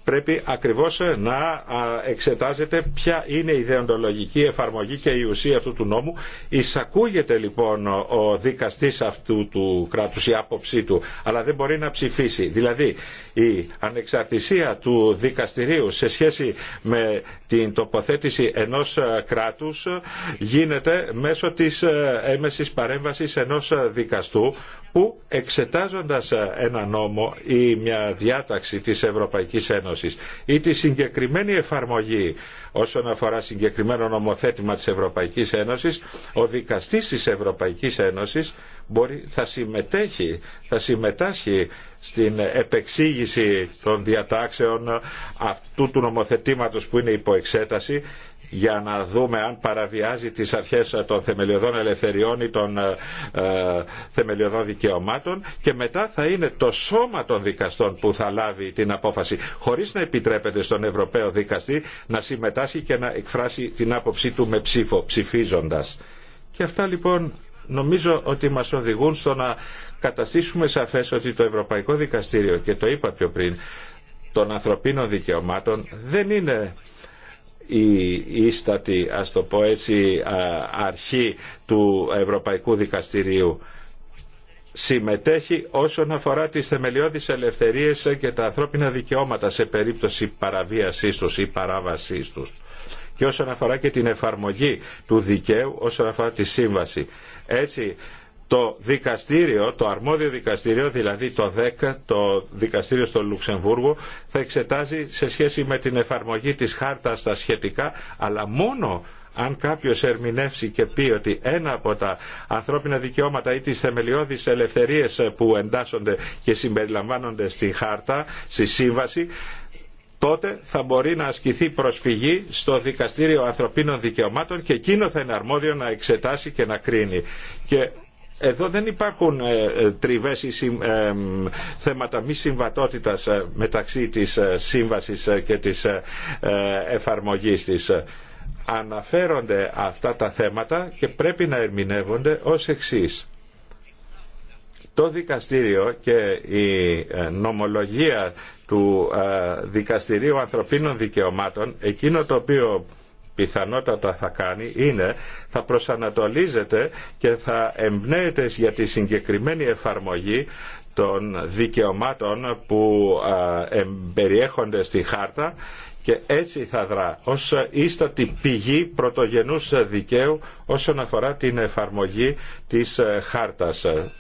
πρέπει ακριβώς ε, να εξετάζεται ποια είναι η ιδεοντολογική εφαρμογή και η ουσία αυτού του νόμου. Εισακούγεται λοιπόν ο δικαστής αυτού του κράτους, η άποψή του, αλλά δεν μπορεί να ψηφίσει. Δηλαδή η ανεξαρτησία του δικαστηρίου σε σχέση με την τοποθέτηση ενός ε, κράτους ε, γίνεται μέσω της έμεσης παρέμβασης ενός δικαστού που εξετάζοντας ε, ένα νόμο ή μια διάταξη της Ευρωπαϊκής Ένωσης ή τη συγκεκριμένη εφαρμογή όσον αφορά συγκεκριμένο νομοθέτημα της Ευρωπαϊκής Ένωσης, ο δικαστής της Ευρωπαϊκής Ένωσης μπορεί, θα συμμετέχει, θα συμμετάσχει στην επεξήγηση των διατάξεων αυτού του νομοθετήματος που είναι υπό εξέταση για να δούμε αν παραβιάζει τις αρχές των θεμελιωδών ελευθεριών ή των ε, ε, θεμελιωδών δικαιωμάτων και μετά θα είναι το σώμα των δικαστών που θα λάβει την απόφαση χωρίς να επιτρέπεται στον Ευρωπαίο δικαστή να συμμετάσχει και να εκφράσει την άποψή του με ψήφο, ψηφίζοντας. Και αυτά λοιπόν νομίζω ότι μας οδηγούν στο να καταστήσουμε σαφές ότι το Ευρωπαϊκό Δικαστήριο και το είπα πιο πριν των ανθρωπίνων δικαιωμάτων δεν είναι η ίστατη, ας το πω έτσι, αρχή του Ευρωπαϊκού Δικαστηρίου συμμετέχει όσον αφορά τις θεμελιώδεις ελευθερίες και τα ανθρώπινα δικαιώματα σε περίπτωση παραβίασής τους ή παράβασής τους και όσον αφορά και την εφαρμογή του δικαίου όσον αφορά τη σύμβαση. Έτσι το δικαστήριο, το αρμόδιο δικαστήριο, δηλαδή το 10, το δικαστήριο στο Λουξεμβούργο, θα εξετάζει σε σχέση με την εφαρμογή της χάρτας τα σχετικά, αλλά μόνο αν κάποιος ερμηνεύσει και πει ότι ένα από τα ανθρώπινα δικαιώματα ή τις θεμελιώδεις ελευθερίες που εντάσσονται και συμπεριλαμβάνονται στη χάρτα, στη σύμβαση, τότε θα μπορεί να ασκηθεί προσφυγή στο Δικαστήριο Ανθρωπίνων Δικαιωμάτων και εκείνο θα είναι αρμόδιο να εξετάσει και να κρίνει. Και εδώ δεν υπάρχουν ε, ε, τριβές ή ε, θέματα μη συμβατότητας μεταξύ της σύμβασης και της εφαρμογής της. Αναφέρονται αυτά τα θέματα και πρέπει να ερμηνεύονται ως εξής. Το δικαστήριο και η νομολογία του Δικαστηρίου Ανθρωπίνων Δικαιωμάτων, εκείνο το οποίο πιθανότατα θα κάνει είναι θα προσανατολίζεται και θα εμπνέεται για τη συγκεκριμένη εφαρμογή των δικαιωμάτων που περιέχονται στη χάρτα και έτσι θα δρά ως ίστατη πηγή πρωτογενούς δικαίου όσον αφορά την εφαρμογή της ε, χάρτας ε,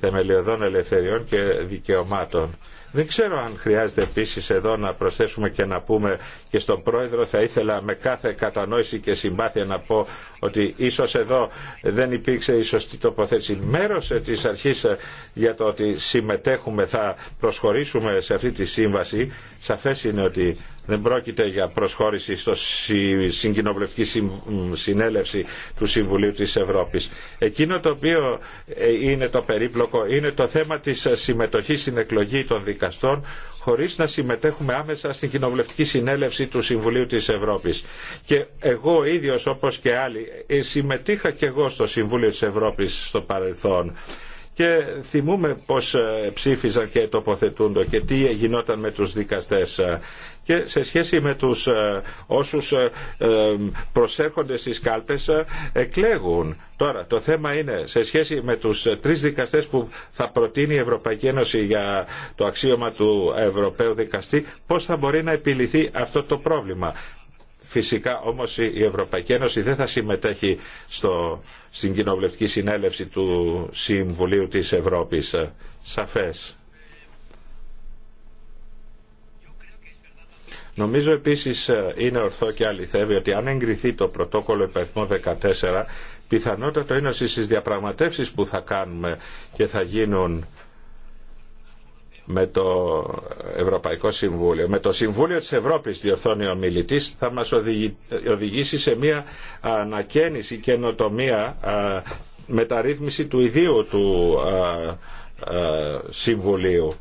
θεμελιωδών ελευθεριών και δικαιωμάτων. Δεν ξέρω αν χρειάζεται επίσης εδώ να προσθέσουμε και να πούμε και στον Πρόεδρο θα ήθελα με κάθε κατανόηση και συμπάθεια να πω ότι ίσως εδώ δεν υπήρξε η σωστή τοποθέτηση. Μέρος της αρχής για το ότι συμμετέχουμε θα προσχωρήσουμε σε αυτή τη σύμβαση σαφές είναι ότι δεν πρόκειται για προσχώρηση στο συγκοινοβουλευτική συνέλευση του Συμβουλίου της Ευρώπης. Εκείνο το οποίο ε, είναι το περίπλοκο είναι το θέμα της συμμετοχής στην εκλογή των δικαστών χωρίς να συμμετέχουμε άμεσα στην κοινοβουλευτική συνέλευση του Συμβουλίου της Ευρώπης. Και εγώ ίδιος όπως και άλλοι ε, συμμετείχα και εγώ στο Συμβούλιο της Ευρώπης στο παρελθόν και θυμούμε πως ε, ψήφιζαν και τοποθετούντο και τι γινόταν με τους δικαστές ε, και σε σχέση με τους όσους προσέρχονται στις κάλπες εκλέγουν. Τώρα το θέμα είναι σε σχέση με τους τρεις δικαστές που θα προτείνει η Ευρωπαϊκή Ένωση για το αξίωμα του Ευρωπαίου Δικαστή πώς θα μπορεί να επιληθεί αυτό το πρόβλημα. Φυσικά όμως η Ευρωπαϊκή Ένωση δεν θα συμμετέχει στο, στην κοινοβουλευτική συνέλευση του Συμβουλίου της Ευρώπης. Ε, σαφές. Νομίζω επίσης ε, είναι ορθό και αληθεύει ότι αν εγκριθεί το πρωτόκολλο υπαριθμό 14 πιθανότατο είναι ότι στις διαπραγματεύσεις που θα κάνουμε και θα γίνουν με το Ευρωπαϊκό Συμβούλιο, με το Συμβούλιο της Ευρώπης διορθώνει ο μιλητής, θα μας οδηγήσει σε μια ανακαίνιση, καινοτομία, μεταρρύθμιση του ιδίου του Συμβουλίου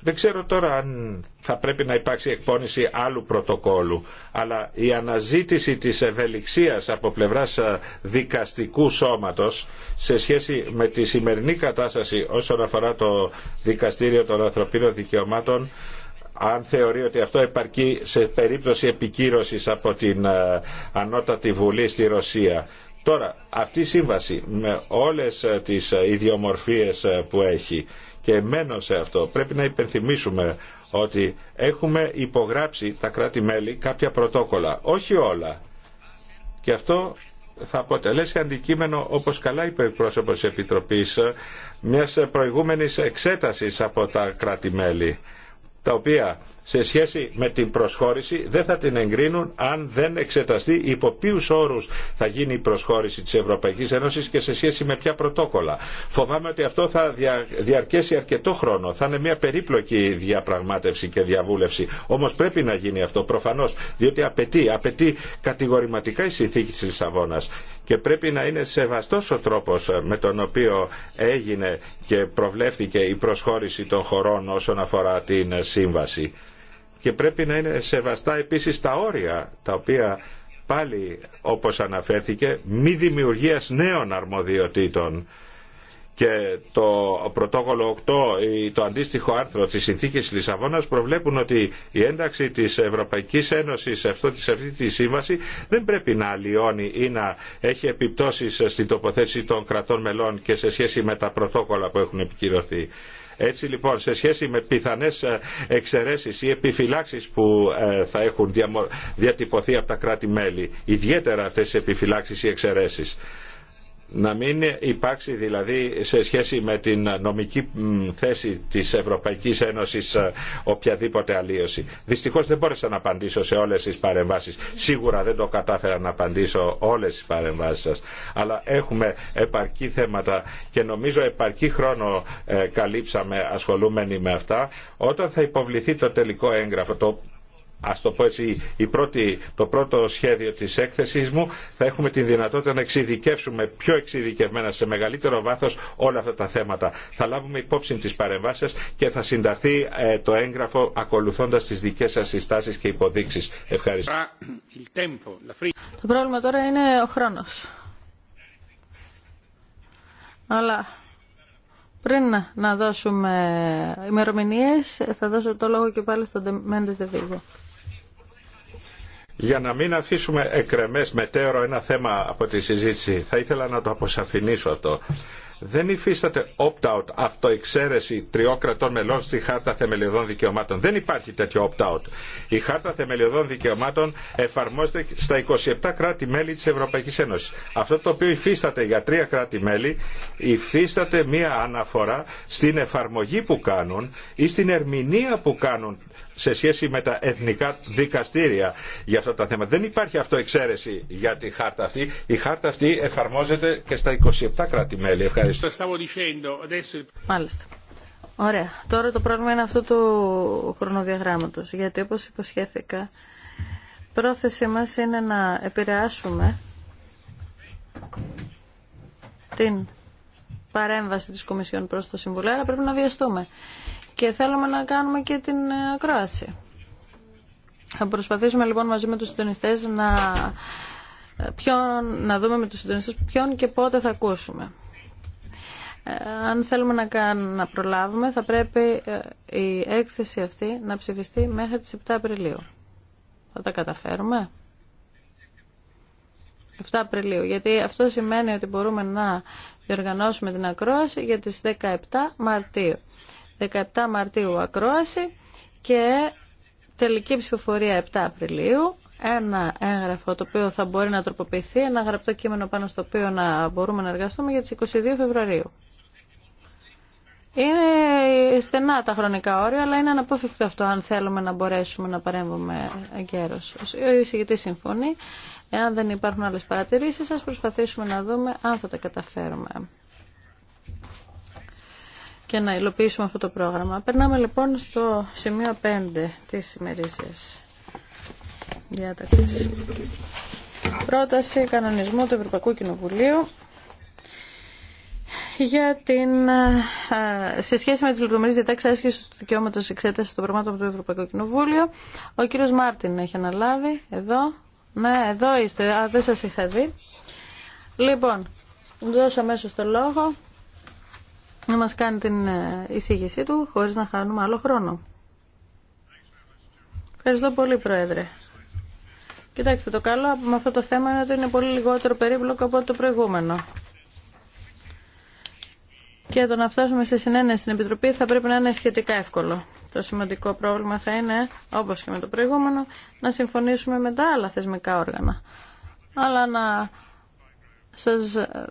δεν ξέρω τώρα αν θα πρέπει να υπάρξει εκπόνηση άλλου πρωτοκόλου, αλλά η αναζήτηση της ευελιξίας από πλευράς ε, δικαστικού σώματος σε σχέση με τη σημερινή κατάσταση όσον αφορά το Δικαστήριο των Ανθρωπίνων Δικαιωμάτων αν θεωρεί ότι αυτό επαρκεί σε περίπτωση επικύρωσης από την ε, Ανώτατη Βουλή στη Ρωσία. Τώρα, αυτή η σύμβαση με όλες ε, τις ιδιομορφίες που έχει και μένω σε αυτό. Πρέπει να υπενθυμίσουμε ότι έχουμε υπογράψει τα κράτη-μέλη κάποια πρωτόκολλα. Όχι όλα. Και αυτό θα αποτελέσει αντικείμενο, όπως καλά είπε ο εκπρόσωπος της Επιτροπής, μιας προηγούμενης εξέτασης από τα κράτη-μέλη, τα οποία σε σχέση με την προσχώρηση δεν θα την εγκρίνουν αν δεν εξεταστεί υπό ποιου όρου θα γίνει η προσχώρηση τη Ευρωπαϊκή Ένωση και σε σχέση με ποια πρωτόκολλα. Φοβάμαι ότι αυτό θα διαρκέσει αρκετό χρόνο. Θα είναι μια περίπλοκη διαπραγμάτευση και διαβούλευση. Όμω πρέπει να γίνει αυτό προφανώ, διότι απαιτεί, απαιτεί κατηγορηματικά η συνθήκη τη Λισαβόνα και πρέπει να είναι σεβαστός ο τρόπος με τον οποίο έγινε και προβλέφθηκε η προσχώρηση των χωρών όσον αφορά την σύμβαση και πρέπει να είναι σεβαστά επίσης τα όρια τα οποία πάλι όπως αναφέρθηκε μη δημιουργίας νέων αρμοδιοτήτων και το πρωτόκολλο 8 ή το αντίστοιχο άρθρο της συνθήκης Λισαβόνας προβλέπουν ότι η ένταξη της Ευρωπαϊκής Ένωσης σε αυτή τη σύμβαση δεν πρέπει να αλλοιώνει ή να έχει επιπτώσεις στην τοποθέτηση των κρατών μελών και σε σχέση με τα πρωτόκολλα που έχουν επικυρωθεί. Έτσι λοιπόν σε σχέση με πιθανές ε, εξαιρέσεις ή επιφυλάξεις που ε, θα έχουν διατυπωθεί από τα κράτη-μέλη, ιδιαίτερα αυτές οι επιφυλάξεις ή εξαιρέσεις, να μην υπάρξει δηλαδή σε σχέση με την νομική θέση της Ευρωπαϊκής Ένωσης ε, οποιαδήποτε αλλίωση. Δυστυχώς δεν μπόρεσα να απαντήσω σε όλες τις παρεμβάσεις. Σίγουρα δεν το κατάφερα να απαντήσω όλες τις παρεμβάσεις σας. Αλλά έχουμε επαρκή θέματα και νομίζω επαρκή χρόνο ε, καλύψαμε ασχολούμενοι με αυτά. Όταν θα υποβληθεί το τελικό έγγραφο, ας το πω έτσι, η πρώτη, το πρώτο σχέδιο της έκθεσης μου θα έχουμε την δυνατότητα να εξειδικεύσουμε πιο εξειδικευμένα σε μεγαλύτερο βάθος όλα αυτά τα θέματα. Θα λάβουμε υπόψη τις παρεμβάσεις και θα συνταθεί ε, το έγγραφο ακολουθώντας τις δικές σας συστάσεις και υποδείξεις. Ευχαριστώ. Το πρόβλημα τώρα είναι ο χρόνος. Αλλά πριν να δώσουμε ημερομηνίε, θα δώσω το λόγο και πάλι στον Μέντε Δεβίγο. Για να μην αφήσουμε εκρεμές μετέωρο ένα θέμα από τη συζήτηση, θα ήθελα να το αποσαφηνίσω αυτό δεν υφίσταται opt-out, αυτοεξαίρεση τριών κρατών μελών στη Χάρτα Θεμελιωδών Δικαιωμάτων. Δεν υπάρχει τέτοιο opt-out. Η Χάρτα Θεμελιωδών Δικαιωμάτων εφαρμόζεται στα 27 κράτη-μέλη τη Ευρωπαϊκή Ένωση. Αυτό το οποίο υφίσταται για τρία κράτη-μέλη, υφίσταται μία αναφορά στην εφαρμογή που κάνουν ή στην ερμηνεία που κάνουν σε σχέση με τα εθνικά δικαστήρια για αυτά τα θέματα. Δεν υπάρχει αυτοεξαίρεση για τη χάρτα αυτή. Η χάρτα αυτή εφαρμόζεται και στα 27 κράτη-μέλη. Ευχαριστώ. Μάλιστα. Ωραία. Τώρα το πρόβλημα είναι αυτό του χρονοδιαγράμματος. Γιατί όπως υποσχέθηκα, πρόθεσή μας είναι να επηρεάσουμε την παρέμβαση της Κομισιόν προς το Συμβουλίο, αλλά πρέπει να βιαστούμε. Και θέλουμε να κάνουμε και την ακρόαση. Θα προσπαθήσουμε λοιπόν μαζί με τους συντονιστές να, ποιον, να δούμε με τους συντονιστές ποιον και πότε θα ακούσουμε. Ε, αν θέλουμε να, κάνουμε, να προλάβουμε θα πρέπει ε, η έκθεση αυτή να ψηφιστεί μέχρι τις 7 Απριλίου. Θα τα καταφέρουμε. 7 Απριλίου, γιατί αυτό σημαίνει ότι μπορούμε να διοργανώσουμε την ακρόαση για τις 17 Μαρτίου. 17 Μαρτίου ακρόαση και τελική ψηφοφορία 7 Απριλίου. Ένα έγγραφο το οποίο θα μπορεί να τροποποιηθεί, ένα γραπτό κείμενο πάνω στο οποίο να μπορούμε να εργαστούμε για τις 22 Φεβρουαρίου. Είναι στενά τα χρονικά όρια, αλλά είναι αναπόφευκτο αυτό αν θέλουμε να μπορέσουμε να παρέμβουμε αγκαίρω. Ο εισηγητή συμφωνεί. Εάν δεν υπάρχουν άλλες παρατηρήσεις, θα προσπαθήσουμε να δούμε αν θα τα καταφέρουμε και να υλοποιήσουμε αυτό το πρόγραμμα. Περνάμε λοιπόν στο σημείο 5 της ημερήσια διάταξη. Πρόταση κανονισμού του Ευρωπαϊκού Κοινοβουλίου για την, ε, σε σχέση με τις λεπτομερείς διατάξεις άσκησης του δικαιώματος εξέτασης των πραγμάτων από το Ευρωπαϊκό Κοινοβούλιο. Ο κύριος Μάρτιν έχει αναλάβει. Εδώ. Ναι, εδώ είστε. Α, δεν σας είχα δει. Λοιπόν, δώσω αμέσω το λόγο να μας κάνει την ε, εισήγησή του χωρίς να χάνουμε άλλο χρόνο. Ευχαριστώ πολύ, Πρόεδρε. Κοιτάξτε, το καλό με αυτό το θέμα είναι ότι είναι πολύ λιγότερο περίπλοκο από το προηγούμενο και το να φτάσουμε σε συνένεση στην Επιτροπή θα πρέπει να είναι σχετικά εύκολο. Το σημαντικό πρόβλημα θα είναι, όπως και με το προηγούμενο, να συμφωνήσουμε με τα άλλα θεσμικά όργανα. Αλλά να σας ε,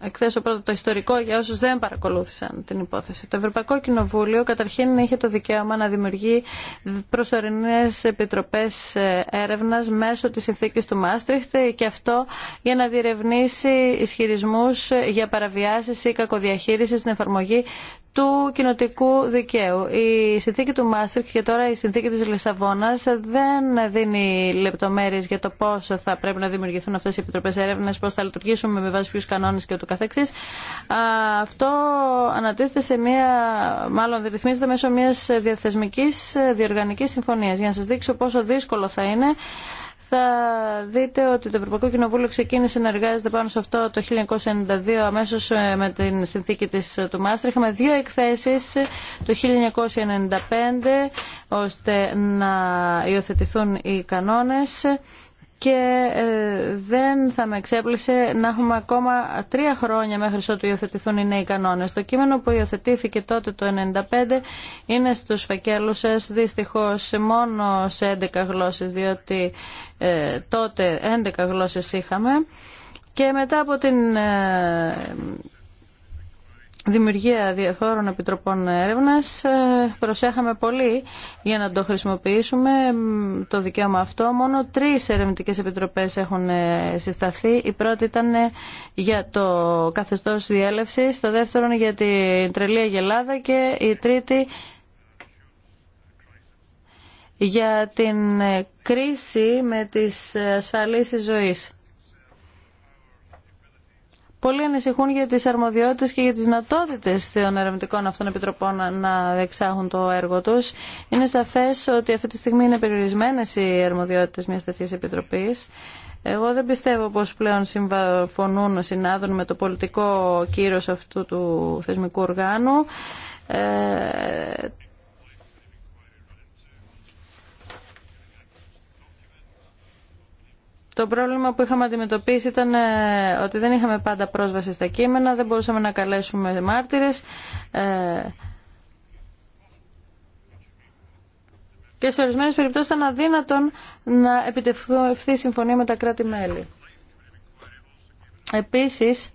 εκθέσω πρώτα το ιστορικό για όσους δεν παρακολούθησαν την υπόθεση. Το Ευρωπαϊκό Κοινοβούλιο καταρχήν είχε το δικαίωμα να δημιουργεί προσωρινές επιτροπές ε, έρευνας μέσω της συνθήκη του Μάστριχτ και αυτό για να διερευνήσει ισχυρισμούς για παραβιάσεις ή κακοδιαχείριση στην εφαρμογή του κοινοτικού δικαίου. Η συνθήκη του Μάστριχ και τώρα η συνθήκη της Λισαβόνας δεν δίνει λεπτομέρειες για το πώς θα πρέπει να δημιουργηθούν αυτές οι επιτροπές έρευνες, πώς θα λειτουργήσουμε με βάση ποιους κανόνες και ούτω καθεξής. Αυτό ανατίθεται σε μία, μάλλον ρυθμίζεται μέσω μιας διαθεσμικής διοργανικής συμφωνίας. Για να σας δείξω πόσο δύσκολο θα είναι θα δείτε ότι το Ευρωπαϊκό Κοινοβούλιο ξεκίνησε να εργάζεται πάνω σε αυτό το 1992 αμέσως ε, με την συνθήκη της ε, του Μάστρα. Είχαμε δύο εκθέσεις ε, το 1995 ώστε να υιοθετηθούν οι κανόνες και ε, δεν θα με εξέπλησε να έχουμε ακόμα τρία χρόνια μέχρι ότου υιοθετηθούν οι νέοι κανόνες. Το κείμενο που υιοθετήθηκε τότε το 1995 είναι στους φακέλους σας δυστυχώς μόνο σε 11 γλώσσες διότι ε, τότε 11 γλώσσες είχαμε και μετά από την ε, δημιουργία διαφόρων επιτροπών έρευνας. Ε, προσέχαμε πολύ για να το χρησιμοποιήσουμε το δικαίωμα αυτό. Μόνο τρεις ερευνητικές επιτροπές έχουν ε, συσταθεί. Η πρώτη ήταν ε, για το καθεστώς διέλευσης, το δεύτερο για την τρελή αγελάδα και η τρίτη για την κρίση με τις ασφαλίσεις ζωής. Πολλοί ανησυχούν για τις αρμοδιότητες και για τις δυνατότητε των ερευνητικών αυτών επιτροπών να διεξάγουν το έργο τους. Είναι σαφές ότι αυτή τη στιγμή είναι περιορισμένες οι αρμοδιότητες μιας τέτοιας επιτροπής. Εγώ δεν πιστεύω πως πλέον συμφωνούν, συνάδουν με το πολιτικό κύρος αυτού του θεσμικού οργάνου. Ε, Το πρόβλημα που είχαμε αντιμετωπίσει ήταν ε, ότι δεν είχαμε πάντα πρόσβαση στα κείμενα, δεν μπορούσαμε να καλέσουμε μάρτυρες. Ε, και σε ορισμένε περιπτώσει ήταν αδύνατον να επιτευχθεί συμφωνία με τα κράτη-μέλη. Επίσης,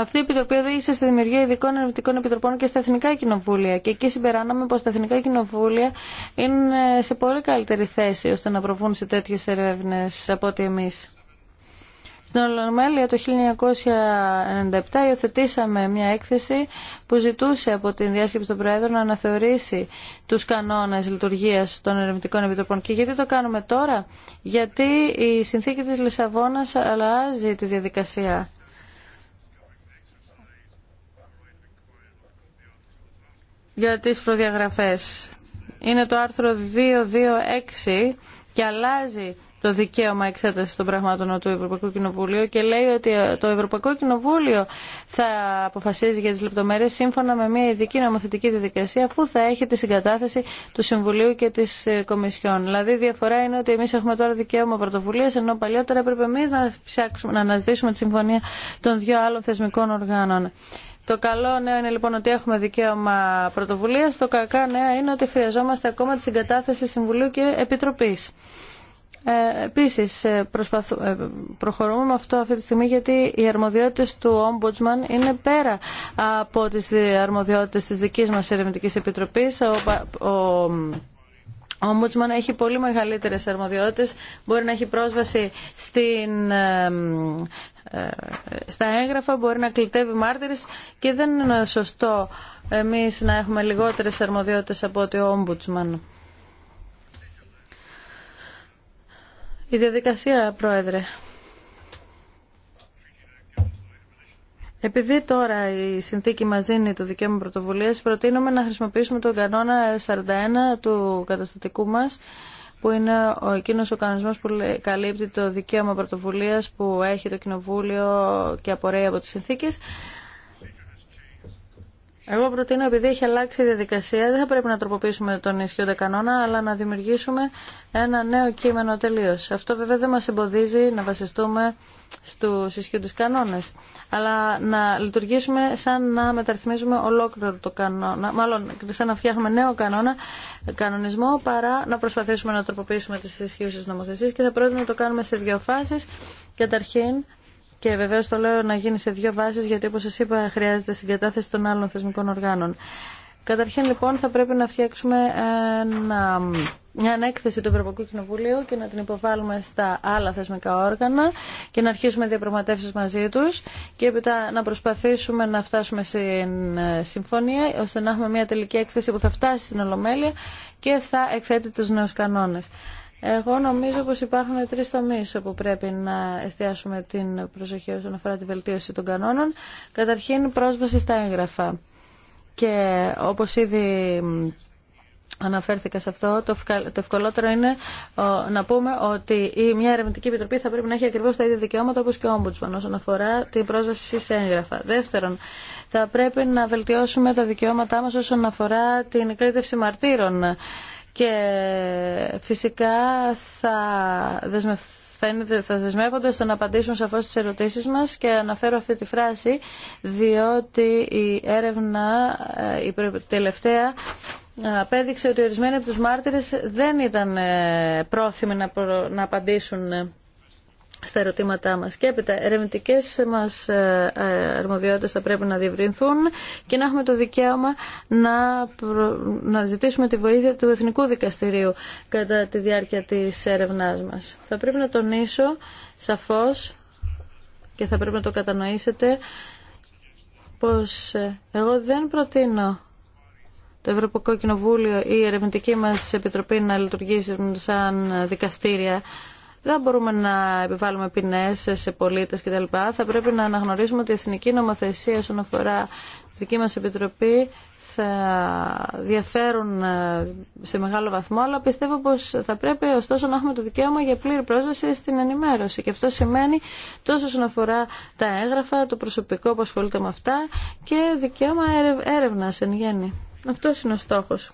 Αυτή η Επιτροπή οδήγησε στη δημιουργία ειδικών ερευνητικών επιτροπών και στα εθνικά κοινοβούλια. Και εκεί συμπεράναμε πω τα εθνικά κοινοβούλια είναι σε πολύ καλύτερη θέση ώστε να προβούν σε τέτοιε ερεύνε από ότι εμεί. Στην Ολομέλεια το 1997 υιοθετήσαμε μια έκθεση που ζητούσε από την διάσκεψη των Προέδρων να αναθεωρήσει τους κανόνες λειτουργίας των ερευνητικών επιτροπών. Και γιατί το κάνουμε τώρα, γιατί η συνθήκη της Λισαβόνας αλλάζει τη διαδικασία για τις προδιαγραφές. Είναι το άρθρο 226 και αλλάζει το δικαίωμα εξέταση των πραγμάτων του Ευρωπαϊκού Κοινοβουλίου και λέει ότι το Ευρωπαϊκό Κοινοβούλιο θα αποφασίζει για τι λεπτομέρειε σύμφωνα με μια ειδική νομοθετική διαδικασία που θα έχει τη συγκατάθεση του Συμβουλίου και τη ε, Κομισιόν. Δηλαδή, η διαφορά είναι ότι εμεί έχουμε τώρα δικαίωμα πρωτοβουλία, ενώ παλιότερα έπρεπε εμεί να, να αναζητήσουμε τη συμφωνία των δύο άλλων θεσμικών οργάνων. Το καλό νέο είναι λοιπόν ότι έχουμε δικαίωμα πρωτοβουλία. Το κακά νέο είναι ότι χρειαζόμαστε ακόμα τη συγκατάθεση Συμβουλίου και Επιτροπής. Ε, επίσης ε, ε, προχωρούμε με αυτό αυτή τη στιγμή γιατί οι αρμοδιότητες του Ombudsman είναι πέρα από τις αρμοδιότητε τη δική μα ερευνητική επιτροπή. Ο, ο, ο Ombudsman έχει πολύ μεγαλύτερες αρμοδιότητες, μπορεί να έχει πρόσβαση στην ε, ε, στα έγγραφα, μπορεί να κλητεύει μάρτυρες και δεν είναι σωστό εμείς να έχουμε λιγότερες αρμοδιότητες από ότι ο Ombudsman. Η διαδικασία, Πρόεδρε. Επειδή τώρα η συνθήκη μας δίνει το δικαίωμα πρωτοβουλίας, προτείνουμε να χρησιμοποιήσουμε τον κανόνα 41 του καταστατικού μας που είναι ο, εκείνος ο κανονισμός που καλύπτει το δικαίωμα πρωτοβουλίας που έχει το Κοινοβούλιο και απορρέει από τις συνθήκες. Εγώ προτείνω, επειδή έχει αλλάξει η διαδικασία, δεν θα πρέπει να τροποποιήσουμε τον ισχύοντα κανόνα, αλλά να δημιουργήσουμε ένα νέο κείμενο τελείω. Αυτό βέβαια δεν μα εμποδίζει να βασιστούμε στους του κανόνε, αλλά να λειτουργήσουμε σαν να μεταρρυθμίζουμε ολόκληρο το κανόνα, μάλλον σαν να φτιάχνουμε νέο κανόνα, κανονισμό, παρά να προσπαθήσουμε να τροποποιήσουμε τις ισχύουσες νομοθεσίες και θα πρότεινα να το κάνουμε σε δύο φάσει. Καταρχήν, και βεβαίω το λέω να γίνει σε δύο βάσει γιατί όπω σα είπα χρειάζεται συγκατάθεση των άλλων θεσμικών οργάνων. Καταρχήν λοιπόν θα πρέπει να φτιάξουμε ένα μια ανέκθεση του Ευρωπαϊκού Κοινοβουλίου και να την υποβάλουμε στα άλλα θεσμικά όργανα και να αρχίσουμε διαπραγματεύσεις μαζί τους και έπειτα να προσπαθήσουμε να φτάσουμε στην ε, συμφωνία ώστε να έχουμε μια τελική έκθεση που θα φτάσει στην Ολομέλεια και θα εκθέτει τους νέους κανόνες. Εγώ νομίζω πως υπάρχουν τρεις τομείς όπου πρέπει να εστιάσουμε την προσοχή όσον αφορά τη βελτίωση των κανόνων. Καταρχήν πρόσβαση στα έγγραφα. Και όπως ήδη αναφέρθηκα σε αυτό, το, ευκολότερο είναι να πούμε ότι η, μια ερευνητική επιτροπή θα πρέπει να έχει ακριβώ τα ίδια δικαιώματα όπω και ο Ombudsman όσον αφορά την πρόσβαση σε έγγραφα. Δεύτερον, θα πρέπει να βελτιώσουμε τα δικαιώματά μα όσον αφορά την κρίτευση μαρτύρων και φυσικά θα θα δεσμεύονται στο να απαντήσουν σαφώς τις ερωτήσεις μας και αναφέρω αυτή τη φράση διότι η έρευνα ε, η τελευταία απέδειξε ότι ορισμένοι από τους μάρτυρες δεν ήταν ε, πρόθυμοι να, απαντήσουν ε, στα ερωτήματά μας. Και έπειτα, ερευνητικέ μας ε, αρμοδιότητες θα πρέπει να διευρυνθούν και να έχουμε το δικαίωμα να, να ζητήσουμε τη βοήθεια του Εθνικού Δικαστηρίου κατά τη διάρκεια της έρευνάς μας. Θα πρέπει να τονίσω σαφώς και θα πρέπει να το κατανοήσετε πως εγώ δεν προτείνω το Ευρωπαϊκό Κοινοβούλιο ή η ερευνητική μας επιτροπή να λειτουργήσουν σαν δικαστήρια δεν μπορούμε να επιβάλλουμε ποινέ σε πολίτε κτλ. Θα πρέπει να αναγνωρίσουμε ότι η εθνική νομοθεσία όσον αφορά τη δική μα επιτροπή θα διαφέρουν ε, σε μεγάλο βαθμό, αλλά πιστεύω πω θα πρέπει ωστόσο να έχουμε το δικαίωμα για πλήρη πρόσβαση στην ενημέρωση. Και αυτό σημαίνει τόσο όσον αφορά τα έγγραφα, το προσωπικό που ασχολείται με αυτά και δικαίωμα έρευνα εν γέννη. Αυτό είναι ο στόχος.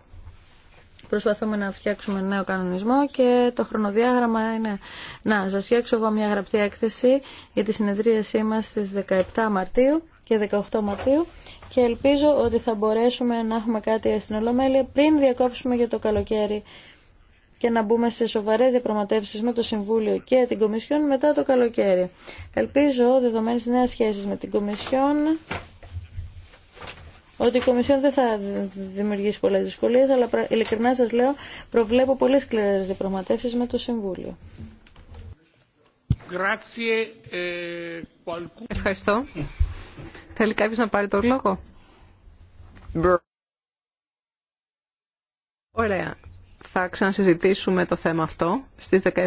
Προσπαθούμε να φτιάξουμε νέο κανονισμό και το χρονοδιάγραμμα είναι να σας φτιάξω εγώ μια γραπτή έκθεση για τη συνεδρίασή μα στις 17 Μαρτίου και 18 Μαρτίου και ελπίζω ότι θα μπορέσουμε να έχουμε κάτι στην Ολομέλεια πριν διακόψουμε για το καλοκαίρι και να μπούμε σε σοβαρές διαπραγματεύσεις με το Συμβούλιο και την Κομισιόν μετά το καλοκαίρι. Ελπίζω, δεδομένε νέες σχέσεις με την Κομισιόν, ότι η Κομισιόν δεν θα δημιουργήσει πολλέ δυσκολίε, αλλά ειλικρινά σα λέω, προβλέπω πολλές σκληρέ διαπραγματεύσει με το Συμβούλιο. Ε, Ευχαριστώ. Θέλει κάποιο να πάρει το λόγο. Ωραία. Θα ξανασυζητήσουμε το θέμα αυτό στις 17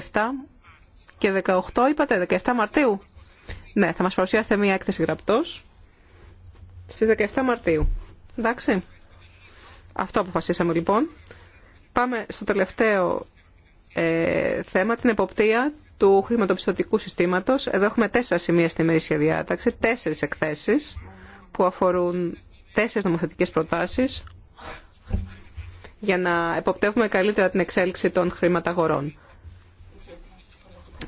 και 18, είπατε, 17 Μαρτίου. Ναι, θα μας παρουσιάσετε μία έκθεση γραπτός στις 17 Μαρτίου. Εντάξει. Αυτό αποφασίσαμε λοιπόν. Πάμε στο τελευταίο ε, θέμα, την εποπτεία του χρηματοπιστωτικού συστήματος. Εδώ έχουμε τέσσερα σημεία στη μερίσια διάταξη, τέσσερις εκθέσεις που αφορούν τέσσερις νομοθετικές προτάσεις για να εποπτεύουμε καλύτερα την εξέλιξη των χρηματαγορών.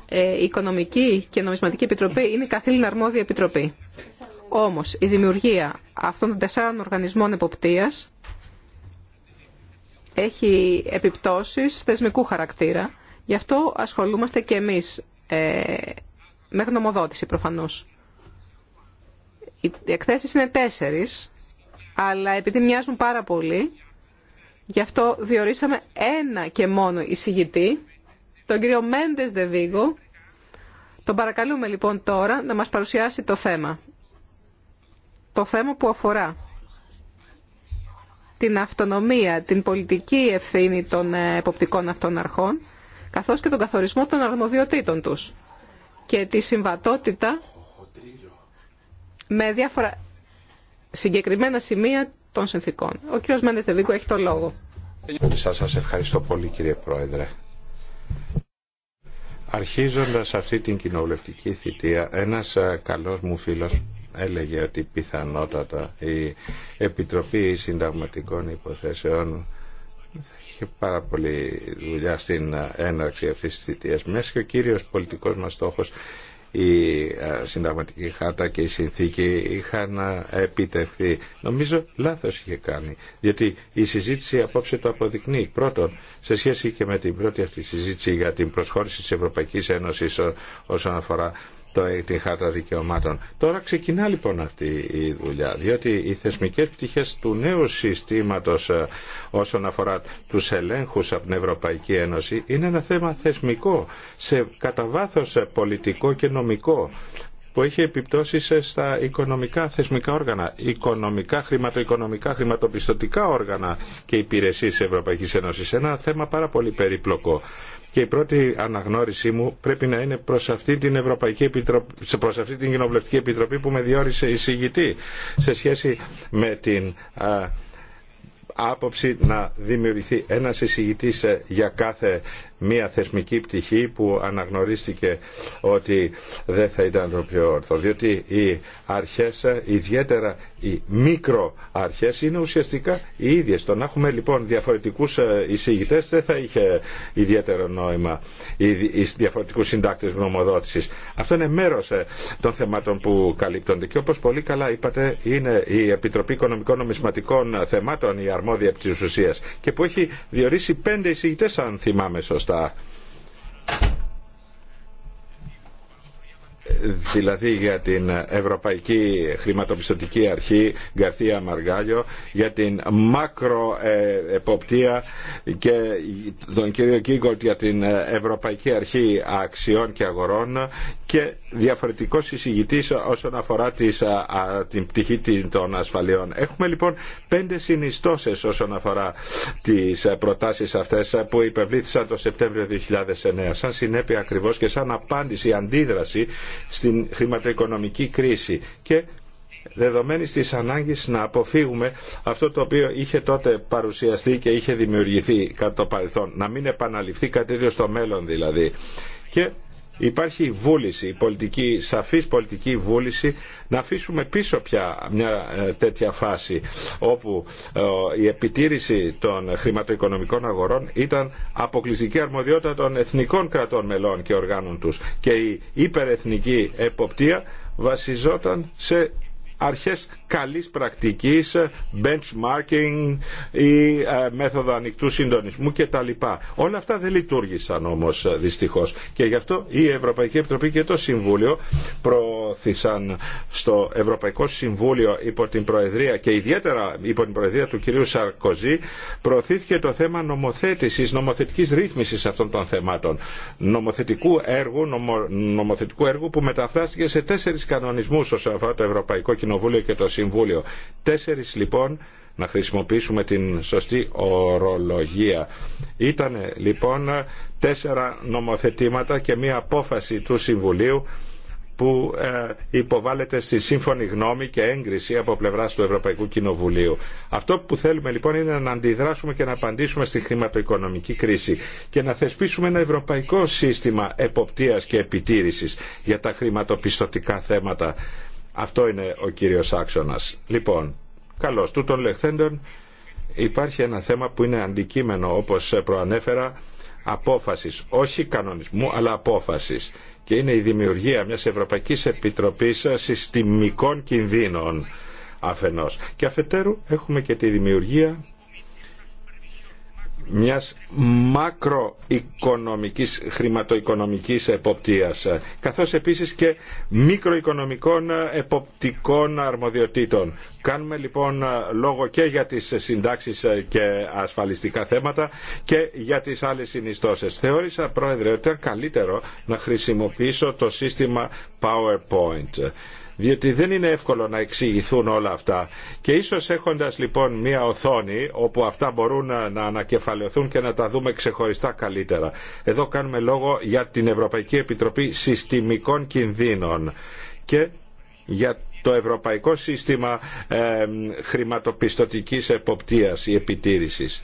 Ε, η Οικονομική και Νομισματική Επιτροπή είναι η καθήλυνα αρμόδια επιτροπή. Όμως η δημιουργία αυτών των τεσσάρων οργανισμών εποπτείας έχει επιπτώσεις θεσμικού χαρακτήρα. Γι' αυτό ασχολούμαστε και εμείς ε, με γνωμοδότηση προφανώς. Οι εκθέσεις είναι τέσσερις, αλλά επειδή μοιάζουν πάρα πολύ, γι' αυτό διορίσαμε ένα και μόνο εισηγητή, τον κύριο Μέντες Δεβίγκο. Τον παρακαλούμε λοιπόν τώρα να μας παρουσιάσει το θέμα το θέμα που αφορά την αυτονομία, την πολιτική ευθύνη των ε, εποπτικών αυτών αρχών, καθώς και τον καθορισμό των αρμοδιοτήτων τους και τη συμβατότητα με διάφορα συγκεκριμένα σημεία των συνθήκων. Ο κύριος Μέντες Δεβίκο έχει το λόγο. Σας, ευχαριστώ πολύ κύριε Πρόεδρε. Αρχίζοντας αυτή την κοινοβουλευτική θητεία, ένας ε, καλός μου φίλος έλεγε ότι πιθανότατα η Επιτροπή Συνταγματικών Υποθέσεων είχε πάρα πολύ δουλειά στην έναρξη αυτής της θητείας. Μέσα και ο κύριος πολιτικός μας στόχος η συνταγματική χάτα και η συνθήκη είχαν επιτευχθεί. Νομίζω λάθος είχε κάνει, διότι η συζήτηση απόψε το αποδεικνύει. Πρώτον, σε σχέση και με την πρώτη αυτή συζήτηση για την προσχώρηση της Ευρωπαϊκής Ένωσης όσον αφορά το, Χάρτα Δικαιωμάτων. Τώρα ξεκινά λοιπόν αυτή η δουλειά, διότι οι θεσμικές πτυχές του νέου συστήματος ε, όσον αφορά τους ελέγχους από την Ευρωπαϊκή Ένωση είναι ένα θέμα θεσμικό, σε βάθο ε, πολιτικό και νομικό που έχει επιπτώσεις ε, στα οικονομικά θεσμικά όργανα, οικονομικά, χρηματοοικονομικά, χρηματοπιστωτικά όργανα και υπηρεσίες της Ευρωπαϊκής Ένωσης. Ένα θέμα πάρα πολύ περίπλοκο και η πρώτη αναγνώρισή μου πρέπει να είναι προς αυτή την, Ευρωπαϊκή Επιτροπή, προς αυτή την Κοινοβουλευτική Επιτροπή που με διόρισε εισηγητή σε σχέση με την άποψη να δημιουργηθεί ένας εισηγητής ε, για κάθε μια θεσμική πτυχή που αναγνωρίστηκε ότι δεν θα ήταν το πιο όρθο. Διότι οι αρχές, ιδιαίτερα οι μικροαρχές, είναι ουσιαστικά οι ίδιες. Το να έχουμε λοιπόν διαφορετικούς ε, εισηγητές δεν θα είχε ιδιαίτερο νόημα οι διαφορετικούς συντάκτες γνωμοδότησης. Αυτό είναι μέρος ε, των θεμάτων που καλύπτονται και όπως πολύ καλά είπατε είναι η Επιτροπή Οικονομικών Νομισματικών Θεμάτων η αρμόδια της ουσίας και που έχει διορίσει πέντε εισηγητές αν θυμάμαι σωστά δηλαδή για την Ευρωπαϊκή Χρηματοπιστωτική Αρχή Γκαρθία Μαργάλιο για την μακροεποπτεία ε, και τον κύριο Κίγκολτ για την Ευρωπαϊκή Αρχή Αξιών και Αγορών και διαφορετικός εισηγητής όσον αφορά τις, την πτυχή των ασφαλιών. Έχουμε λοιπόν πέντε συνιστώσεις όσον αφορά τις προτάσεις αυτές που υπευλήθησαν το Σεπτέμβριο 2009 σαν συνέπεια ακριβώς και σαν απάντηση, αντίδραση στην χρηματοοικονομική κρίση και δεδομένη της ανάγκης να αποφύγουμε αυτό το οποίο είχε τότε παρουσιαστεί και είχε δημιουργηθεί κατά το παρελθόν, να μην επαναληφθεί κατ' στο μέλλον δηλαδή. Και υπάρχει βούληση, πολιτική, σαφής πολιτική βούληση να αφήσουμε πίσω πια μια ε, τέτοια φάση όπου ε, η επιτήρηση των χρηματοοικονομικών αγορών ήταν αποκλειστική αρμοδιότητα των εθνικών κρατών μελών και οργάνων τους και η υπερεθνική εποπτεία βασιζόταν σε αρχές καλής πρακτικής, benchmarking ή ε, μέθοδο ανοιχτού συντονισμού κτλ. Όλα αυτά δεν λειτουργήσαν όμως ε, δυστυχώς και γι' αυτό η Ευρωπαϊκή Επιτροπή και το Συμβούλιο προώθησαν στο Ευρωπαϊκό Συμβούλιο υπό την Προεδρία και ιδιαίτερα υπό την Προεδρία του κυρίου Σαρκοζή προωθήθηκε το θέμα νομοθέτησης, νομοθετικής ρύθμισης αυτών των θεμάτων. Νομοθετικού έργου, νομο, νομοθετικού έργου που μεταφράστηκε σε τέσσερις κανονισμούς όσον αφορά το Ευρωπαϊκό Κοινοβούλιο και το Συμβούλιο Συμβούλιο. Τέσσερις λοιπόν να χρησιμοποιήσουμε την σωστή ορολογία. Ήταν λοιπόν τέσσερα νομοθετήματα και μία απόφαση του Συμβουλίου που ε, υποβάλλεται στη σύμφωνη γνώμη και έγκριση από πλευρά του Ευρωπαϊκού Κοινοβουλίου. Αυτό που θέλουμε λοιπόν είναι να αντιδράσουμε και να απαντήσουμε στη χρηματοοικονομική κρίση και να θεσπίσουμε ένα ευρωπαϊκό σύστημα εποπτείας και επιτήρησης για τα χρηματοπιστωτικά θέματα. Αυτό είναι ο κύριος άξονας. Λοιπόν, καλώς. Τούτων λεχθέντων υπάρχει ένα θέμα που είναι αντικείμενο, όπως προανέφερα, απόφασης, όχι κανονισμού, αλλά απόφασης. Και είναι η δημιουργία μιας Ευρωπαϊκής Επιτροπής Συστημικών Κινδύνων αφενός. Και αφετέρου έχουμε και τη δημιουργία μιας μακροοικονομικής χρηματοοικονομικής εποπτείας καθώς επίσης και μικροοικονομικών εποπτικών αρμοδιοτήτων. Κάνουμε λοιπόν λόγο και για τις συντάξεις και ασφαλιστικά θέματα και για τις άλλες συνιστώσεις. Θεώρησα πρόεδρε ότι ήταν καλύτερο να χρησιμοποιήσω το σύστημα PowerPoint διότι δεν είναι εύκολο να εξηγηθούν όλα αυτά. Και ίσως έχοντας λοιπόν μια οθόνη όπου αυτά μπορούν να ανακεφαλαιωθούν και να τα δούμε ξεχωριστά καλύτερα. Εδώ κάνουμε λόγο για την Ευρωπαϊκή Επιτροπή Συστημικών Κινδύνων και για το Ευρωπαϊκό Σύστημα ε, Χρηματοπιστωτικής Εποπτείας ή Επιτήρησης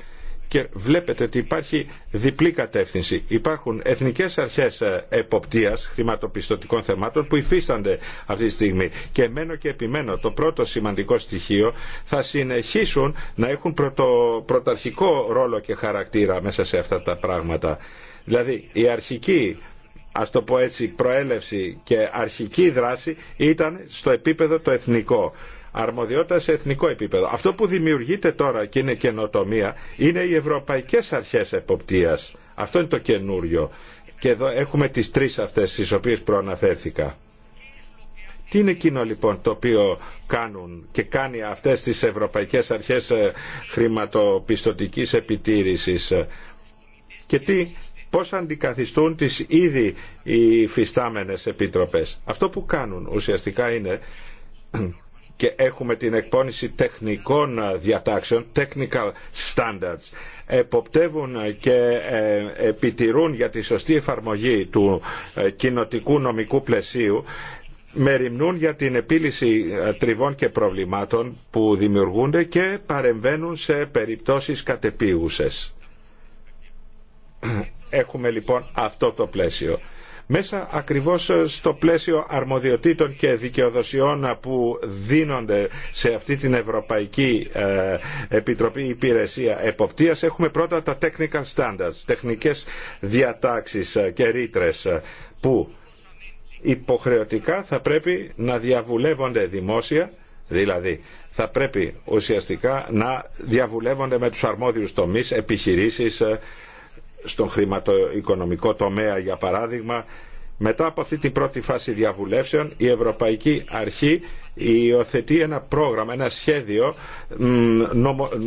και βλέπετε ότι υπάρχει διπλή κατεύθυνση. Υπάρχουν εθνικές αρχές ε, εποπτείας χρηματοπιστωτικών θεμάτων που υφίστανται αυτή τη στιγμή και μένω και επιμένω το πρώτο σημαντικό στοιχείο θα συνεχίσουν να έχουν πρωτο, πρωταρχικό ρόλο και χαρακτήρα μέσα σε αυτά τα πράγματα. Δηλαδή η αρχική ας το πω έτσι προέλευση και αρχική δράση ήταν στο επίπεδο το εθνικό αρμοδιότητα σε εθνικό επίπεδο. Αυτό που δημιουργείται τώρα και είναι καινοτομία είναι οι ευρωπαϊκές αρχές εποπτείας. Αυτό είναι το καινούριο. Και εδώ έχουμε τις τρεις αυτές τις οποίες προαναφέρθηκα. Τι είναι εκείνο λοιπόν το οποίο κάνουν και κάνει αυτές τις ευρωπαϊκές αρχές ε, χρηματοπιστωτικής επιτήρησης ε, και τι, πώς αντικαθιστούν τις ήδη οι φυστάμενες επιτροπές. Αυτό που κάνουν ουσιαστικά είναι και έχουμε την εκπόνηση τεχνικών ε, διατάξεων, technical standards. Εποπτεύουν ε, και ε, επιτηρούν για τη σωστή εφαρμογή του κοινοτικού νομικού πλαισίου μεριμνούν για την επίλυση τριβών και προβλημάτων που δημιουργούνται και παρεμβαίνουν σε περιπτώσεις κατεπίγουσες. <clears throat> Έχουμε λοιπόν αυτό το πλαίσιο μέσα ακριβώς στο πλαίσιο αρμοδιοτήτων και δικαιοδοσιών που δίνονται σε αυτή την Ευρωπαϊκή ε, Επιτροπή Υπηρεσία Εποπτείας έχουμε πρώτα τα technical standards, τεχνικές διατάξεις ε, και ρήτρε ε, που υποχρεωτικά θα πρέπει να διαβουλεύονται δημόσια Δηλαδή, θα πρέπει ουσιαστικά να διαβουλεύονται με τους αρμόδιους τομείς, επιχειρήσεις, στον χρηματοοικονομικό τομέα για παράδειγμα μετά από αυτή την πρώτη φάση διαβουλεύσεων η Ευρωπαϊκή Αρχή υιοθετεί ένα πρόγραμμα, ένα σχέδιο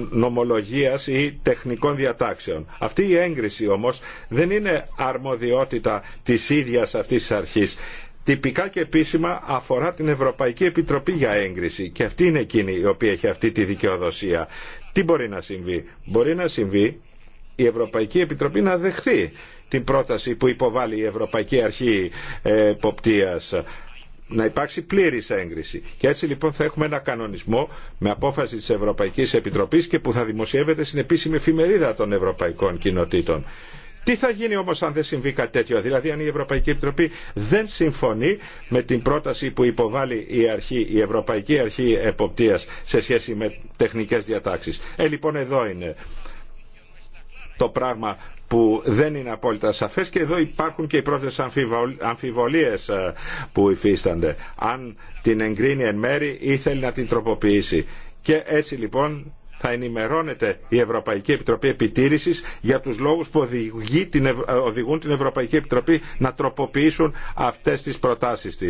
νομολογίας ή τεχνικών διατάξεων. Αυτή η έγκριση όμως δεν είναι αρμοδιότητα της ίδιας αυτής της αρχής. Τυπικά και επίσημα αφορά την Ευρωπαϊκή Επιτροπή για έγκριση και αυτή είναι εκείνη η οποία έχει αυτή τη δικαιοδοσία. Τι μπορεί να συμβεί. Μπορεί να συμβεί η Ευρωπαϊκή Επιτροπή να δεχθεί την πρόταση που υποβάλλει η Ευρωπαϊκή Αρχή ε, Εποπτείας να υπάρξει πλήρης έγκριση. Και έτσι λοιπόν θα έχουμε ένα κανονισμό με απόφαση της Ευρωπαϊκής Επιτροπής και που θα δημοσιεύεται στην επίσημη εφημερίδα των Ευρωπαϊκών Κοινοτήτων. Τι θα γίνει όμως αν δεν συμβεί κάτι τέτοιο, δηλαδή αν η Ευρωπαϊκή Επιτροπή δεν συμφωνεί με την πρόταση που υποβάλλει η, αρχή, η Ευρωπαϊκή Αρχή Εποπτείας σε σχέση με τεχνικές διατάξεις. Ε, λοιπόν εδώ είναι το πράγμα που δεν είναι απόλυτα σαφές και εδώ υπάρχουν και οι πρώτες αμφιβολίες ε, που υφίστανται αν την εγκρίνει εν μέρη ή θέλει να την τροποποιήσει. Και έτσι λοιπόν θα ενημερώνεται η Ευρωπαϊκή Επιτροπή Επιτήρησης για τους λόγους που ε, οδηγούν την Ευρωπαϊκή Επιτροπή να τροποποιήσουν αυτές τις προτάσεις τη.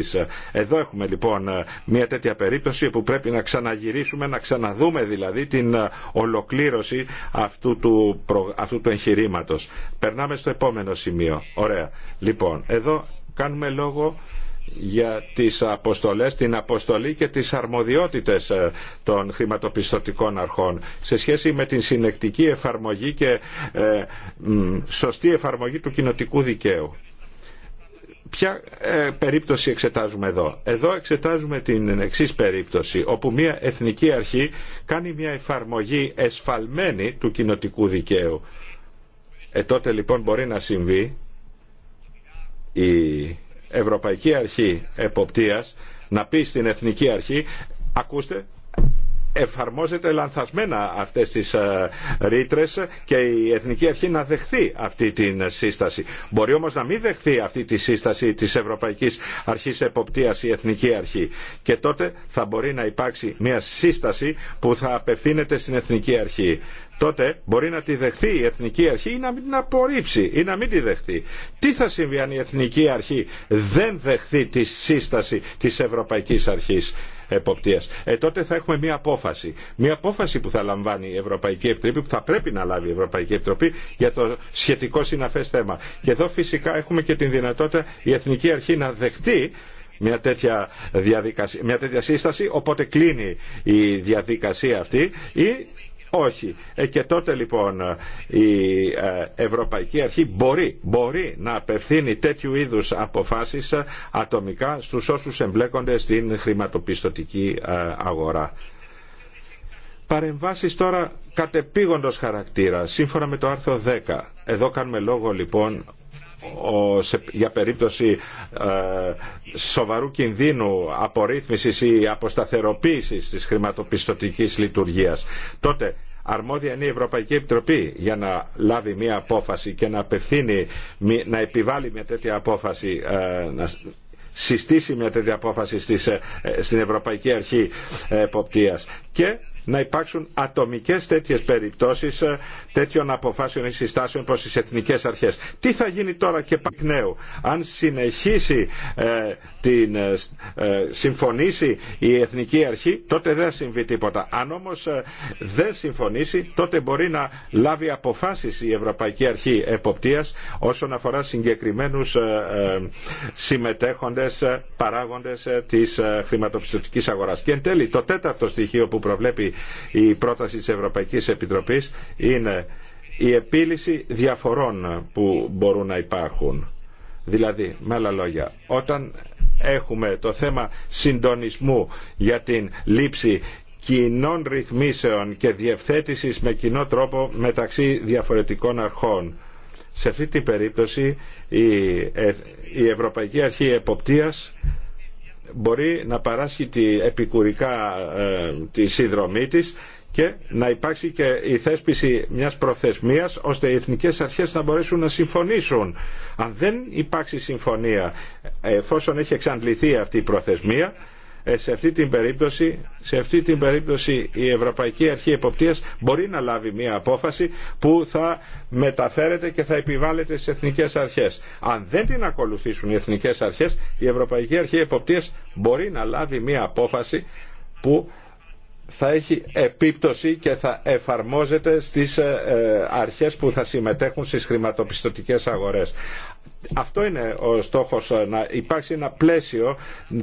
Εδώ έχουμε λοιπόν ε, μια τέτοια περίπτωση που πρέπει να ξαναγυρίσουμε, να ξαναδούμε δηλαδή την ε, ολοκλήρωση αυτού του, αυτού του εγχειρήματος. Περνάμε στο επόμενο σημείο. Ωραία. Λοιπόν, εδώ κάνουμε λόγο για τις αποστολές, την αποστολή και τις αρμοδιότητες ε, των χρηματοπιστωτικών αρχών σε σχέση με την συνεκτική εφαρμογή και ε, σωστή εφαρμογή του κοινοτικού δικαίου. Ποια ε, περίπτωση εξετάζουμε εδώ. Εδώ εξετάζουμε την εξή περίπτωση, όπου μια εθνική αρχή κάνει μια εφαρμογή εσφαλμένη του κοινοτικού δικαίου. Ε, τότε λοιπόν μπορεί να συμβεί η Ευρωπαϊκή Αρχή Εποπτείας να πει στην Εθνική Αρχή ακούστε εφαρμόζεται λανθασμένα αυτές τις ε, ρήτρε και η Εθνική Αρχή να δεχθεί αυτή την σύσταση. Μπορεί όμως να μην δεχθεί αυτή τη σύσταση της Ευρωπαϊκής Αρχής Εποπτείας η Εθνική Αρχή και τότε θα μπορεί να υπάρξει μια σύσταση που θα απευθύνεται στην Εθνική Αρχή τότε μπορεί να τη δεχθεί η Εθνική Αρχή ή να μην την απορρίψει ή να μην τη δεχθεί. Τι θα συμβεί αν η Εθνική Αρχή δεν δεχθεί τη σύσταση της Ευρωπαϊκής Αρχής Εποπτείας. Ε, τότε θα έχουμε μία απόφαση. Μία απόφαση που θα λαμβάνει η Ευρωπαϊκή Επιτροπή, που θα πρέπει να λάβει η Ευρωπαϊκή Επιτροπή για το σχετικό συναφές θέμα. Και εδώ φυσικά έχουμε και την δυνατότητα η Εθνική Αρχή να δεχτεί μια τέτοια, διαδικασία, μια τέτοια σύσταση, οπότε κλείνει η διαδικασία αυτή ή όχι. Ε, και τότε λοιπόν η ε, Ευρωπαϊκή Αρχή μπορεί, μπορεί να απευθύνει τέτοιου είδους αποφάσεις ε, ατομικά στους όσους εμπλέκονται στην χρηματοπιστωτική ε, αγορά. Παρεμβάσεις τώρα κατεπήγοντος χαρακτήρα, σύμφωνα με το άρθρο 10. Εδώ κάνουμε λόγο λοιπόν για περίπτωση ε, σοβαρού κινδύνου απορρίθμισης ή αποσταθεροποίησης της χρηματοπιστωτικής λειτουργίας, τότε αρμόδια είναι η Ευρωπαϊκή Επιτροπή για να λάβει μια απόφαση και να απευθύνει, να επιβάλλει μια τέτοια απόφαση, ε, να συστήσει μια τέτοια απόφαση ε, στην Ευρωπαϊκή Αρχή Εποπτείας. Και να υπάρξουν ατομικές τέτοιες περιπτώσεις τέτοιων αποφάσεων ή συστάσεων προς τις εθνικές αρχές. Τι θα γίνει τώρα και πάλι νέου, αν συνεχίσει ε, την, ε, ε, συμφωνήσει η εθνική αρχή, τότε δεν συμβεί τίποτα. Αν όμως ε, δεν συμφωνήσει, τότε μπορεί να λάβει αποφάσεις η Ευρωπαϊκή Αρχή Εποπτείας όσον αφορά συγκεκριμένους συμμετέχοντες παράγοντες της χρηματοπιστωτικής αγοράς. Και εν τέλει, το τέταρτο στοιχείο που προβλέπει η πρόταση της Ευρωπαϊκής Επιτροπής είναι η επίλυση διαφορών που μπορούν να υπάρχουν. Δηλαδή, με άλλα λόγια, όταν έχουμε το θέμα συντονισμού για την λήψη κοινών ρυθμίσεων και διευθέτησης με κοινό τρόπο μεταξύ διαφορετικών αρχών. Σε αυτή την περίπτωση η ε, Ευρωπαϊκή Αρχή Εποπτείας μπορεί να παράσχει επικουρικά ε, τη συνδρομή της και να υπάρξει και η θέσπιση μιας προθεσμίας ώστε οι εθνικές αρχές να μπορέσουν να συμφωνήσουν. Αν δεν υπάρξει συμφωνία εφόσον έχει εξαντληθεί αυτή η προθεσμία ε, σε αυτή, την περίπτωση, σε αυτή την περίπτωση η Ευρωπαϊκή Αρχή Εποπτείας μπορεί να λάβει μια απόφαση που θα μεταφέρεται και θα επιβάλλεται στις εθνικές αρχές. Αν δεν την ακολουθήσουν οι εθνικές αρχές, η Ευρωπαϊκή Αρχή Εποπτείας μπορεί να λάβει μια απόφαση που θα έχει επίπτωση και θα εφαρμόζεται στις ε, ε, αρχές που θα συμμετέχουν στις χρηματοπιστωτικές αγορές αυτό είναι ο στόχος να υπάρξει ένα πλαίσιο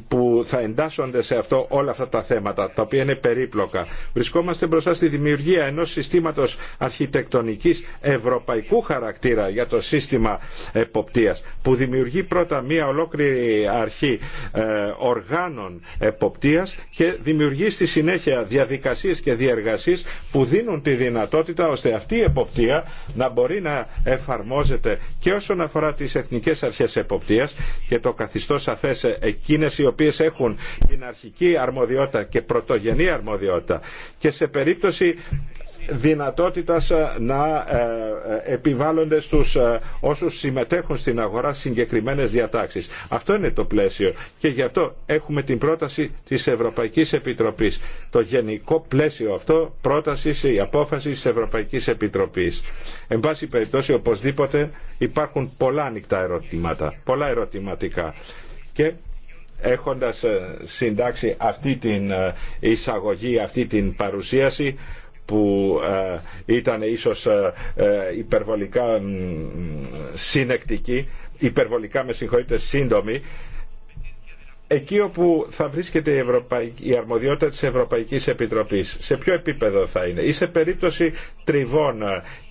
που θα εντάσσονται σε αυτό όλα αυτά τα θέματα τα οποία είναι περίπλοκα. Βρισκόμαστε μπροστά στη δημιουργία ενός συστήματος αρχιτεκτονικής ευρωπαϊκού χαρακτήρα για το σύστημα εποπτείας που δημιουργεί πρώτα μία ολόκληρη αρχή ε, οργάνων εποπτείας και δημιουργεί στη συνέχεια διαδικασίες και διεργασίες που δίνουν τη δυνατότητα ώστε αυτή η εποπτεία να μπορεί να εφαρμόζεται και όσον αφορά τις εθνικέ αρχέ εποπτείας και το καθιστώ σαφέ εκείνε οι οποίε έχουν την αρχική αρμοδιότητα και πρωτογενή αρμοδιότητα και σε περίπτωση δυνατότητας ε, να ε, ε, επιβάλλονται στους όσους συμμετέχουν στην αγορά συγκεκριμένες διατάξεις. Αυτό είναι το πλαίσιο και γι' αυτό έχουμε την πρόταση της Ευρωπαϊκής Επιτροπής. Το γενικό πλαίσιο αυτό πρόταση ή απόφαση της Ευρωπαϊκής Επιτροπής. Εν πάση περιπτώσει οπωσδήποτε υπάρχουν πολλά ανοιχτά ερωτήματα, πολλά ερωτηματικά. Και έχοντας συντάξει αυτή την εισαγωγή, αυτή την παρουσίαση, που ε, ήταν ίσως ε, ε, υπερβολικά συνεκτική, υπερβολικά με συγχωρείτε σύντομη, εκεί όπου θα βρίσκεται η, αρμοδιότητα της Ευρωπαϊκής Επιτροπής, σε ποιο επίπεδο θα είναι ή σε περίπτωση τριβών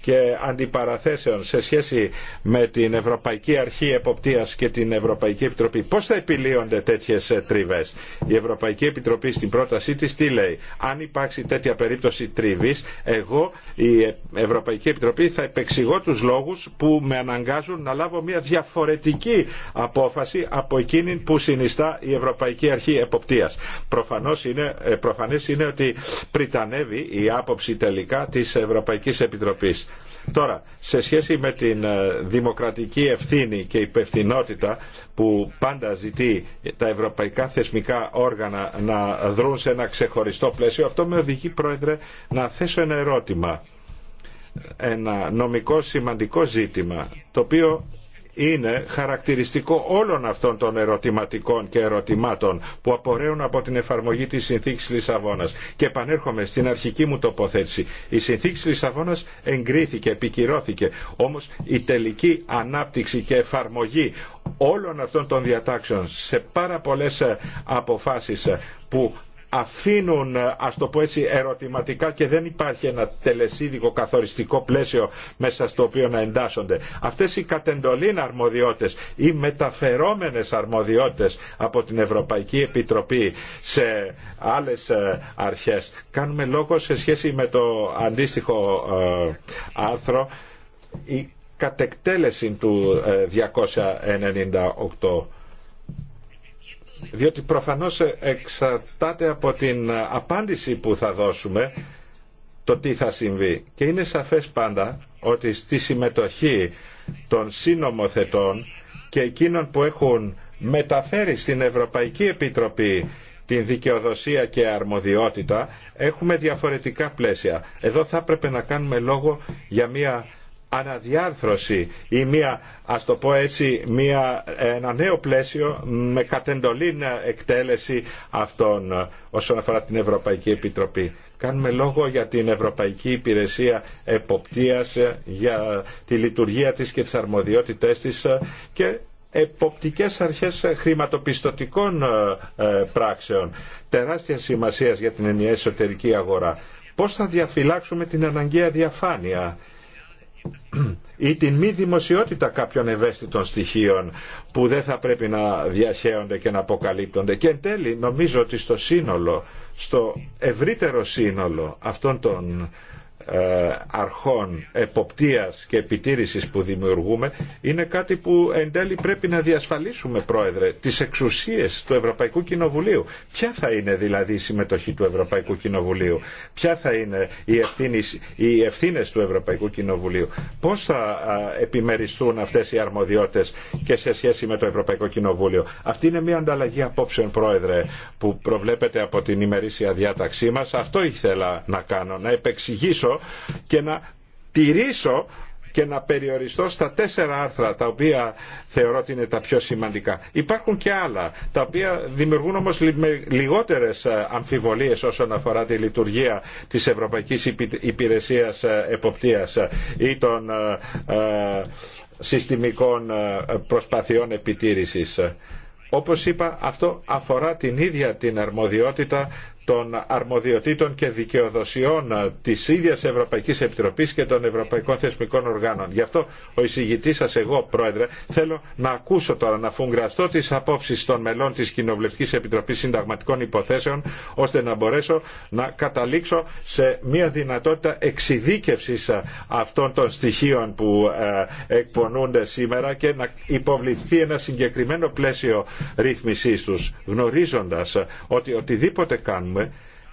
και αντιπαραθέσεων σε σχέση με την Ευρωπαϊκή Αρχή Εποπτείας και την Ευρωπαϊκή Επιτροπή. Πώς θα επιλύονται τέτοιες ε, τριβές. Η Ευρωπαϊκή Επιτροπή στην πρότασή της τι λέει. Αν υπάρξει τέτοια περίπτωση τριβής, εγώ η ε, Ευρωπαϊκή Επιτροπή θα επεξηγώ τους λόγους που με αναγκάζουν να λάβω μια διαφορετική απόφαση από εκείνη που συνιστά η Ευρωπαϊκή Αρχή Εποπτείας. Προφανώς είναι, ε, είναι ότι πριτανεύει η άποψη τελικά της Ευρωπαϊκής Επιτροπής. Τώρα, σε σχέση με την ε, δημοκρατική ευθύνη και υπευθυνότητα που πάντα ζητεί τα ευρωπαϊκά θεσμικά όργανα να δρουν σε ένα ξεχωριστό πλαίσιο, αυτό με οδηγεί, Πρόεδρε, να θέσω ένα ερώτημα. Ένα νομικό σημαντικό ζήτημα, το οποίο είναι χαρακτηριστικό όλων αυτών των ερωτηματικών και ερωτημάτων που απορρέουν από την εφαρμογή της συνθήκης Λισαβόνας. Και επανέρχομαι στην αρχική μου τοποθέτηση. Η συνθήκη Λισαβόνας εγκρίθηκε, επικυρώθηκε. Όμως η τελική ανάπτυξη και εφαρμογή όλων αυτών των διατάξεων σε πάρα πολλές ε, αποφάσεις ε, που αφήνουν ε, ας το πω έτσι ερωτηματικά και δεν υπάρχει ένα τελεσίδικο καθοριστικό πλαίσιο μέσα στο οποίο να εντάσσονται. Αυτές οι κατεντολήν αρμοδιότητες ή μεταφερόμενες αρμοδιότητες από την Ευρωπαϊκή Επιτροπή σε άλλες ε, αρχές κάνουμε λόγο σε σχέση με το αντίστοιχο ε, άρθρο η κατεκτέλεση του 298 διότι προφανώς εξαρτάται από την απάντηση που θα δώσουμε το τι θα συμβεί. Και είναι σαφές πάντα ότι στη συμμετοχή των συνομοθετών και εκείνων που έχουν μεταφέρει στην Ευρωπαϊκή Επιτροπή την δικαιοδοσία και αρμοδιότητα έχουμε διαφορετικά πλαίσια. Εδώ θα έπρεπε να κάνουμε λόγο για μια αναδιάρθρωση ή μια, ας το πω έτσι, μια, ένα νέο πλαίσιο με κατεντολήν εκτέλεση αυτών ε, όσον αφορά την Ευρωπαϊκή Επιτροπή. Κάνουμε λόγο για την Ευρωπαϊκή Υπηρεσία Εποπτείας, ε, για τη λειτουργία της και τις αρμοδιότητές της ε, και εποπτικές αρχές χρηματοπιστωτικών πράξεων τεράστια σημασία για την ενιαία εσωτερική αγορά. Πώς θα διαφυλάξουμε την αναγκαία διαφάνεια ή την μη δημοσιότητα κάποιων ευαίσθητων στοιχείων που δεν θα πρέπει να διαχέονται και να αποκαλύπτονται. Και εν τέλει νομίζω ότι στο σύνολο, στο ευρύτερο σύνολο αυτών των ε, αρχών εποπτείας και επιτήρησης που δημιουργούμε είναι κάτι που εν τέλει πρέπει να διασφαλίσουμε πρόεδρε τις εξουσίες του Ευρωπαϊκού Κοινοβουλίου ποια θα είναι δηλαδή η συμμετοχή του Ευρωπαϊκού Κοινοβουλίου ποια θα είναι οι, ευθύνες, του Ευρωπαϊκού Κοινοβουλίου πώς θα επιμεριστούν αυτές οι αρμοδιότητες και σε σχέση με το Ευρωπαϊκό Κοινοβούλιο αυτή είναι μια ανταλλαγή απόψεων πρόεδρε που προβλέπεται από την ημερήσια διάταξή μας αυτό ήθελα να κάνω να επεξηγήσω και να τηρήσω και να περιοριστώ στα τέσσερα άρθρα τα οποία θεωρώ ότι είναι τα πιο σημαντικά. Υπάρχουν και άλλα τα οποία δημιουργούν όμως λιγότερες ε, αμφιβολίες όσον αφορά τη λειτουργία της Ευρωπαϊκής Υπηρεσίας ε, Εποπτείας ε, ή των συστημικών προσπαθειών επιτήρησης. Όπως είπα αυτό αφορά την ίδια την αρμοδιότητα των αρμοδιοτήτων και δικαιοδοσιών της ίδιας Ευρωπαϊκής Επιτροπής και των Ευρωπαϊκών Θεσμικών Οργάνων. Γι' αυτό ο εισηγητής σας εγώ, Πρόεδρε, θέλω να ακούσω τώρα, να φουγκραστώ τις απόψεις των μελών της Κοινοβουλευτικής Επιτροπής Συνταγματικών Υποθέσεων, ώστε να μπορέσω να καταλήξω σε μια δυνατότητα εξειδίκευσης αυτών των στοιχείων που ε, εκπονούνται σήμερα και να υποβληθεί ένα συγκεκριμένο πλαίσιο ρυθμισή τους, γνωρίζοντας ότι οτιδήποτε κάνουμε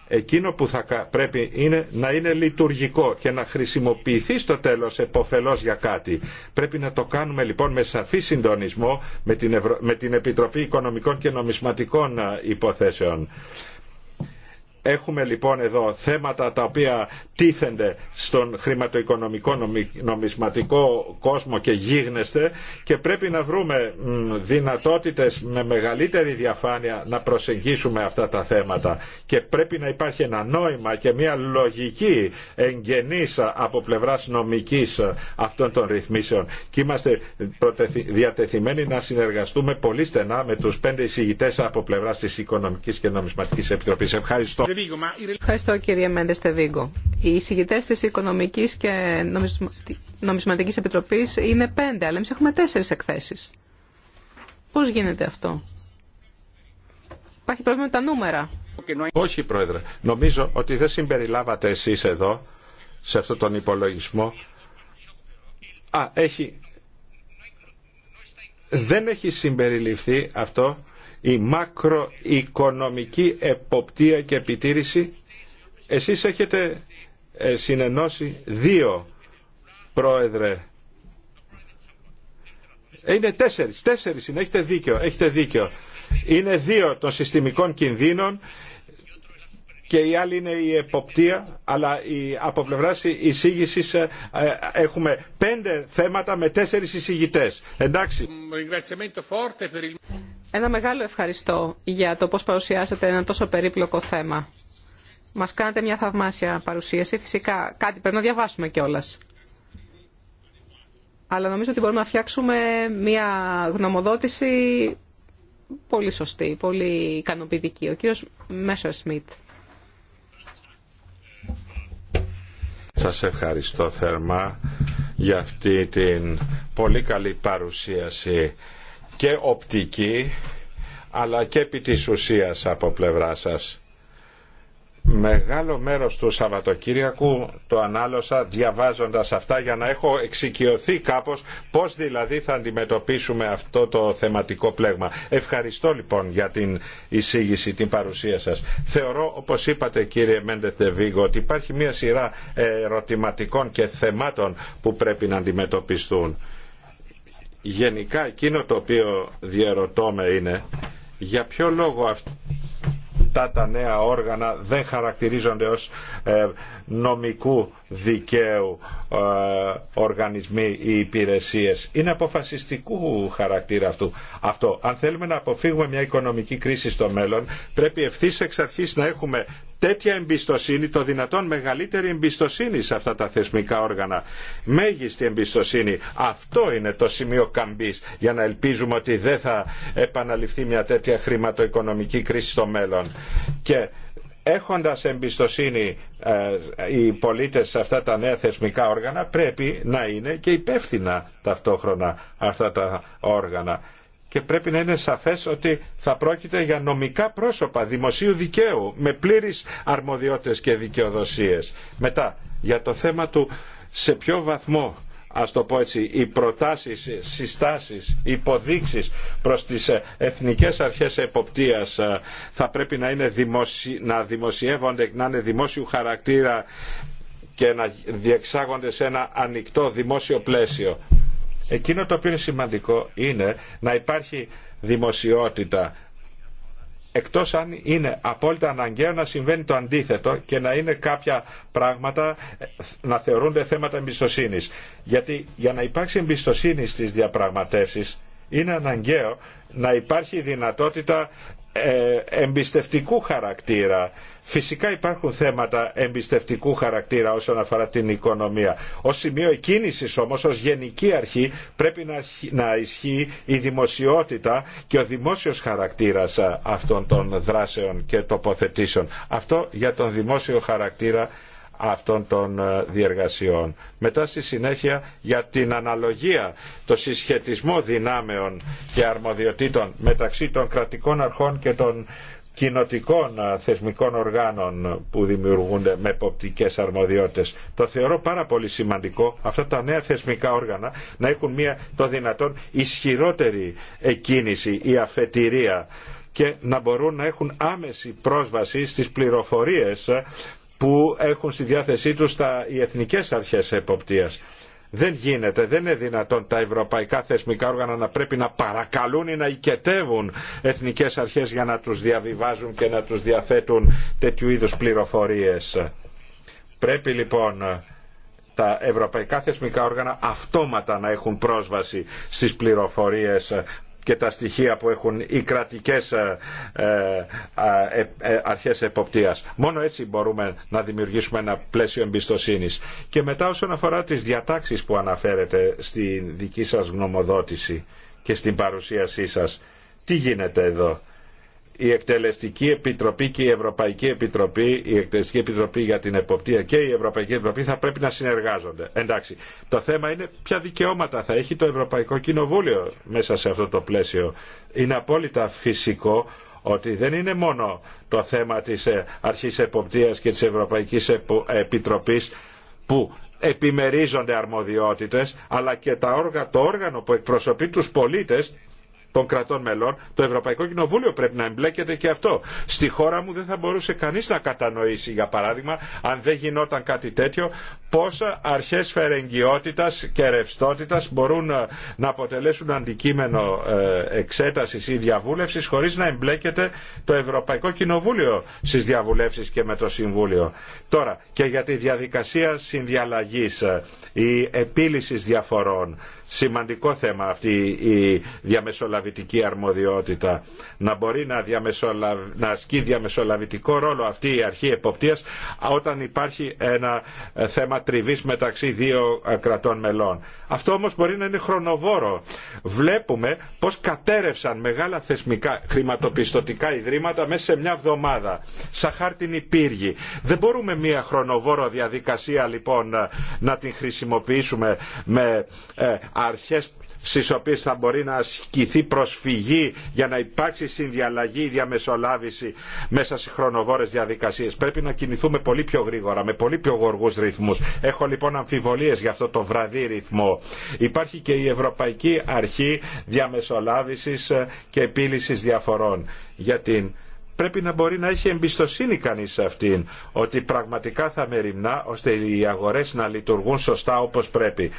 εκείνο που θα πρέπει είναι να είναι λειτουργικό και να χρησιμοποιηθεί στο τέλος εποφελώς για κάτι. Πρέπει να το κάνουμε λοιπόν με σαφή συντονισμό την, με την Επιτροπή Οικονομικών και Νομισματικών Υποθέσεων. Έχουμε λοιπόν εδώ θέματα τα οποία τίθενται στον χρηματοοικονομικό νομισματικό κόσμο και γίγνεσθε και πρέπει να βρούμε δυνατότητες με μεγαλύτερη διαφάνεια να προσεγγίσουμε αυτά τα θέματα και πρέπει να υπάρχει ένα νόημα και μια λογική εγγενής από πλευράς νομικής αυτών των ρυθμίσεων και είμαστε διατεθειμένοι να συνεργαστούμε πολύ στενά με τους πέντε εισηγητές από πλευράς της Οικονομικής και Νομισματικής Επιτροπής. Ευχαριστώ. Ευχαριστώ κύριε Μέντες Τεβίγκο. Οι εισηγητέ τη οικονομική και νομισματική επιτροπή είναι πέντε, αλλά εμεί έχουμε τέσσερι εκθέσει. Πώ γίνεται αυτό. Υπάρχει πρόβλημα με τα νούμερα. Όχι πρόεδρε. Νομίζω ότι δεν συμπεριλάβατε εσεί εδώ, σε αυτόν τον υπολογισμό. Α, έχει... Δεν έχει συμπεριληφθεί αυτό η μακροοικονομική εποπτεία και επιτήρηση. Εσείς έχετε ε, συνενώσει δύο πρόεδρε. Είναι τέσσερις, τέσσερις είναι, έχετε δίκιο, έχετε δίκιο. Είναι δύο των συστημικών κινδύνων και η άλλη είναι η εποπτεία, αλλά η, από πλευρά εισήγηση ε, ε, έχουμε πέντε θέματα με τέσσερις εισηγητές. Εντάξει. Ένα μεγάλο ευχαριστώ για το πώς παρουσιάσατε ένα τόσο περίπλοκο θέμα. Μας κάνατε μια θαυμάσια παρουσίαση. Φυσικά κάτι πρέπει να διαβάσουμε κιόλα. Αλλά νομίζω ότι μπορούμε να φτιάξουμε μια γνωμοδότηση πολύ σωστή, πολύ ικανοποιητική. Ο κύριος Μέσορ Σμιτ. Σας ευχαριστώ θερμά για αυτή την πολύ καλή παρουσίαση και οπτική αλλά και επί της ουσίας από πλευρά σας. Μεγάλο μέρος του Σαββατοκύριακου το ανάλωσα διαβάζοντας αυτά για να έχω εξοικειωθεί κάπως πώς δηλαδή θα αντιμετωπίσουμε αυτό το θεματικό πλέγμα. Ευχαριστώ λοιπόν για την εισήγηση, την παρουσία σας. Θεωρώ όπως είπατε κύριε Μέντε Βίγκο ότι υπάρχει μια σειρά ερωτηματικών και θεμάτων που πρέπει να αντιμετωπιστούν γενικά εκείνο το οποίο διαρωτώ με είναι για ποιο λόγο αυτά τα νέα όργανα δεν χαρακτηρίζονται ως ε, νομικού δικαίου ε, οργανισμοί ή υπηρεσίες. Είναι αποφασιστικού χαρακτήρα αυτού. αυτό. Αν θέλουμε να αποφύγουμε μια οικονομική κρίση στο μέλλον πρέπει ευθύς εξ αρχής να έχουμε τέτοια εμπιστοσύνη, το δυνατόν μεγαλύτερη εμπιστοσύνη σε αυτά τα θεσμικά όργανα. Μέγιστη εμπιστοσύνη. Αυτό είναι το σημείο καμπής για να ελπίζουμε ότι δεν θα επαναληφθεί μια τέτοια χρηματοοικονομική κρίση στο μέλλον. Και έχοντας εμπιστοσύνη ε, οι πολίτες σε αυτά τα νέα θεσμικά όργανα πρέπει να είναι και υπεύθυνα ταυτόχρονα αυτά τα όργανα και πρέπει να είναι σαφές ότι θα πρόκειται για νομικά πρόσωπα δημοσίου δικαίου με πλήρεις αρμοδιότητες και δικαιοδοσίες. Μετά, για το θέμα του σε ποιο βαθμό ας το πω έτσι, οι προτάσεις, συστάσεις, υποδείξεις προς τις εθνικές αρχές εποπτείας ε, θα πρέπει να, είναι δημοσι... να δημοσιεύονται, να είναι δημόσιου χαρακτήρα και να διεξάγονται σε ένα ανοιχτό δημόσιο πλαίσιο. Εκείνο το οποίο είναι σημαντικό είναι να υπάρχει δημοσιότητα εκτός αν είναι απόλυτα αναγκαίο να συμβαίνει το αντίθετο και να είναι κάποια πράγματα ε, να θεωρούνται θέματα εμπιστοσύνη. Γιατί για να υπάρξει εμπιστοσύνη στις διαπραγματεύσεις είναι αναγκαίο να υπάρχει δυνατότητα ε, εμπιστευτικού χαρακτήρα. Φυσικά υπάρχουν θέματα εμπιστευτικού χαρακτήρα όσον αφορά την οικονομία. Ω σημείο κίνηση όμω, ω γενική αρχή, πρέπει να ισχύει η δημοσιότητα και ο δημόσιο χαρακτήρα ε, αυτών των δράσεων και τοποθετήσεων. Αυτό για τον δημόσιο χαρακτήρα αυτών των ε, διεργασιών. Μετά στη συνέχεια για την αναλογία, το συσχετισμό δυνάμεων και αρμοδιοτήτων μεταξύ των κρατικών αρχών και των κοινοτικών ε, θεσμικών οργάνων που δημιουργούνται με εποπτικές αρμοδιότητες. Το θεωρώ πάρα πολύ σημαντικό αυτά τα νέα θεσμικά όργανα να έχουν μια το δυνατόν ισχυρότερη εκκίνηση ή αφετηρία και να μπορούν να έχουν άμεση πρόσβαση στις πληροφορίες που έχουν στη διάθεσή τους τα, οι εθνικές αρχές εποπτείας. Δεν γίνεται, δεν είναι δυνατόν τα ευρωπαϊκά θεσμικά όργανα να πρέπει να παρακαλούν ή να οικετεύουν εθνικές αρχές για να τους διαβιβάζουν και να τους διαθέτουν τέτοιου είδους πληροφορίες. Πρέπει λοιπόν τα ευρωπαϊκά θεσμικά όργανα αυτόματα να έχουν πρόσβαση στις πληροφορίες και τα στοιχεία που έχουν οι κρατικές ε, ε, ε, αρχές εποπτείας. Μόνο έτσι μπορούμε να δημιουργήσουμε ένα πλαίσιο εμπιστοσύνης. Και μετά όσον αφορά τις διατάξεις που αναφέρετε στη δική σας γνωμοδότηση και στην παρουσίασή σας, τι γίνεται εδώ η Εκτελεστική Επιτροπή και η Ευρωπαϊκή Επιτροπή, η Εκτελεστική Επιτροπή για την Εποπτεία και η Ευρωπαϊκή Επιτροπή θα πρέπει να συνεργάζονται. Εντάξει, το θέμα είναι ποια δικαιώματα θα έχει το Ευρωπαϊκό Κοινοβούλιο μέσα σε αυτό το πλαίσιο. Είναι απόλυτα φυσικό ότι δεν είναι μόνο το θέμα της ε, Αρχής Εποπτείας και της Ευρωπαϊκής Επιτροπής που επιμερίζονται αρμοδιότητες, αλλά και το όργανο που εκπροσωπεί τους πολίτες των κρατών μελών, το Ευρωπαϊκό Κοινοβούλιο πρέπει να εμπλέκεται και αυτό. Στη χώρα μου δεν θα μπορούσε κανείς να κατανοήσει, για παράδειγμα, αν δεν γινόταν κάτι τέτοιο, πόσα αρχές φερεγγιότητας και ρευστότητας μπορούν ε, να αποτελέσουν αντικείμενο ε, εξέτασης ή διαβούλευσης χωρίς να εμπλέκεται το Ευρωπαϊκό Κοινοβούλιο στις διαβουλεύσεις και με το Συμβούλιο. Τώρα, και για τη διαδικασία συνδιαλλαγής ή ε, επίλυσης διαφορών σημαντικό θέμα αυτή η διαμεσολαβητική αρμοδιότητα. Να μπορεί να, διαμεσολαβ... να ασκεί διαμεσολαβητικό ρόλο αυτή η αρχή εποπτείας όταν υπάρχει ένα ε, θέμα τριβής μεταξύ δύο ε, κρατών μελών. Αυτό όμως μπορεί να είναι χρονοβόρο. Βλέπουμε πως κατέρευσαν μεγάλα θεσμικά χρηματοπιστωτικά ιδρύματα μέσα σε μια εβδομάδα. Σαν χάρτινη πύργη. Δεν μπορούμε μια χρονοβόρο διαδικασία λοιπόν ε, να την χρησιμοποιήσουμε με αρχές στις οποίες θα μπορεί να ασκηθεί προσφυγή για να υπάρξει συνδιαλλαγή, διαμεσολάβηση μέσα σε χρονοβόρες διαδικασίες. Πρέπει να κινηθούμε πολύ πιο γρήγορα, με πολύ πιο γοργούς ρυθμούς. Έχω λοιπόν αμφιβολίες για αυτό το βραδύ ρυθμό. Υπάρχει και η Ευρωπαϊκή Αρχή Διαμεσολάβησης και Επίλυσης Διαφορών για την πρέπει να μπορεί να έχει εμπιστοσύνη κανείς σε αυτήν ότι πραγματικά θα μεριμνά ώστε οι αγορές να λειτουργούν σωστά όπως πρέπει.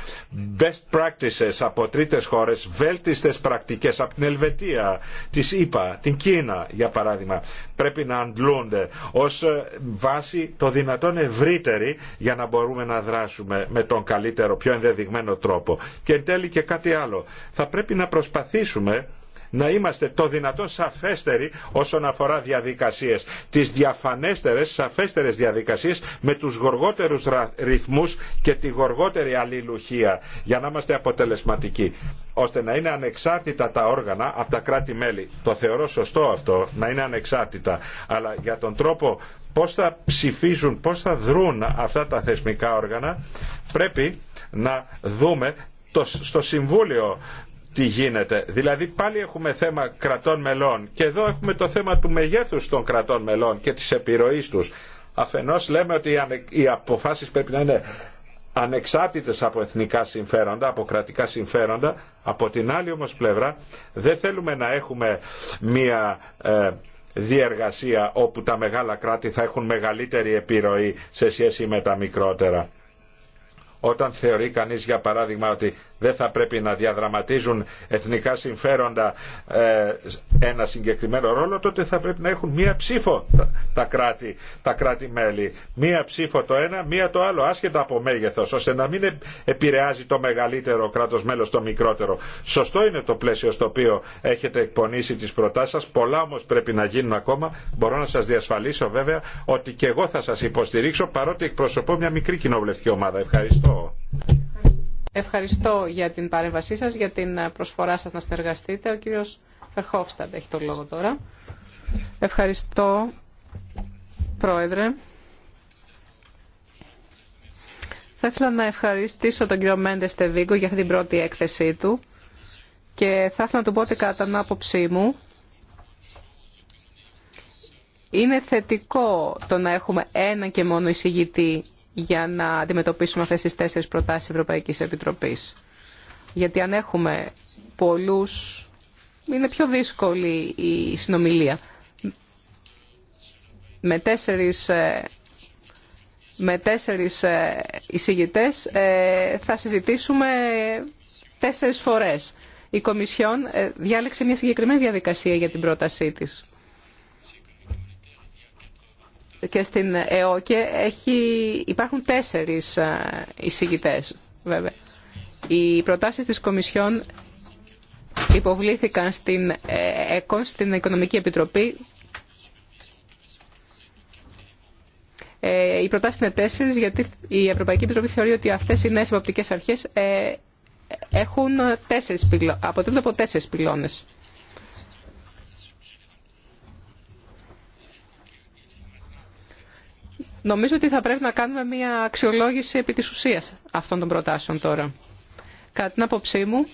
Best practices από τρίτες χώρες, βέλτιστες πρακτικές από την Ελβετία, της ΕΠΑ, την Κίνα για παράδειγμα πρέπει να αντλούνται ως ε, βάση το δυνατόν ευρύτερη για να μπορούμε να δράσουμε με τον καλύτερο, πιο ενδεδειγμένο τρόπο. Και εν τέλει και κάτι άλλο. Θα πρέπει να προσπαθήσουμε να είμαστε το δυνατόν σαφέστεροι όσον αφορά διαδικασίες. Τις διαφανέστερες, σαφέστερες διαδικασίες με τους γοργότερους ρυθμούς και τη γοργότερη αλληλουχία για να είμαστε αποτελεσματικοί ώστε να είναι ανεξάρτητα τα όργανα από τα κράτη-μέλη. Το θεωρώ σωστό αυτό, να είναι ανεξάρτητα. Αλλά για τον τρόπο πώς θα ψηφίζουν, πώς θα δρούν αυτά τα θεσμικά όργανα, πρέπει να δούμε το, στο Συμβούλιο τι γίνεται. Δηλαδή πάλι έχουμε θέμα κρατών μελών και εδώ έχουμε το θέμα του μεγέθους των κρατών μελών και της επιρροής τους. Αφενός λέμε ότι οι αποφάσεις πρέπει να είναι ανεξάρτητες από εθνικά συμφέροντα, από κρατικά συμφέροντα. Από την άλλη όμως πλευρά δεν θέλουμε να έχουμε μία ε, διεργασία όπου τα μεγάλα κράτη θα έχουν μεγαλύτερη επιρροή σε σχέση με τα μικρότερα. Όταν θεωρεί κανείς για παράδειγμα ότι δεν θα πρέπει να διαδραματίζουν εθνικά συμφέροντα ε, ένα συγκεκριμένο ρόλο, τότε θα πρέπει να έχουν μία ψήφο τα κράτη, τα κράτη-μέλη. Μία ψήφο το ένα, μία το άλλο, άσχετα από μέγεθος, ώστε να μην επηρεάζει το μεγαλύτερο κράτος μέλος το μικρότερο. Σωστό είναι το πλαίσιο στο οποίο έχετε εκπονήσει τις προτάσεις σας, πολλά όμως πρέπει να γίνουν ακόμα. Μπορώ να σας διασφαλίσω βέβαια ότι και εγώ θα σας υποστηρίξω παρότι εκπροσωπώ μια μικρή κοινοβουλευτική ομάδα. Ευχαριστώ. Ευχαριστώ για την παρέμβασή σας, για την προσφορά σας να συνεργαστείτε. Ο κύριος Φερχόφσταντ έχει το λόγο τώρα. Ευχαριστώ, Πρόεδρε. Θα ήθελα να ευχαριστήσω τον κύριο Μέντε Στεβίγκο για αυτή την πρώτη έκθεσή του και θα ήθελα να του πω ότι κατά την άποψή μου είναι θετικό το να έχουμε ένα και μόνο εισηγητή για να αντιμετωπίσουμε αυτές τις τέσσερις προτάσεις Ευρωπαϊκής Επιτροπής. Γιατί αν έχουμε πολλούς, είναι πιο δύσκολη η συνομιλία. Με τέσσερις, ε, με τέσσερις ε, εισηγητές ε, θα συζητήσουμε τέσσερις φορές. Η Κομισιόν διάλεξε μια συγκεκριμένη διαδικασία για την πρότασή της και στην ΕΟΚΕ έχει, υπάρχουν τέσσερις ε, εισηγητέ, βέβαια. Οι προτάσεις της Κομισιόν υποβλήθηκαν στην ε, ΕΚΟΝ, στην Οικονομική Επιτροπή. Ε, οι προτάσεις είναι τέσσερις γιατί η Ευρωπαϊκή Επιτροπή θεωρεί ότι αυτές οι νέες εποπτικές αρχές έχουν τέσσερις, αποτελούνται από τέσσερις πυλώνες. Νομίζω ότι θα πρέπει να κάνουμε μια αξιολόγηση επί της ουσίας αυτών των προτάσεων τώρα. Κατά την άποψή μου,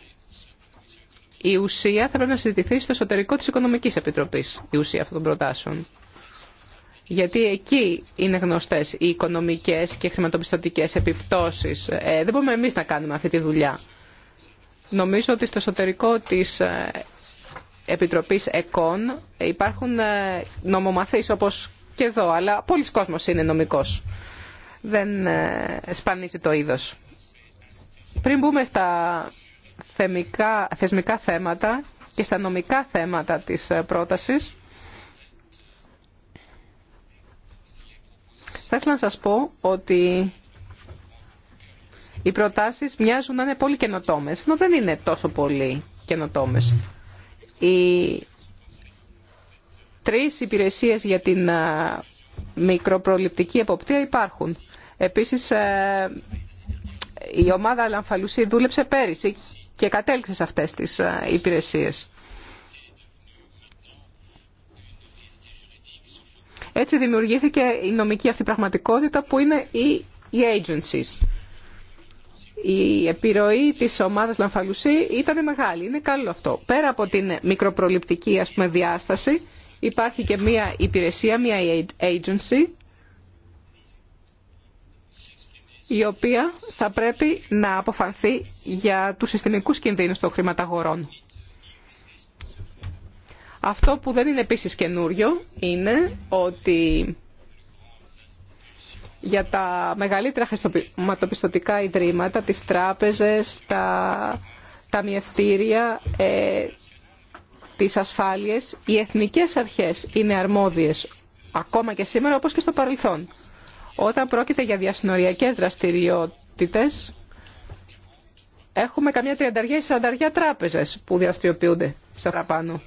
η ουσία θα πρέπει να συζητηθεί στο εσωτερικό της Οικονομικής Επιτροπής, η ουσία αυτών των προτάσεων. Γιατί εκεί είναι γνωστές οι οικονομικές και χρηματοπιστωτικές επιπτώσεις. Ε, δεν μπορούμε εμείς να κάνουμε αυτή τη δουλειά. Νομίζω ότι στο εσωτερικό της ε, Επιτροπής ΕΚΟΝ υπάρχουν ε, νομομαθείς όπως και εδώ, αλλά πολλοί κόσμος είναι νομικός. Δεν ε, σπανίζει το είδος. Πριν μπούμε στα θεμικά, θεσμικά θέματα και στα νομικά θέματα της ε, πρότασης, θα ήθελα να σας πω ότι οι προτάσεις μοιάζουν να είναι πολύ καινοτόμε, ενώ δεν είναι τόσο πολύ καινοτόμε. Η Τρεις υπηρεσίες για την ε, μικροπροληπτική εποπτεία υπάρχουν. Επίσης, ε, η ομάδα Λαμφαλουσί δούλεψε πέρυσι και κατέληξε σε αυτές τις ε, υπηρεσίες. Έτσι δημιουργήθηκε η νομική αυτή πραγματικότητα που είναι οι, οι agencies. Η επιρροή της ομάδας Λαμφαλουσί ήταν μεγάλη. Είναι καλό αυτό. Πέρα από την μικροπροληπτική ας πούμε, διάσταση, υπάρχει και μία υπηρεσία, μία agency, η οποία θα πρέπει να αποφανθεί για τους συστημικούς κινδύνους των χρηματαγορών. Αυτό που δεν είναι επίσης καινούριο είναι ότι για τα μεγαλύτερα χρηματοπιστωτικά ιδρύματα, τις τράπεζες, τα ταμιευτήρια, ε, τις ασφάλειες οι εθνικές αρχές είναι αρμόδιες ακόμα και σήμερα όπως και στο παρελθόν. Όταν πρόκειται για διασυνοριακές δραστηριότητες έχουμε καμιά τριανταριά ή σαρανταριά τράπεζες που δραστηριοποιούνται στα παραπάνω.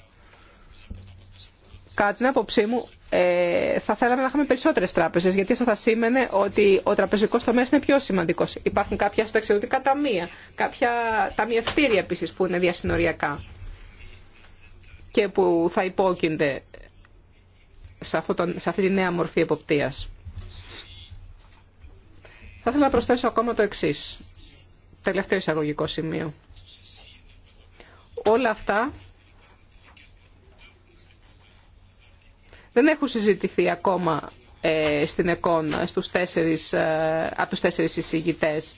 Κάτι την άποψή μου ε, θα θέλαμε να έχουμε περισσότερε τράπεζε, γιατί αυτό θα σήμαινε ότι ο τραπεζικό τομέα είναι πιο σημαντικό. Υπάρχουν κάποια συνταξιδοτικά ταμεία, κάποια ταμιευτήρια επίση που είναι διασυνοριακά και που θα υπόκεινται σε, αυτή τη νέα μορφή εποπτείας. Θα ήθελα να προσθέσω ακόμα το εξή. Τελευταίο εισαγωγικό σημείο. Όλα αυτά δεν έχουν συζητηθεί ακόμα ε, στην ΕΚΟΝ ε, στους τέσσερις, ε, από τους τέσσερις εισηγητές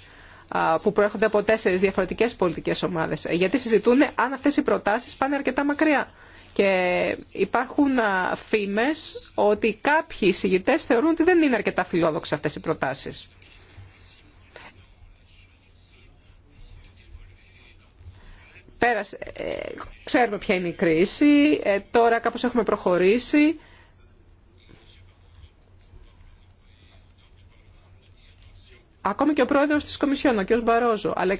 που προέρχονται από τέσσερις διαφορετικές πολιτικές ομάδες. Γιατί συζητούν αν αυτές οι προτάσεις πάνε αρκετά μακριά. Και υπάρχουν φήμε ότι κάποιοι εισηγητέ θεωρούν ότι δεν είναι αρκετά φιλόδοξε αυτέ οι προτάσεις. Πέρασε, ε, ξέρουμε ποια είναι η κρίση, ε, τώρα κάπως έχουμε προχωρήσει. Ακόμη και ο πρόεδρος της Κομισιόν, ο κ. Μπαρόζο, αλλά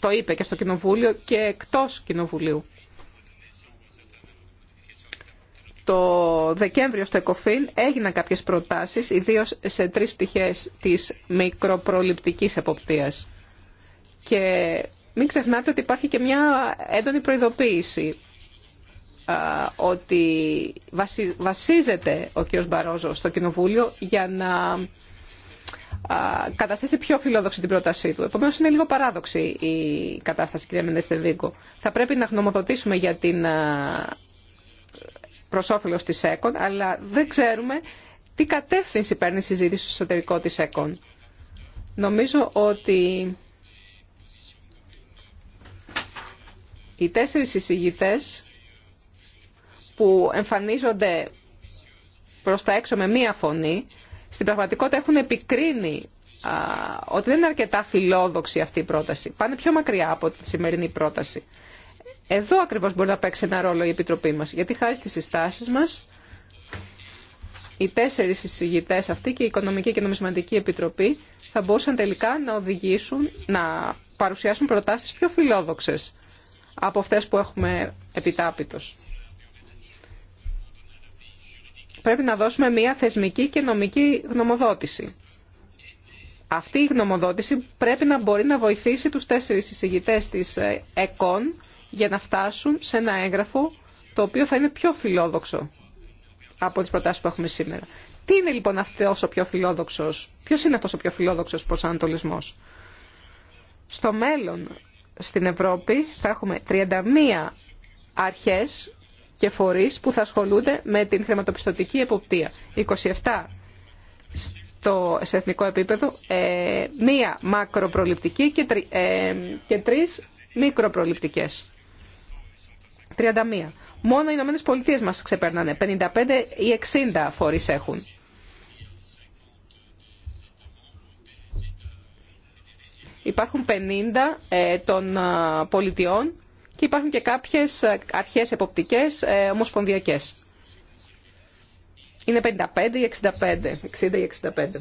το είπε και στο Κοινοβούλιο και εκτός Κοινοβουλίου. το Δεκέμβριο στο ΕΚΟΦΗΝ έγιναν κάποιες προτάσεις, ιδίως σε τρεις πτυχές της μικροπροληπτικής εποπτείας. Και μην ξεχνάτε ότι υπάρχει και μια έντονη προειδοποίηση ότι βασίζεται ο κ. Μπαρόζο στο Κοινοβούλιο για να καταστήσει πιο φιλόδοξη την πρότασή του. Επομένω, είναι λίγο παράδοξη η κατάσταση, κ. Μενδέστε Θα πρέπει να γνωμοδοτήσουμε για την προ όφελο της ΕΚΟΝ, αλλά δεν ξέρουμε τι κατεύθυνση παίρνει η συζήτηση στο εσωτερικό τη ΕΚΟΝ. Νομίζω ότι οι τέσσερις εισηγητές που εμφανίζονται προς τα έξω με μία φωνή, στην πραγματικότητα έχουν επικρίνει ότι δεν είναι αρκετά φιλόδοξη αυτή η πρόταση. Πάνε πιο μακριά από τη σημερινή πρόταση. Εδώ ακριβώς μπορεί να παίξει ένα ρόλο η Επιτροπή μας, γιατί χάρη στις συστάσεις μας, οι τέσσερις συζητητές αυτοί και η Οικονομική και Νομισματική Επιτροπή θα μπορούσαν τελικά να οδηγήσουν, να παρουσιάσουν προτάσεις πιο φιλόδοξες από αυτές που έχουμε επιτάπητος. Πρέπει να δώσουμε μια θεσμική και νομική γνωμοδότηση. Αυτή η γνωμοδότηση πρέπει να μπορεί να βοηθήσει τους τέσσερις συζητητές της ε, ΕΚΟΝ για να φτάσουν σε ένα έγγραφο το οποίο θα είναι πιο φιλόδοξο από τις προτάσεις που έχουμε σήμερα. Τι είναι λοιπόν αυτός ο πιο φιλόδοξος, ποιος είναι αυτό ο πιο φιλόδοξος προσανατολισμός. Στο μέλλον στην Ευρώπη θα έχουμε 31 αρχές και φορείς που θα ασχολούνται με την χρηματοπιστωτική εποπτεία. 27 στο, σε εθνικό επίπεδο, ε, μία μακροπροληπτική και, τρι, ε, και τρεις μικροπροληπτικές. 31. Μόνο οι Ηνωμένε Πολιτείε μα ξεπέρνανε. 55 ή 60 φορεί έχουν. Υπάρχουν 50 ε, των ε, πολιτιών και υπάρχουν και κάποιες ε, αρχές εποπτικές ε, ομοσπονδιακές. Είναι 55 ή 65, 60 ή 65.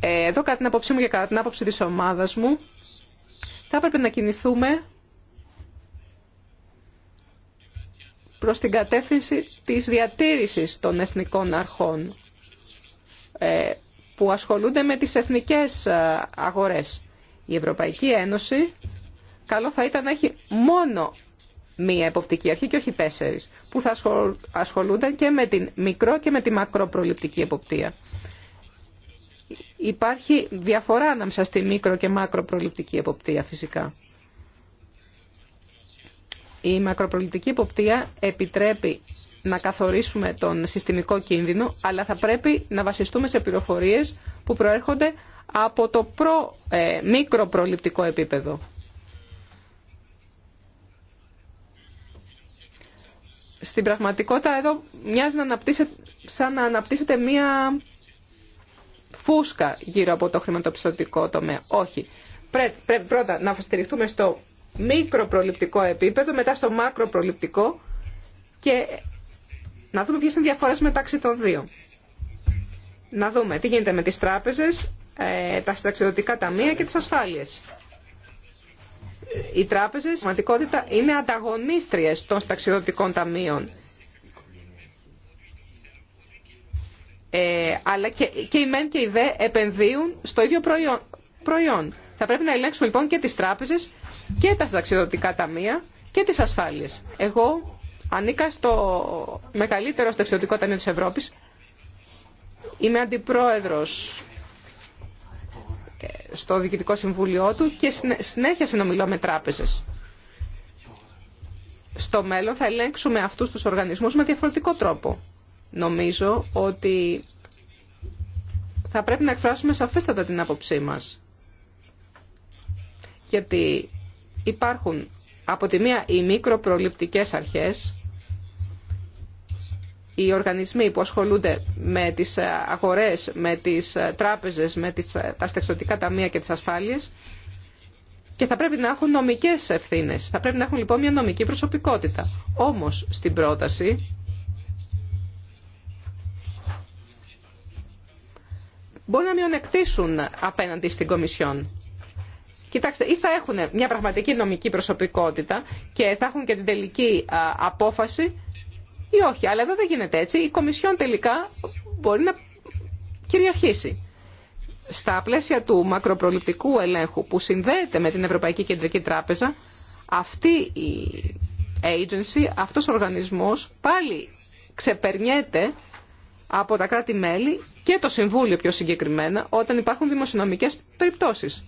εδώ κατά την άποψή μου και κατά την άποψη της ομάδας μου θα έπρεπε να κινηθούμε προς την κατεύθυνση της διατήρησης των εθνικών αρχών ε, που ασχολούνται με τις εθνικές ε, αγορές. Η Ευρωπαϊκή Ένωση καλό θα ήταν να έχει μόνο μία εποπτική αρχή και όχι τέσσερις που θα ασχολούνταν και με την μικρό και με τη μακροπροληπτική εποπτεία. Υπάρχει διαφορά ανάμεσα στη μικρο και μακροπροληπτική εποπτεία φυσικά. Η μακροπολιτική υποπτία επιτρέπει να καθορίσουμε τον συστημικό κίνδυνο, αλλά θα πρέπει να βασιστούμε σε πληροφορίες που προέρχονται από το προ, ε, μικροπροληπτικό επίπεδο. Στην πραγματικότητα εδώ μοιάζει να σαν να αναπτύσσεται μία φούσκα γύρω από το χρηματοπιστωτικό τομέα. Όχι. Πρέπει, πρώτα να στηριχτούμε στο μικροπροληπτικό επίπεδο, μετά στο μακροπροληπτικό και να δούμε ποιες είναι οι διαφορές μεταξύ των δύο. Να δούμε τι γίνεται με τις τράπεζες, ε, τα συνταξιδοτικά ταμεία και τις ασφάλειες. Οι τράπεζες, σημαντικότητα, είναι ανταγωνίστριες των συνταξιδοτικών ταμείων. Ε, αλλά και, και οι μεν και οι δε επενδύουν στο ίδιο προϊόν, προϊόν. Θα πρέπει να ελέγξουμε λοιπόν και τις τράπεζες και τα συνταξιδοτικά ταμεία και τις ασφάλειες. Εγώ ανήκα στο μεγαλύτερο συνταξιδοτικό ταμείο της Ευρώπης. Είμαι αντιπρόεδρος ε, στο Διοικητικό Συμβούλιο του και συνέχεια συνομιλώ με τράπεζες. Στο μέλλον θα ελέγξουμε αυτούς τους οργανισμούς με διαφορετικό τρόπο. Νομίζω ότι θα πρέπει να εκφράσουμε σαφέστατα την άποψή μας γιατί υπάρχουν από τη μία οι μικροπροληπτικές αρχές, οι οργανισμοί που ασχολούνται με τις ε, αγορές, με τις ε, τράπεζες, με τις, ε, τα στεξιωτικά ταμεία και τις ασφάλειες και θα πρέπει να έχουν νομικές ευθύνες. Θα πρέπει να έχουν λοιπόν μια νομική προσωπικότητα. Όμως στην πρόταση μπορεί να μειονεκτήσουν απέναντι στην Κομισιόν. Κοιτάξτε, ή θα έχουν μια πραγματική νομική προσωπικότητα και θα έχουν και την τελική απόφαση ή όχι. Αλλά εδώ δεν γίνεται έτσι. Η Κομισιόν τελικά μπορεί να κυριαρχήσει. Στα πλαίσια του μακροπροληπτικού ελέγχου που συνδέεται με την Ευρωπαϊκή Κεντρική Τράπεζα, αυτή η agency, αυτός ο οργανισμός πάλι ξεπερνιέται από τα κράτη-μέλη και το Συμβούλιο πιο συγκεκριμένα όταν υπάρχουν δημοσιονομικές περιπτώσεις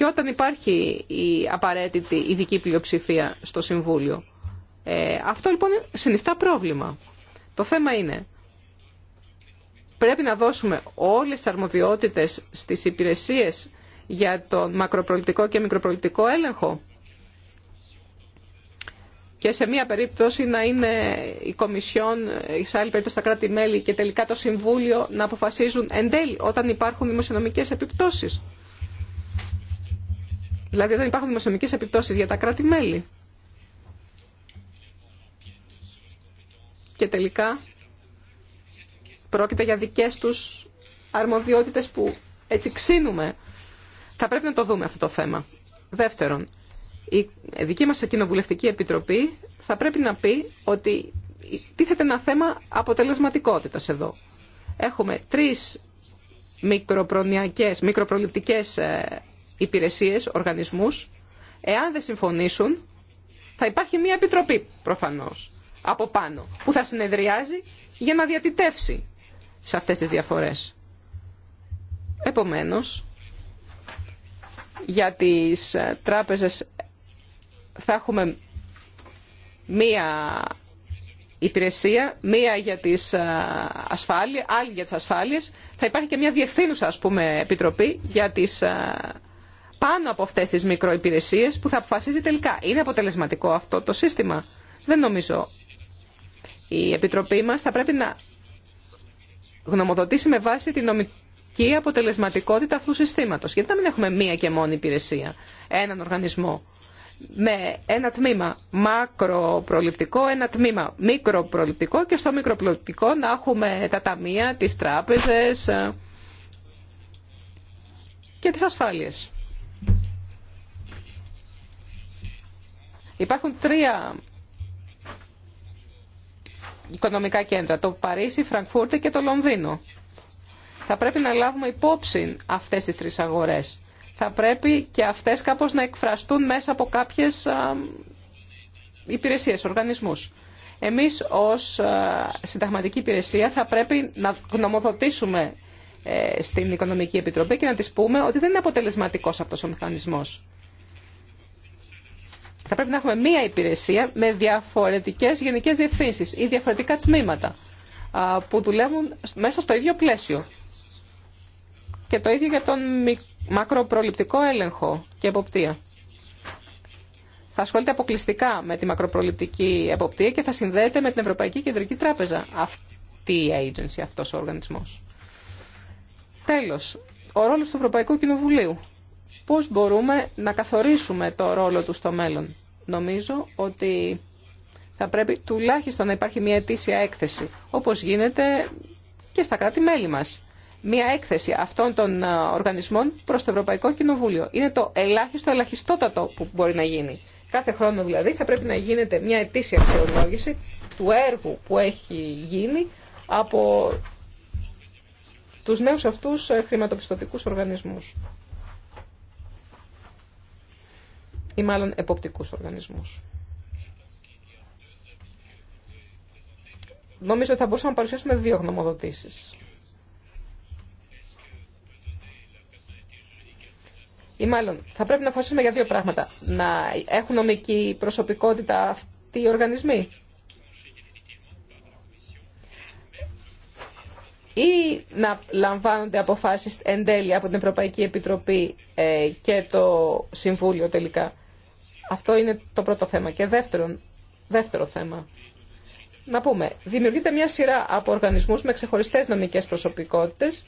και όταν υπάρχει η απαραίτητη ειδική πλειοψηφία στο Συμβούλιο. Ε, αυτό λοιπόν συνιστά πρόβλημα. Το θέμα είναι, πρέπει να δώσουμε όλες τις αρμοδιότητες στις υπηρεσίες για τον μακροπολιτικό και μικροπολιτικό έλεγχο και σε μία περίπτωση να είναι η Κομισιόν, σε άλλη περίπτωση τα κράτη-μέλη και τελικά το Συμβούλιο να αποφασίζουν εν τέλει όταν υπάρχουν δημοσιονομικές επιπτώσεις. Δηλαδή δεν υπάρχουν δημοσιονομικές επιπτώσεις για τα κράτη-μέλη. Και τελικά πρόκειται για δικές τους αρμοδιότητες που έτσι ξύνουμε. Θα πρέπει να το δούμε αυτό το θέμα. Δεύτερον, η δική μας κοινοβουλευτική επιτροπή θα πρέπει να πει ότι τίθεται ένα θέμα αποτελεσματικότητας εδώ. Έχουμε τρεις μικροπρονιακές, μικροπροληπτικές ε, υπηρεσίε, οργανισμούς. Εάν δεν συμφωνήσουν, θα υπάρχει μια επιτροπή προφανώς από πάνω που θα συνεδριάζει για να διατητεύσει σε αυτές τις διαφορές. Επομένως, για τις ε, τράπεζες θα έχουμε μία υπηρεσία, μία για τις ε, ασφάλειες, άλλη για τις ασφάλειες. Θα υπάρχει και μία διευθύνουσα, ας πούμε, επιτροπή για τις ε, πάνω από αυτέ τι μικροϊπηρεσίε που θα αποφασίζει τελικά. Είναι αποτελεσματικό αυτό το σύστημα. Δεν νομίζω. Η Επιτροπή μα θα πρέπει να γνωμοδοτήσει με βάση τη νομική αποτελεσματικότητα αυτού του συστήματος. Γιατί να μην έχουμε μία και μόνη υπηρεσία, έναν οργανισμό με ένα τμήμα μακροπροληπτικό, ένα τμήμα μικροπροληπτικό και στο μικροπροληπτικό να έχουμε τα ταμεία, τις τράπεζες ε, και τις ασφάλειες. Υπάρχουν τρία οικονομικά κέντρα, το Παρίσι, η Φραγκφούρτη και το Λονδίνο. Θα πρέπει να λάβουμε υπόψη αυτές τις τρεις αγορές. Θα πρέπει και αυτές κάπως να εκφραστούν μέσα από κάποιες υπηρεσίες, οργανισμούς. Εμείς ως συνταγματική υπηρεσία θα πρέπει να γνωμοδοτήσουμε ε, στην Οικονομική Επιτροπή και να της πούμε ότι δεν είναι αποτελεσματικός αυτός ο μηχανισμός. Θα πρέπει να έχουμε μία υπηρεσία με διαφορετικές γενικές διευθύνσεις ή διαφορετικά τμήματα που δουλεύουν μέσα στο ίδιο πλαίσιο. Και το ίδιο για τον μακροπροληπτικό έλεγχο και εποπτεία. Θα ασχολείται αποκλειστικά με τη μακροπροληπτική εποπτεία και θα συνδέεται με την Ευρωπαϊκή Κεντρική Τράπεζα αυτή η agency, αυτός ο οργανισμός. Τέλος, ο ρόλος του Ευρωπαϊκού Κοινοβουλίου. Πώς μπορούμε να καθορίσουμε το ρόλο του στο μέλλον. Νομίζω ότι θα πρέπει τουλάχιστον να υπάρχει μια ετήσια έκθεση, όπως γίνεται και στα κράτη-μέλη μας. Μια έκθεση αυτών των ε, οργανισμών προς το Ευρωπαϊκό Κοινοβούλιο. Είναι το ελάχιστο ελαχιστότατο που μπορεί να γίνει. Κάθε χρόνο δηλαδή θα πρέπει να γίνεται μια ετήσια αξιολόγηση του έργου που έχει γίνει από τους νέους αυτούς ε, χρηματοπιστωτικούς οργανισμούς. ή μάλλον εποπτικούς οργανισμούς. Νομίζω ότι θα μπορούσαμε να παρουσιάσουμε δύο γνωμοδοτήσεις. Ή μάλλον, θα πρέπει να φασίσουμε για δύο πράγματα. Να έχουν νομική προσωπικότητα αυτοί οι οργανισμοί. Ή να λαμβάνονται αποφάσεις εν τέλει από την Ευρωπαϊκή Επιτροπή ε, και το Συμβούλιο τελικά. Αυτό είναι το πρώτο θέμα. Και δεύτερο, δεύτερο θέμα. Να πούμε, δημιουργείται μια σειρά από οργανισμούς με ξεχωριστές νομικές προσωπικότητες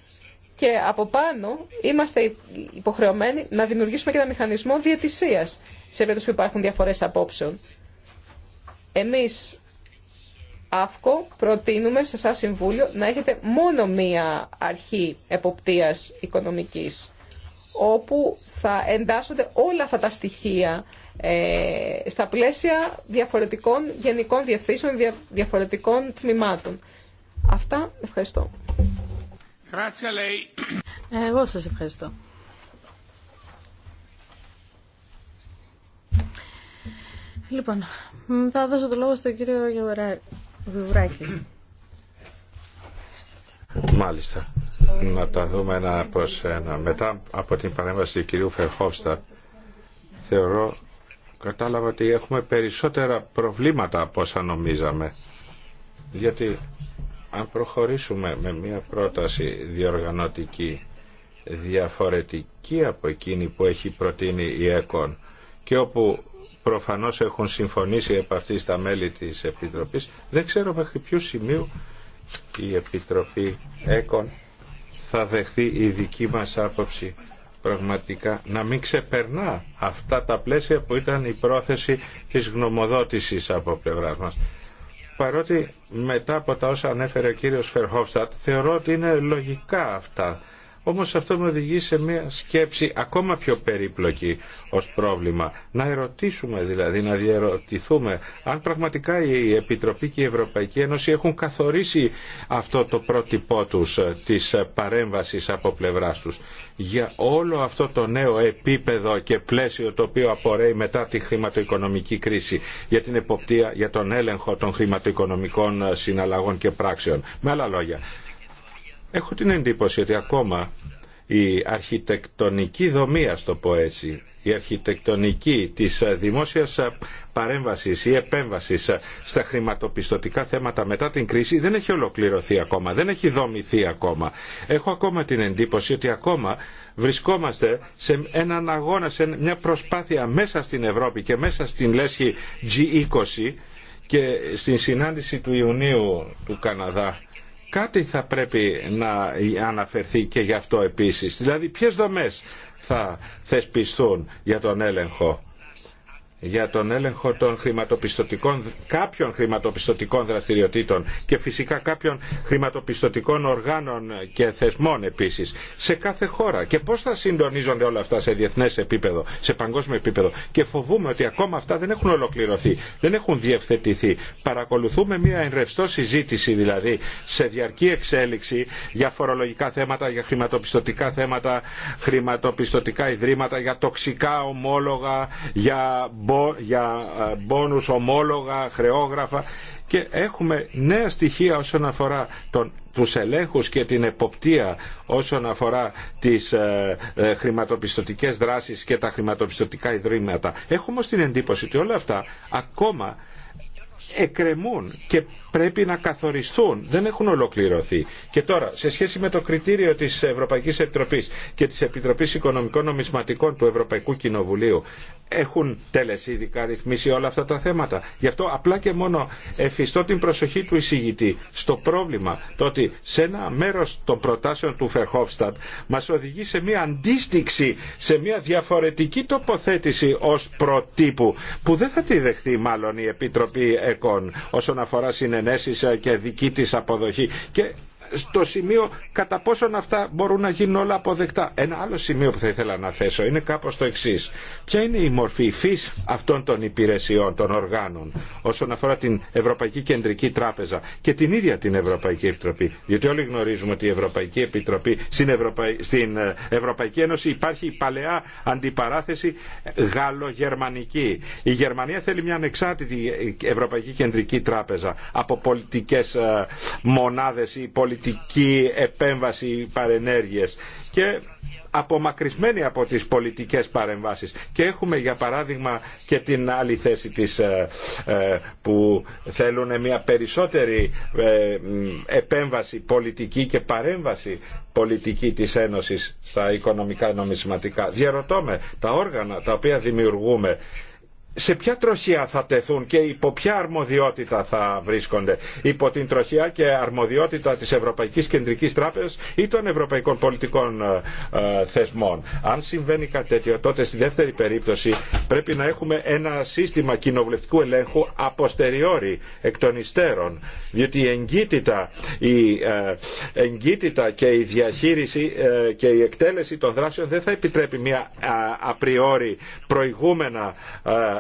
και από πάνω είμαστε υποχρεωμένοι να δημιουργήσουμε και ένα μηχανισμό διαιτησίας σε περίπτωση που υπάρχουν διαφορές απόψεων. Εμείς, ΑΦΚΟ, προτείνουμε σε εσά Συμβούλιο να έχετε μόνο μία αρχή εποπτείας οικονομικής, όπου θα εντάσσονται όλα αυτά τα στοιχεία ε, στα πλαίσια διαφορετικών γενικών διευθύνσεων, διαφορετικών τμήματων. Αυτά, ευχαριστώ. Εγώ σας ευχαριστώ. Λοιπόν, θα δώσω το λόγο στον κύριο Γεωργάκη. Μάλιστα. Να τα δούμε ένα προς ένα. Μετά από την παρέμβαση του κυρίου Φερχόφστα, θεωρώ κατάλαβα ότι έχουμε περισσότερα προβλήματα από όσα νομίζαμε. Γιατί αν προχωρήσουμε με μια πρόταση διοργανωτική διαφορετική από εκείνη που έχει προτείνει η ΕΚΟΝ και όπου προφανώς έχουν συμφωνήσει επ' αυτή τα μέλη της Επιτροπής δεν ξέρω μέχρι ποιο σημείο η Επιτροπή ΕΚΟΝ θα δεχθεί η δική μας άποψη πραγματικά να μην ξεπερνά αυτά τα πλαίσια που ήταν η πρόθεση της γνωμοδότησης από πλευρά μας. Παρότι μετά από τα όσα ανέφερε ο κύριος Φερχόφστατ, θεωρώ ότι είναι λογικά αυτά όμως αυτό με οδηγεί σε μια σκέψη ακόμα πιο περίπλοκη ως πρόβλημα. Να ερωτήσουμε δηλαδή, να διαρωτηθούμε αν πραγματικά η Επιτροπή και η Ευρωπαϊκή Ένωση έχουν καθορίσει αυτό το πρότυπό τους ε, της ε, παρέμβασης από πλευράς τους. Για όλο αυτό το νέο επίπεδο και πλαίσιο το οποίο απορρέει μετά τη χρηματοοικονομική κρίση για την εποπτεία, για τον έλεγχο των χρηματοοικονομικών ε, συναλλαγών και πράξεων. Με άλλα λόγια, Έχω την εντύπωση ότι ακόμα η αρχιτεκτονική δομή, α το πω έτσι, η αρχιτεκτονική της δημόσιας παρέμβασης ή επέμβασης στα χρηματοπιστωτικά θέματα μετά την κρίση δεν έχει ολοκληρωθεί ακόμα, δεν έχει δομηθεί ακόμα. Έχω ακόμα την εντύπωση ότι ακόμα βρισκόμαστε σε έναν αγώνα, σε μια προσπάθεια μέσα στην Ευρώπη και μέσα στην λέσχη G20 και στην συνάντηση του Ιουνίου του Καναδά κάτι θα πρέπει να αναφερθεί και γι' αυτό επίσης. Δηλαδή ποιες δομές θα θεσπιστούν για τον έλεγχο για τον έλεγχο των χρηματοπιστωτικών, κάποιων χρηματοπιστωτικών δραστηριοτήτων και φυσικά κάποιων χρηματοπιστωτικών οργάνων και θεσμών επίσης σε κάθε χώρα. Και πώς θα συντονίζονται όλα αυτά σε διεθνές επίπεδο, σε παγκόσμιο επίπεδο. Και φοβούμε ότι ακόμα αυτά δεν έχουν ολοκληρωθεί, δεν έχουν διευθετηθεί. Παρακολουθούμε μια ενρευστό συζήτηση δηλαδή σε διαρκή εξέλιξη για φορολογικά θέματα, για χρηματοπιστωτικά θέματα, χρηματοπιστωτικά ιδρύματα, για τοξικά ομόλογα, για για ε, μπόνους ομόλογα, χρεόγραφα και έχουμε νέα στοιχεία όσον αφορά τον, τους ελέγχους και την εποπτεία όσον αφορά τις ε, ε, χρηματοπιστωτικές δράσεις και τα χρηματοπιστωτικά ιδρύματα. Έχουμε όμως την εντύπωση ότι όλα αυτά ακόμα εκκρεμούν και πρέπει να καθοριστούν. Δεν έχουν ολοκληρωθεί. Και τώρα, σε σχέση με το κριτήριο της Ευρωπαϊκής Επιτροπής και της Επιτροπής Οικονομικών Νομισματικών του Ευρωπαϊκού Κοινοβουλίου, έχουν τελεσίδικα ρυθμίσει όλα αυτά τα θέματα. Γι' αυτό απλά και μόνο εφιστώ την προσοχή του εισηγητή στο πρόβλημα το ότι σε ένα μέρος των προτάσεων του Φερχόφστατ μα οδηγεί σε μια αντίστοιξη, σε μια διαφορετική τοποθέτηση ως προτύπου που δεν θα τη δεχθεί μάλλον η Επιτροπή ΕΚΟΝ όσον αφορά συνενέσεις και δική της αποδοχή και στο σημείο κατά πόσον αυτά μπορούν να γίνουν όλα αποδεκτά. Ένα άλλο σημείο που θα ήθελα να θέσω είναι κάπως το εξή. Ποια είναι η μορφή φύση αυτών των υπηρεσιών, των οργάνων όσον αφορά την Ευρωπαϊκή Κεντρική Τράπεζα και την ίδια την Ευρωπαϊκή Επιτροπή. Γιατί όλοι γνωρίζουμε ότι η Ευρωπαϊκή Επιτροπή στην, στην ε, Ευρωπαϊκή Ένωση υπάρχει η παλαιά αντιπαράθεση γαλλογερμανική. Η Γερμανία θέλει μια ανεξάρτητη ε, Ευρωπαϊκή Κεντρική Τράπεζα από πολιτικέ ε, μονάδε ή πολιτικέ πολιτική επέμβαση παρενέργειες και απομακρυσμένοι από τις πολιτικές παρεμβάσεις και έχουμε για παράδειγμα και την άλλη θέση της ε, ε, που θέλουν μια περισσότερη ε, επέμβαση πολιτική και παρέμβαση πολιτική της Ένωσης στα οικονομικά νομισματικά. Διαρωτώ τα όργανα τα οποία δημιουργούμε σε ποια τροχιά θα τεθούν και υπό ποια αρμοδιότητα θα βρίσκονται. Υπό την τροχιά και αρμοδιότητα της Ευρωπαϊκής Κεντρικής Τράπεζας ή των Ευρωπαϊκών Πολιτικών ε, ε, Θεσμών. Αν συμβαίνει κάτι τέτοιο, τότε στη δεύτερη περίπτωση πρέπει να έχουμε ένα σύστημα κοινοβουλευτικού ελέγχου αποστεριόρι, εκ των υστέρων. Διότι η εγκύτητα, η ε, και η διαχείριση και η εκτέλεση των δράσεων δεν θα επιτρέπει μια απριόρι προηγούμενα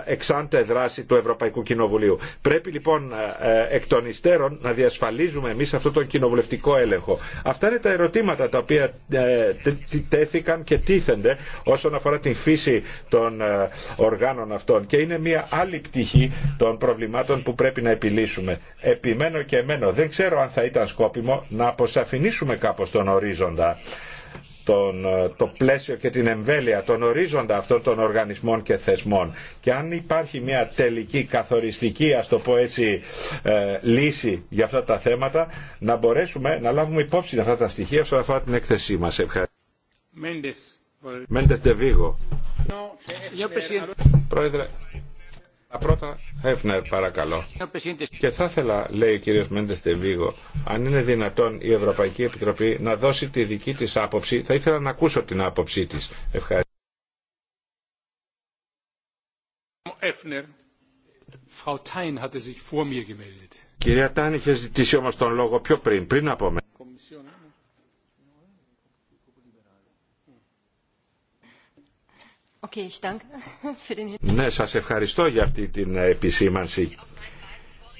εξάντε δράση του Ευρωπαϊκού Κοινοβουλίου. Πρέπει λοιπόν ε, ε, εκ των υστέρων να διασφαλίζουμε εμείς αυτό τον κοινοβουλευτικό έλεγχο. Αυτά είναι τα ερωτήματα τα οποία ε, τέθηκαν και τίθενται όσον αφορά την φύση των οργάνων αυτών και είναι μια άλλη πτυχή των προβλημάτων που πρέπει να επιλύσουμε. Επιμένω και εμένω, δεν ξέρω αν θα ήταν σκόπιμο να αποσαφηνίσουμε κάπως τον ορίζοντα τον, ε, το πλαίσιο και την εμβέλεια, τον ορίζοντα αυτών των οργανισμών και θεσμών. Και αν υπάρχει μια τελική καθοριστική, ας το πω έτσι, ε, λύση για αυτά τα θέματα, να μπορέσουμε να λάβουμε υπόψη αυτά τα στοιχεία όσον αφορά την έκθεσή μας. Ευχαριστώ. Μέντες. Μέντες Πρόεδρε, Πρώτα, Εύνερ, παρακαλώ. Και θα ήθελα, λέει ο κύριος Μέντε Τεβίγο, αν είναι δυνατόν η Ευρωπαϊκή Επιτροπή να δώσει τη δική της άποψη, θα ήθελα να ακούσω την άποψή της. Ευχαριστώ. Κυρία Τάν είχε ζητήσει όμως τον λόγο πιο πριν, πριν από μένα. Ε? <laughs> Ναι, σας ευχαριστώ για αυτή την επισήμανση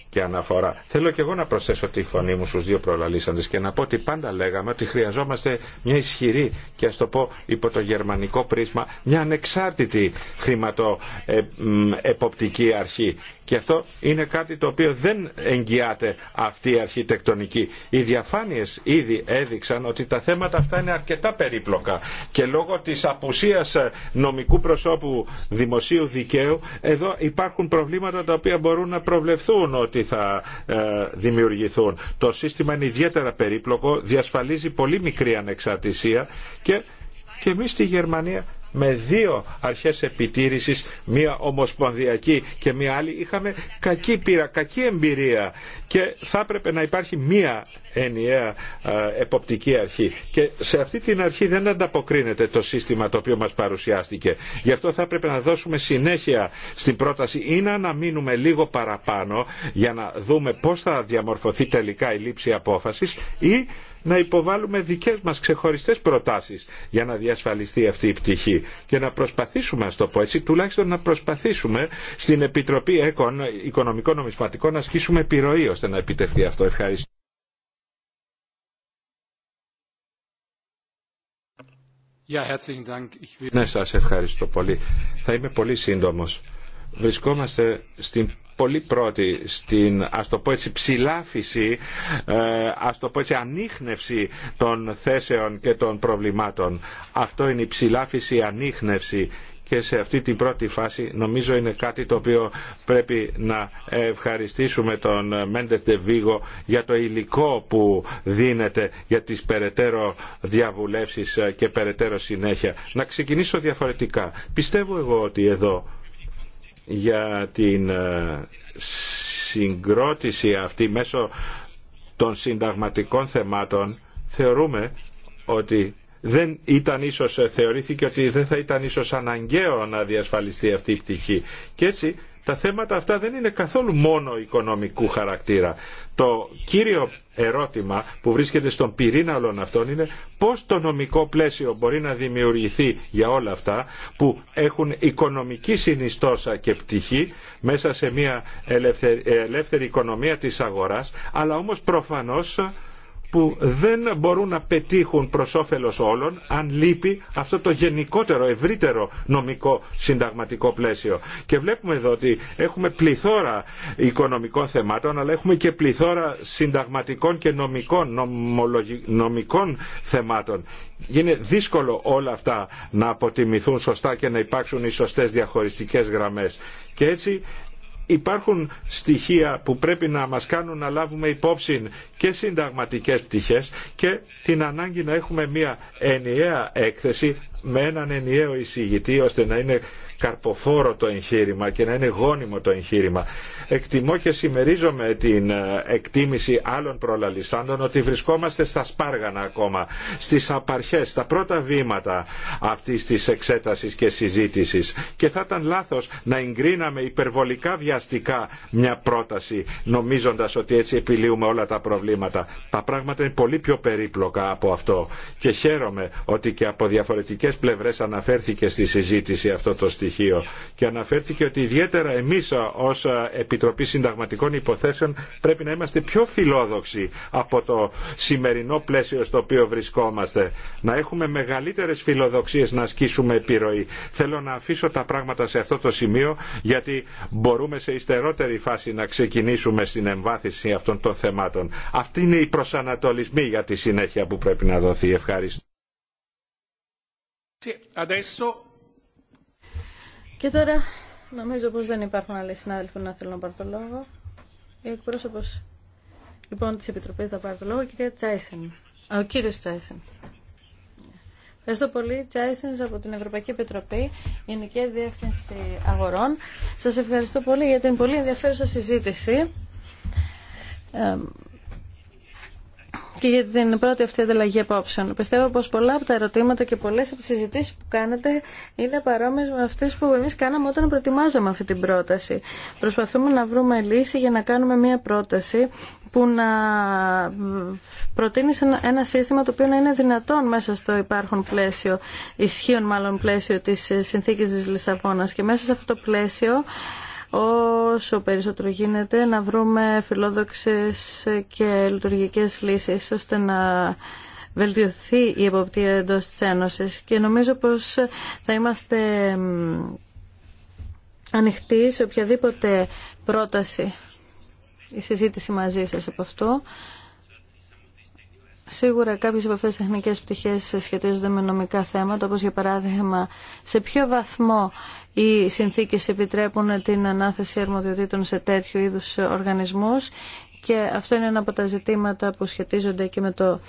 και αναφορά. Θέλω και εγώ να προσθέσω τη φωνή μου στους δύο προλαλήσαντες και να πω ότι πάντα λέγαμε ότι χρειαζόμαστε μια ισχυρή και ας το πω υπό το γερμανικό πρίσμα μια ανεξάρτητη χρηματοεποπτική αρχή και αυτό είναι κάτι το οποίο δεν εγγυάται αυτή η αρχιτεκτονική. Οι διαφάνειες ήδη έδειξαν ότι τα θέματα αυτά είναι αρκετά περίπλοκα και λόγω της απουσίας νομικού προσώπου δημοσίου δικαίου εδώ υπάρχουν προβλήματα τα οποία μπορούν να προβλεφθούν ότι θα ε, δημιουργηθούν. Το σύστημα είναι ιδιαίτερα περίπλοκο, διασφαλίζει πολύ μικρή ανεξαρτησία και εμείς στη Γερμανία με δύο αρχές επιτήρησης, μία ομοσπονδιακή και μία άλλη, είχαμε κακή πείρα, κακή εμπειρία και θα έπρεπε να υπάρχει μία ενιαία εποπτική αρχή. Και σε αυτή την αρχή δεν ανταποκρίνεται το σύστημα το οποίο μας παρουσιάστηκε. Γι' αυτό θα έπρεπε να δώσουμε συνέχεια στην πρόταση ή να αναμείνουμε λίγο παραπάνω για να δούμε πώς θα διαμορφωθεί τελικά η λήψη απόφασης ή να υποβάλουμε δικές μας ξεχωριστές προτάσεις για να διασφαλιστεί αυτή η πτυχή και να προσπαθήσουμε, να το πω έτσι, τουλάχιστον να προσπαθήσουμε στην Επιτροπή οικονομικό Οικονομικών Νομισματικών, να ασκήσουμε επιρροή ώστε να επιτευχθεί αυτό. Ευχαριστώ. Ναι, σας ευχαριστώ πολύ. Θα είμαι πολύ σύντομος. Βρισκόμαστε στην πολύ πρώτη στην ας το πω έτσι ψηλάφιση, ε, ας το πω έτσι ανείχνευση των θέσεων και των προβλημάτων. Αυτό είναι η ψηλάφιση ανείχνευση και σε αυτή την πρώτη φάση νομίζω είναι κάτι το οποίο πρέπει να ευχαριστήσουμε τον Μέντεθ Βίγο για το υλικό που δίνεται για τις περαιτέρω διαβουλεύσεις και περαιτέρω συνέχεια. Να ξεκινήσω διαφορετικά. Πιστεύω εγώ ότι εδώ για την ε, συγκρότηση αυτή μέσω των συνταγματικών θεμάτων θεωρούμε ότι δεν ήταν ίσως, ε, θεωρήθηκε ότι δεν θα ήταν ίσως αναγκαίο να διασφαλιστεί αυτή η πτυχή. Και έτσι τα θέματα αυτά δεν είναι καθόλου μόνο οικονομικού χαρακτήρα. Το κύριο ερώτημα που βρίσκεται στον πυρήνα όλων αυτών είναι πώς το νομικό πλαίσιο μπορεί να δημιουργηθεί για όλα αυτά που έχουν οικονομική συνιστόσα και πτυχή μέσα σε μια ελεύθερη οικονομία της αγοράς αλλά όμως προφανώς που δεν μπορούν να πετύχουν προ όφελο όλων αν λείπει αυτό το γενικότερο, ευρύτερο νομικό συνταγματικό πλαίσιο. Και βλέπουμε εδώ ότι έχουμε πληθώρα οικονομικών θεμάτων, αλλά έχουμε και πληθώρα συνταγματικών και νομικών, νομικών θεμάτων. Είναι δύσκολο όλα αυτά να αποτιμηθούν σωστά και να υπάρξουν οι σωστές διαχωριστικές γραμμές υπάρχουν στοιχεία που πρέπει να μας κάνουν να λάβουμε υπόψη και συνταγματικές πτυχές και την ανάγκη να έχουμε μια ενιαία έκθεση με έναν ενιαίο εισηγητή ώστε να είναι καρποφόρο το εγχείρημα και να είναι γόνιμο το εγχείρημα. Εκτιμώ και συμμερίζομαι την ε, εκτίμηση άλλων προλαλισσάντων ότι βρισκόμαστε στα σπάργανα ακόμα, στις απαρχές, στα πρώτα βήματα αυτή της εξέτασης και συζήτησης και θα ήταν λάθος να εγκρίναμε υπερβολικά βιαστικά μια πρόταση νομίζοντας ότι έτσι επιλύουμε όλα τα προβλήματα. Τα πράγματα είναι πολύ πιο περίπλοκα από αυτό και χαίρομαι ότι και από διαφορετικές πλευρές αναφέρθηκε στη συζήτηση αυτό το στοιχείο και αναφέρθηκε ότι ιδιαίτερα εμείς ως Επιτροπή Συνταγματικών Υποθέσεων πρέπει να είμαστε πιο φιλόδοξοι από το σημερινό πλαίσιο στο οποίο βρισκόμαστε. Να έχουμε μεγαλύτερες φιλοδοξίες να ασκήσουμε επιρροή. Θέλω να αφήσω τα πράγματα σε αυτό το σημείο γιατί μπορούμε σε υστερότερη φάση να ξεκινήσουμε στην εμβάθυνση αυτών των θεμάτων. Αυτή είναι η προσανατολισμή για τη συνέχεια που πρέπει να δοθεί. Ευχαριστώ. Adesso και τώρα νομίζω πως δεν υπάρχουν άλλοι συνάδελφοι που να θέλουν να πάρουν το λόγο. Η εκπρόσωπος λοιπόν της Επιτροπής θα πάρει το λόγο, κυρία Τσάισεν. Α, ο κύριος Τσάισεν. Ευχαριστώ πολύ, Τσάισεν, από την Ευρωπαϊκή Επιτροπή, Γενική Διεύθυνση Αγορών. Σας ευχαριστώ πολύ για την πολύ ενδιαφέρουσα συζήτηση και για την πρώτη αυτή ανταλλαγή απόψεων. Πιστεύω πως πολλά από τα ερωτήματα και πολλές από τις συζητήσει που κάνετε είναι παρόμοιε με αυτές που εμείς κάναμε όταν προετοιμάζαμε αυτή την πρόταση. Προσπαθούμε να βρούμε λύση για να κάνουμε μια πρόταση που να προτείνει ένα σύστημα το οποίο να είναι δυνατόν μέσα στο υπάρχον πλαίσιο, ισχύον μάλλον πλαίσιο τη συνθήκη τη Λισαβόνα και μέσα σε αυτό το πλαίσιο όσο περισσότερο γίνεται να βρούμε φιλόδοξες και λειτουργικές λύσεις ώστε να βελτιωθεί η εποπτεία εντός της Ένωσης και νομίζω πως θα είμαστε ανοιχτοί σε οποιαδήποτε πρόταση η συζήτηση μαζί σας από αυτό Σίγουρα κάποιες από αυτές τεχνικές πτυχές σχετίζονται με νομικά θέματα, όπως για παράδειγμα σε ποιο βαθμό οι συνθήκες επιτρέπουν την ανάθεση αρμοδιοτήτων σε τέτοιου είδους οργανισμούς και αυτό είναι ένα από τα ζητήματα που σχετίζονται και με το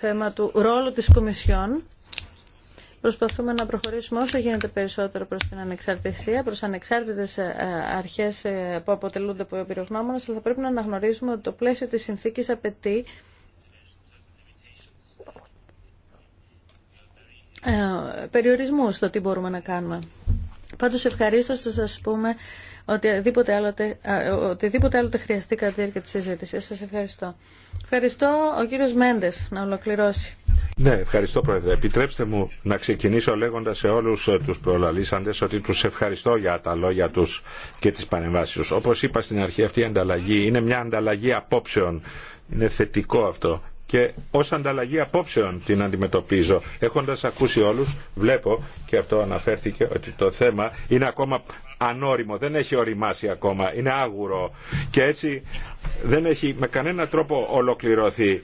θέμα του ρόλου της Κομισιόν Προσπαθούμε να προχωρήσουμε όσο γίνεται περισσότερο προς την ανεξαρτησία, προς ανεξάρτητες ε, αρχές ε, που αποτελούνται από πυρογνώμονες, αλλά θα πρέπει να αναγνωρίζουμε ότι το πλαίσιο της συνθήκης απαιτεί ε, περιορισμού στο τι μπορούμε να κάνουμε. Πάντως ευχαρίστω θα σας πούμε οτιδήποτε άλλοτε οτιδήποτε άλλοτε χρειαστεί κατά τη διάρκεια τη συζήτηση. Σα ευχαριστώ. Ευχαριστώ ο κύριο Μέντε να ολοκληρώσει. Ναι, ευχαριστώ Πρόεδρε. Επιτρέψτε μου να ξεκινήσω λέγοντας σε όλους τους προλαλήσαντες ότι τους ευχαριστώ για τα λόγια τους και τις παρεμβάσεις τους. Όπως είπα στην αρχή αυτή η ανταλλαγή είναι μια ανταλλαγή απόψεων. Είναι θετικό αυτό και ως ανταλλαγή απόψεων την αντιμετωπίζω. Έχοντας ακούσει όλους, βλέπω, και αυτό αναφέρθηκε, ότι το θέμα είναι ακόμα ανώριμο, δεν έχει οριμάσει ακόμα, είναι άγουρο και έτσι δεν έχει με κανένα τρόπο ολοκληρωθεί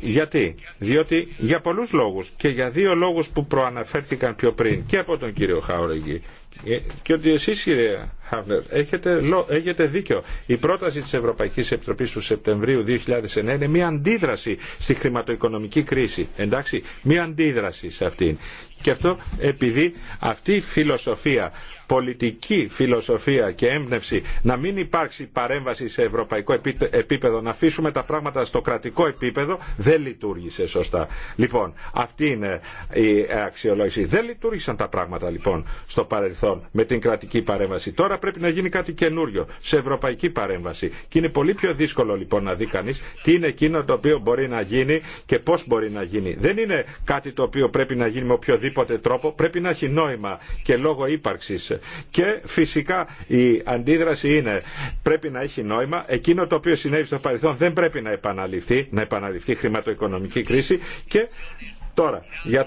γιατί, διότι για πολλούς λόγους και για δύο λόγους που προαναφέρθηκαν πιο πριν και από τον κύριο Χάουρεγγι ε, και ότι εσείς κύριε Χάβνερ έχετε, έχετε δίκιο. Η πρόταση της Ευρωπαϊκής Επιτροπής του Σεπτεμβρίου 2009 είναι μια αντίδραση στη χρηματοοικονομική κρίση. Εντάξει, μια αντίδραση σε αυτήν. Και αυτό επειδή αυτή η φιλοσοφία πολιτική φιλοσοφία και έμπνευση να μην υπάρξει παρέμβαση σε ευρωπαϊκό επίπεδο, να αφήσουμε τα πράγματα στο κρατικό επίπεδο, δεν λειτουργήσε σωστά. Λοιπόν, αυτή είναι η αξιολόγηση. Δεν λειτουργήσαν τα πράγματα λοιπόν στο παρελθόν με την κρατική παρέμβαση. Τώρα πρέπει να γίνει κάτι καινούριο, σε ευρωπαϊκή παρέμβαση. Και είναι πολύ πιο δύσκολο λοιπόν να δει κανεί τι είναι εκείνο το οποίο μπορεί να γίνει και πώ μπορεί να γίνει. Δεν είναι κάτι το οποίο πρέπει να γίνει με οποιοδήποτε τρόπο, πρέπει να έχει νόημα και λόγο ύπαρξη και φυσικά η αντίδραση είναι πρέπει να έχει νόημα, εκείνο το οποίο συνέβη στο παρελθόν δεν πρέπει να επαναληφθεί, να επαναληφθεί χρηματοοικονομική κρίση και Τώρα, για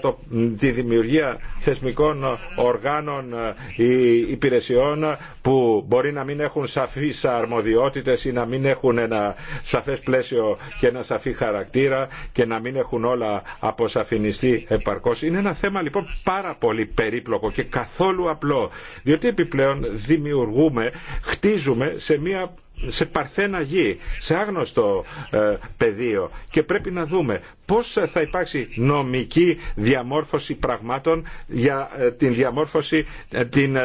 τη δημιουργία θεσμικών οργάνων ή ε, υπηρεσιών ε, που μπορεί να μην έχουν σαφείς αρμοδιότητες ή να μην έχουν ένα σαφές πλαίσιο και ένα σαφή χαρακτήρα και να μην έχουν όλα αποσαφινιστεί επαρκώς. Είναι ένα θέμα λοιπόν πάρα πολύ περίπλοκο και καθόλου απλό, διότι επιπλέον δημιουργούμε, χτίζουμε σε μια σε παρθένα γη, σε άγνωστο ε, πεδίο και πρέπει να δούμε πώς θα υπάρξει νομική διαμόρφωση πραγμάτων για ε, την διαμόρφωση, ε, την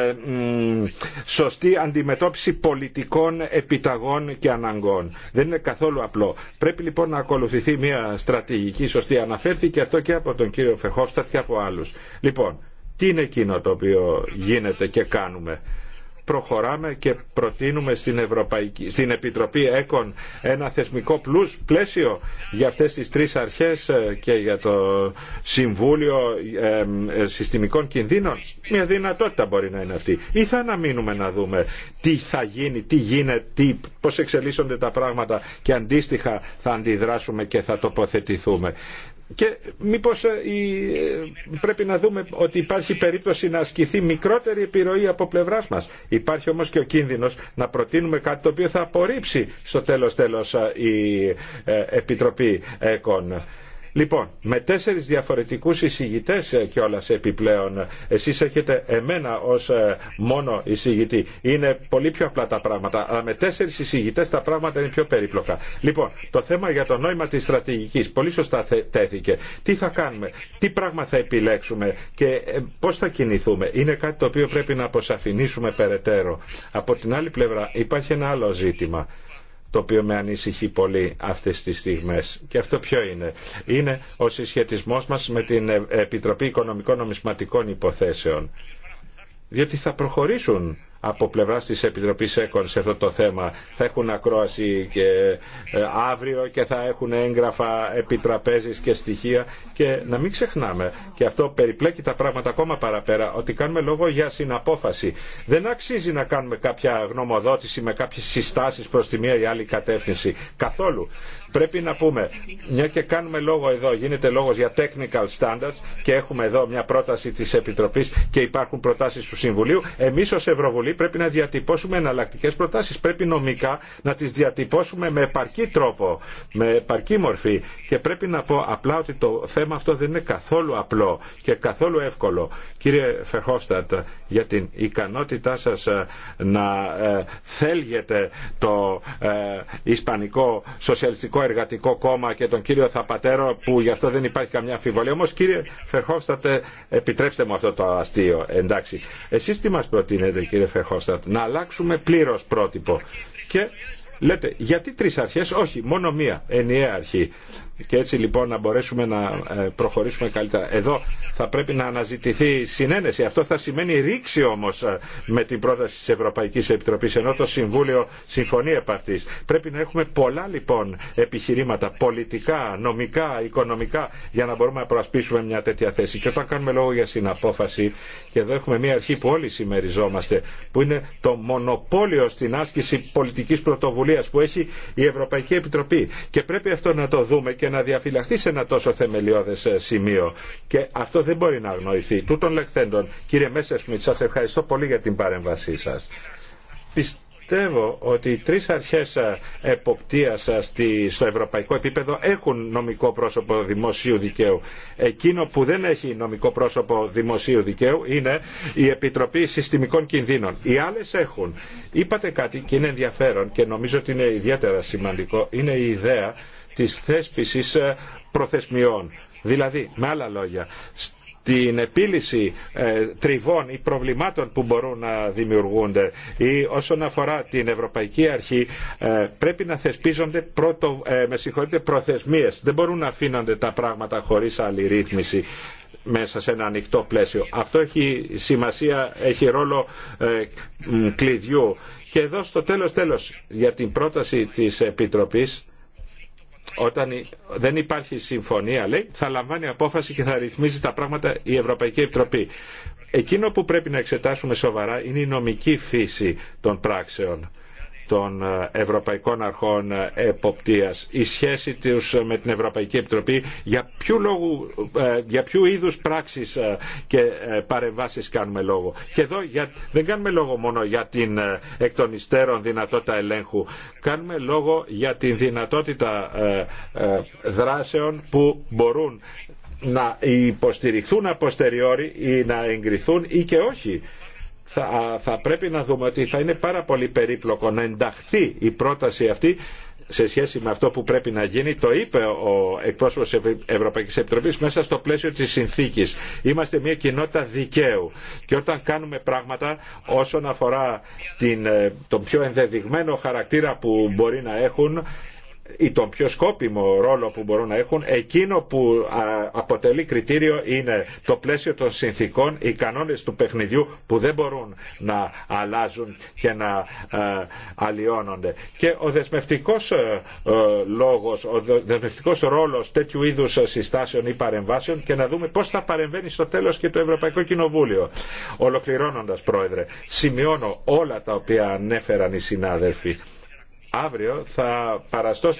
σωστή αντιμετώπιση πολιτικών επιταγών και αναγκών. Δεν είναι καθόλου απλό. Πρέπει λοιπόν να ακολουθηθεί μια στρατηγική σωστή. Αναφέρθηκε αυτό και από τον κύριο Φεχόφστατ και από άλλους. Λοιπόν, τι είναι εκείνο το οποίο γίνεται και κάνουμε προχωράμε και προτείνουμε στην, Ευρωπαϊκή, στην Επιτροπή ΕΚΟΝ ένα θεσμικό πλούς πλαίσιο για αυτές τις τρεις αρχές ε, και για το Συμβούλιο ε, ε, Συστημικών Κινδύνων. Μια δυνατότητα μπορεί να είναι αυτή. Ή θα αναμείνουμε να δούμε τι θα γίνει, τι γίνεται, τι, πώς εξελίσσονται τα πράγματα και αντίστοιχα θα αντιδράσουμε και θα τοποθετηθούμε. Και μήπως ε, ε, πρέπει να δούμε ότι υπάρχει περίπτωση να ασκηθεί μικρότερη επιρροή από πλευράς μας. Υπάρχει όμως και ο κίνδυνος να προτείνουμε κάτι το οποίο θα απορρίψει στο τέλος τέλος ε, η Επιτροπή ΕΚΟΝ. Λοιπόν, με τέσσερις διαφορετικούς εισηγητές ε, κιόλας επιπλέον, ε, εσείς έχετε εμένα ως ε, μόνο εισηγητή. Είναι πολύ πιο απλά τα πράγματα, αλλά με τέσσερις εισηγητές τα πράγματα είναι πιο περίπλοκα. Λοιπόν, το θέμα για το νόημα της στρατηγικής, πολύ σωστά τέθηκε. Τι θα κάνουμε, τι πράγμα θα επιλέξουμε και πώς θα κινηθούμε. Είναι κάτι το οποίο πρέπει να αποσαφηνίσουμε περαιτέρω. Από την άλλη πλευρά υπάρχει ένα άλλο ζήτημα το οποίο με ανησυχεί πολύ αυτές τις στιγμές. Και αυτό ποιο είναι. Είναι ο συσχετισμός μας με την Επιτροπή Οικονομικών Νομισματικών Υποθέσεων. Διότι θα προχωρήσουν από πλευράς της Επιτροπής ΕΚΟΝ σε αυτό το θέμα. Θα έχουν ακρόαση και ε, αύριο και θα έχουν έγγραφα επιτραπέζης και στοιχεία και να μην ξεχνάμε και αυτό περιπλέκει τα πράγματα ακόμα παραπέρα ότι κάνουμε λόγο για συναπόφαση. Δεν αξίζει να κάνουμε κάποια γνωμοδότηση με κάποιες συστάσεις προς τη μία ή άλλη κατεύθυνση. Καθόλου πρέπει να πούμε, μια και κάνουμε λόγο εδώ, γίνεται λόγος για technical standards και έχουμε εδώ μια πρόταση της Επιτροπής και υπάρχουν προτάσεις του Συμβουλίου, εμείς ως Ευρωβουλή πρέπει να διατυπώσουμε εναλλακτικές προτάσεις. Πρέπει νομικά να τις διατυπώσουμε με επαρκή τρόπο, με επαρκή μορφή και πρέπει να πω απλά ότι το θέμα αυτό δεν είναι καθόλου απλό και καθόλου εύκολο. Κύριε Φερχόφστατ, για την ικανότητά σας ε, να ε, θέλγετε το ε, ισπανικό σοσιαλιστικό Εργατικό Κόμμα και τον κύριο Θαπατέρο που γι' αυτό δεν υπάρχει καμιά αμφιβολία. Όμω, κύριε Φερχόφστατε επιτρέψτε μου αυτό το αστείο. Εντάξει. Εσείς τι μα προτείνετε κύριε Φερχόφστατε. Να αλλάξουμε πλήρω πρότυπο. Και λέτε γιατί τρει αρχέ, Όχι μόνο μία ενιαία αρχή και έτσι λοιπόν να μπορέσουμε να ναι. ε, προχωρήσουμε καλύτερα. Εδώ θα πρέπει να αναζητηθεί συνένεση. Αυτό θα σημαίνει ρήξη όμω ε, με την πρόταση τη Ευρωπαϊκή Επιτροπή, ενώ το Συμβούλιο συμφωνεί επ' Πρέπει να έχουμε πολλά λοιπόν επιχειρήματα πολιτικά, νομικά, οικονομικά για να μπορούμε να προασπίσουμε μια τέτοια θέση. Και όταν κάνουμε λόγο για συναπόφαση, και εδώ έχουμε μια αρχή που όλοι συμμεριζόμαστε, που είναι το μονοπόλιο στην άσκηση πολιτική πρωτοβουλία που έχει η Ευρωπαϊκή Επιτροπή. Και πρέπει αυτό να το δούμε και να διαφυλαχθεί σε ένα τόσο θεμελιώδες ε, σημείο. Και αυτό δεν μπορεί να αγνοηθεί. Τούτων λεχθέντων, κύριε Σμιτ, σα ευχαριστώ πολύ για την παρέμβασή σα. πιστεύω ότι οι τρεις αρχές ε, εποπτείας ε, στο ευρωπαϊκό επίπεδο έχουν νομικό πρόσωπο δημοσίου δικαίου. Εκείνο που δεν έχει νομικό πρόσωπο δημοσίου δικαίου είναι η Επιτροπή Συστημικών Κινδύνων. Οι άλλες έχουν. Είπατε κάτι και είναι ενδιαφέρον και νομίζω ότι είναι ιδιαίτερα σημαντικό. Είναι η ιδέα της θέσπισης ε, προθεσμιών. Δηλαδή, με άλλα λόγια, στην επίλυση ε, τριβών ή προβλημάτων που μπορούν να δημιουργούνται ή όσον αφορά την Ευρωπαϊκή Αρχή ε, πρέπει να θεσπίζονται πρώτο, με προθεσμίες. Δεν μπορούν να αφήνονται τα πράγματα χωρίς άλλη ρύθμιση μέσα σε ένα ανοιχτό πλαίσιο. Αυτό έχει σημασία, έχει ρόλο κλειδιού. Και εδώ στο τέλος τέλος για την πρόταση της Επιτροπής όταν δεν υπάρχει συμφωνία, λέει, θα λαμβάνει απόφαση και θα ρυθμίζει τα πράγματα η Ευρωπαϊκή Επιτροπή. Εκείνο που πρέπει να εξετάσουμε σοβαρά είναι η νομική φύση των πράξεων των ε, Ευρωπαϊκών Αρχών ε, Εποπτείας. Η σχέση τους ε, με την Ευρωπαϊκή Επιτροπή για ποιου, λόγου, για ποιου είδους πράξεις και παρεμβάσεις κάνουμε λόγο. Και εδώ για, δεν κάνουμε λόγο μόνο για την εκ των υστέρων δυνατότητα ελέγχου. Κάνουμε λόγο για την δυνατότητα δράσεων που μπορούν να υποστηριχθούν αποστεριόρι ή να εγκριθούν ή και όχι θα, θα πρέπει να δούμε ότι θα είναι πάρα πολύ περίπλοκο να ενταχθεί η πρόταση αυτή σε σχέση με αυτό που πρέπει να γίνει, το είπε ο εκπρόσωπος της Ευρωπαϊκής Επιτροπής μέσα στο πλαίσιο της συνθήκης. Είμαστε μια κοινότητα δικαίου και όταν κάνουμε πράγματα όσον αφορά την, ε, τον πιο ενδεδειγμένο χαρακτήρα που μπορεί να έχουν ή τον πιο σκόπιμο ρόλο που μπορούν να έχουν, εκείνο που αποτελεί κριτήριο είναι το πλαίσιο των συνθήκων, οι κανόνες του παιχνιδιού που δεν μπορούν να αλλάζουν και να αλλοιώνονται. Και ο δεσμευτικός ε, ε, λόγος, ο δεσμευτικός ρόλος τέτοιου είδους συστάσεων ή παρεμβάσεων και να δούμε πώς θα παρεμβαίνει στο τέλος και το Ευρωπαϊκό Κοινοβούλιο. Ολοκληρώνοντας, Πρόεδρε, σημειώνω όλα τα οποία ανέφεραν οι συνάδελφοι Αύριο θα παραστώ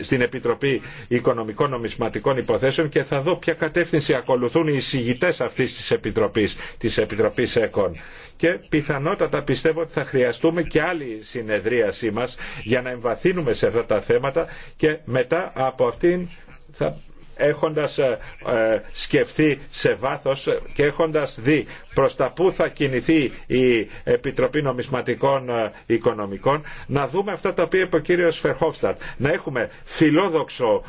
στην, Επιτροπή Οικονομικών Νομισματικών Υποθέσεων και θα δω ποια κατεύθυνση ακολουθούν οι εισηγητέ αυτή τη Επιτροπή, τη Επιτροπή ΕΚΟΝ. Και πιθανότατα πιστεύω ότι θα χρειαστούμε και άλλη συνεδρίασή μα για να εμβαθύνουμε σε αυτά τα θέματα και μετά από αυτήν θα έχοντας ε, ε, σκεφτεί σε βάθος και έχοντας δει προς τα που θα κινηθεί η Επιτροπή Νομισματικών ε, Οικονομικών να δούμε αυτά τα οποία είπε ο κύριος Φερχόφστατ να έχουμε φιλόδοξο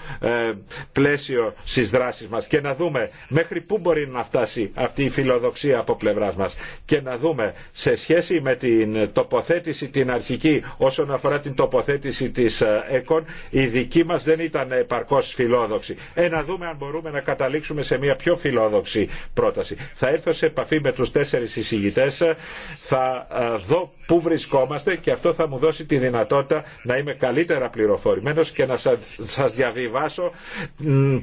πλαίσιο στις δράσεις μας και να δούμε μέχρι πού μπορεί να φτάσει αυτή η φιλοδοξία από πλευράς μας και να δούμε σε σχέση με την τοποθέτηση την αρχική όσον αφορά την τοποθέτηση της ΕΚΟΝ η δική μας δεν ήταν επαρκώς φιλόδοξη να δούμε αν μπορούμε να καταλήξουμε σε μια πιο φιλόδοξη πρόταση. Θα έρθω σε επαφή με τους τέσσερις εισηγητές, θα ε, δω πού βρισκόμαστε και αυτό θα μου δώσει τη δυνατότητα να είμαι καλύτερα πληροφορημένος και να σας διαβιβάσω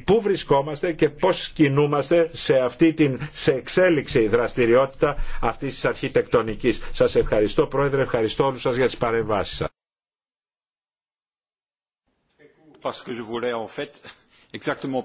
πού βρισκόμαστε και πώς κινούμαστε σε αυτή την σε εξέλιξη δραστηριότητα αυτής της αρχιτεκτονικής. Σας ευχαριστώ Πρόεδρε, ευχαριστώ όλους σας για τις παρεμβάσεις σας. Parce que je voulais en fait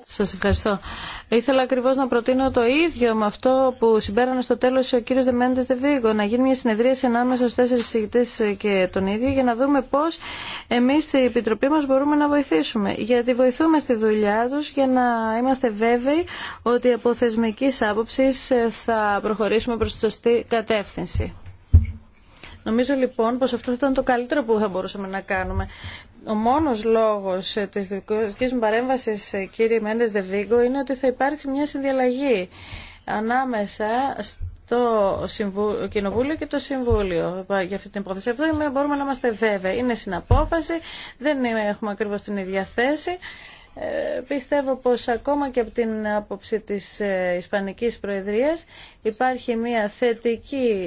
σας ευχαριστώ. Ήθελα ακριβώς να προτείνω το ίδιο με αυτό που συμπέρανε στο τέλος ο κύριος Δεμέντες Δεβίγκο, να γίνει μια συνεδρίαση ανάμεσα στους τέσσερις συζητητές και τον ίδιο για να δούμε πώς εμείς στην Επιτροπή μας μπορούμε να βοηθήσουμε. Γιατί βοηθούμε στη δουλειά τους για να είμαστε βέβαιοι ότι από θεσμική άποψη θα προχωρήσουμε προς τη σωστή κατεύθυνση. Νομίζω λοιπόν πως αυτό θα ήταν το καλύτερο που θα μπορούσαμε να κάνουμε. Ο μόνος λόγος ε, της δικής μου παρέμβασης, ε, κύριε Μέντες Δεβίγκο, είναι ότι θα υπάρχει μια συνδιαλλαγή ανάμεσα στο Κοινοβούλιο και το Συμβούλιο για αυτή την υπόθεση. Αυτό μπορούμε να είμαστε βέβαιοι. Είναι συναπόφαση, δεν έχουμε ακριβώς την ίδια θέση. Ε, πιστεύω πως ακόμα και από την άποψη της ε, Ισπανικής Προεδρίας υπάρχει μια θετική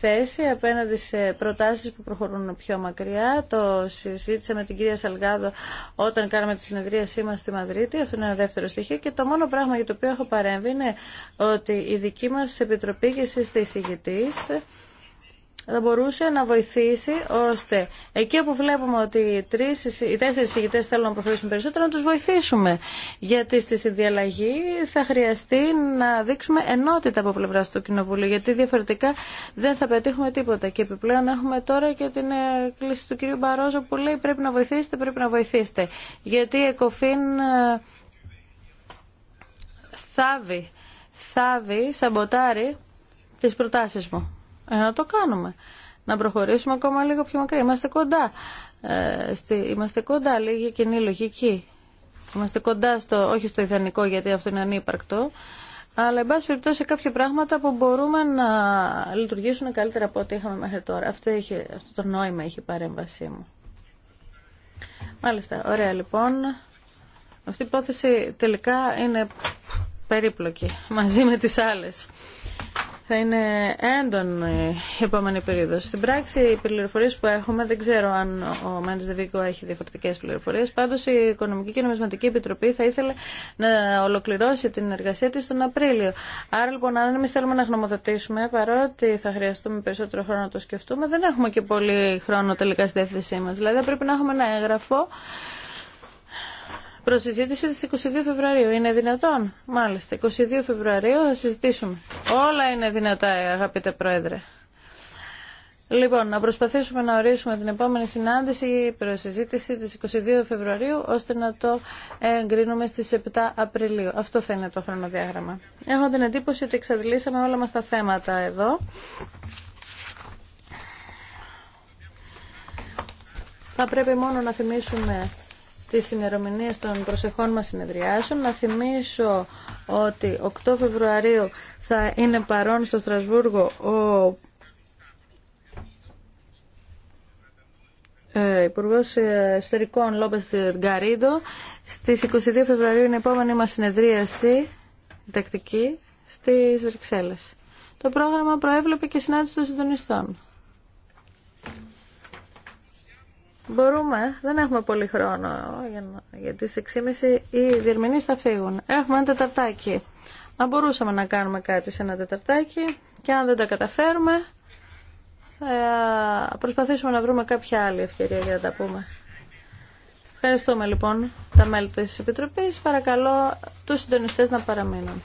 θέση απέναντι σε προτάσεις που προχωρούν πιο μακριά. Το συζήτησα με την κυρία Σαλγάδο όταν κάναμε τη συνεδρίασή μας στη Μαδρίτη. Αυτό είναι ένα δεύτερο στοιχείο και το μόνο πράγμα για το οποίο έχω παρέμβει είναι ότι η δική μας Επιτροπή και εσείς είστε θα μπορούσε να βοηθήσει ώστε εκεί όπου βλέπουμε ότι οι, τρεις, οι τέσσερις ηγητές θέλουν να προχωρήσουν περισσότερο να τους βοηθήσουμε. Γιατί στη συνδιαλλαγή θα χρειαστεί να δείξουμε ενότητα από πλευρά του Κοινοβουλίου γιατί διαφορετικά δεν θα πετύχουμε τίποτα. Και επιπλέον έχουμε τώρα και την ε, κλίση του κ. Μπαρόζο που λέει πρέπει να βοηθήσετε, πρέπει να βοηθήσετε. Γιατί η ΕΚΟΦΗΝ ε, θάβει, θάβει, σαμποτάρει τις προτάσεις μου. Ε, να το κάνουμε. Να προχωρήσουμε ακόμα λίγο πιο μακριά. Είμαστε κοντά. Ε, στη, είμαστε κοντά, λίγη κοινή λογική. Είμαστε κοντά, στο, όχι στο ιδανικό γιατί αυτό είναι ανύπαρκτο. Αλλά, εν πάση περιπτώσει, κάποια πράγματα που μπορούμε να λειτουργήσουν καλύτερα από ό,τι είχαμε μέχρι τώρα. Αυτό, αυτό το νόημα έχει η παρέμβασή μου. Μάλιστα. Ωραία, λοιπόν. Αυτή η υπόθεση τελικά είναι περίπλοκη μαζί με τις άλλες θα είναι έντονη η επόμενη περίοδο. Στην πράξη, οι πληροφορίε που έχουμε, δεν ξέρω αν ο Μέντε Δεβίκο έχει διαφορετικέ πληροφορίε, πάντως η Οικονομική και Νομισματική Επιτροπή θα ήθελε να ολοκληρώσει την εργασία τη τον Απρίλιο. Άρα λοιπόν, αν εμεί θέλουμε να γνωμοδοτήσουμε, παρότι θα χρειαστούμε περισσότερο χρόνο να το σκεφτούμε, δεν έχουμε και πολύ χρόνο τελικά στη διάθεσή μα. Δηλαδή, πρέπει να έχουμε ένα έγγραφο Προσυζήτηση στις 22 Φεβρουαρίου. Είναι δυνατόν? Μάλιστα. 22 Φεβρουαρίου θα συζητήσουμε. Όλα είναι δυνατά, αγαπητέ Πρόεδρε. Λοιπόν, να προσπαθήσουμε να ορίσουμε την επόμενη συνάντηση ή προσυζήτηση της 22 Φεβρουαρίου, ώστε να το εγκρίνουμε στις 7 Απριλίου. Αυτό θα είναι το χρονοδιάγραμμα. Έχω την εντύπωση ότι εξαντλήσαμε όλα μας τα θέματα εδώ. Θα πρέπει μόνο να θυμίσουμε τις ημερομηνίες των προσεχών μας συνεδριάσεων. Να θυμίσω ότι 8 Φεβρουαρίου θα είναι παρόν στο Στρασβούργο ο ε, Υπουργό Εσωτερικών Λόπε Γκαρίδο. Στι 22 Φεβρουαρίου είναι η επόμενη μα συνεδρίαση τακτική στι Βρυξέλλε. Το πρόγραμμα προέβλεπε και συνάντηση των συντονιστών. Μπορούμε, δεν έχουμε πολύ χρόνο γιατί να, για τις 6.30 οι διερμηνείς θα φύγουν. Έχουμε ένα τεταρτάκι. Αν μπορούσαμε να κάνουμε κάτι σε ένα τεταρτάκι και αν δεν τα καταφέρουμε θα προσπαθήσουμε να βρούμε κάποια άλλη ευκαιρία για να τα πούμε. Ευχαριστούμε λοιπόν τα μέλη της Επιτροπής. Παρακαλώ τους συντονιστές να παραμείνουν.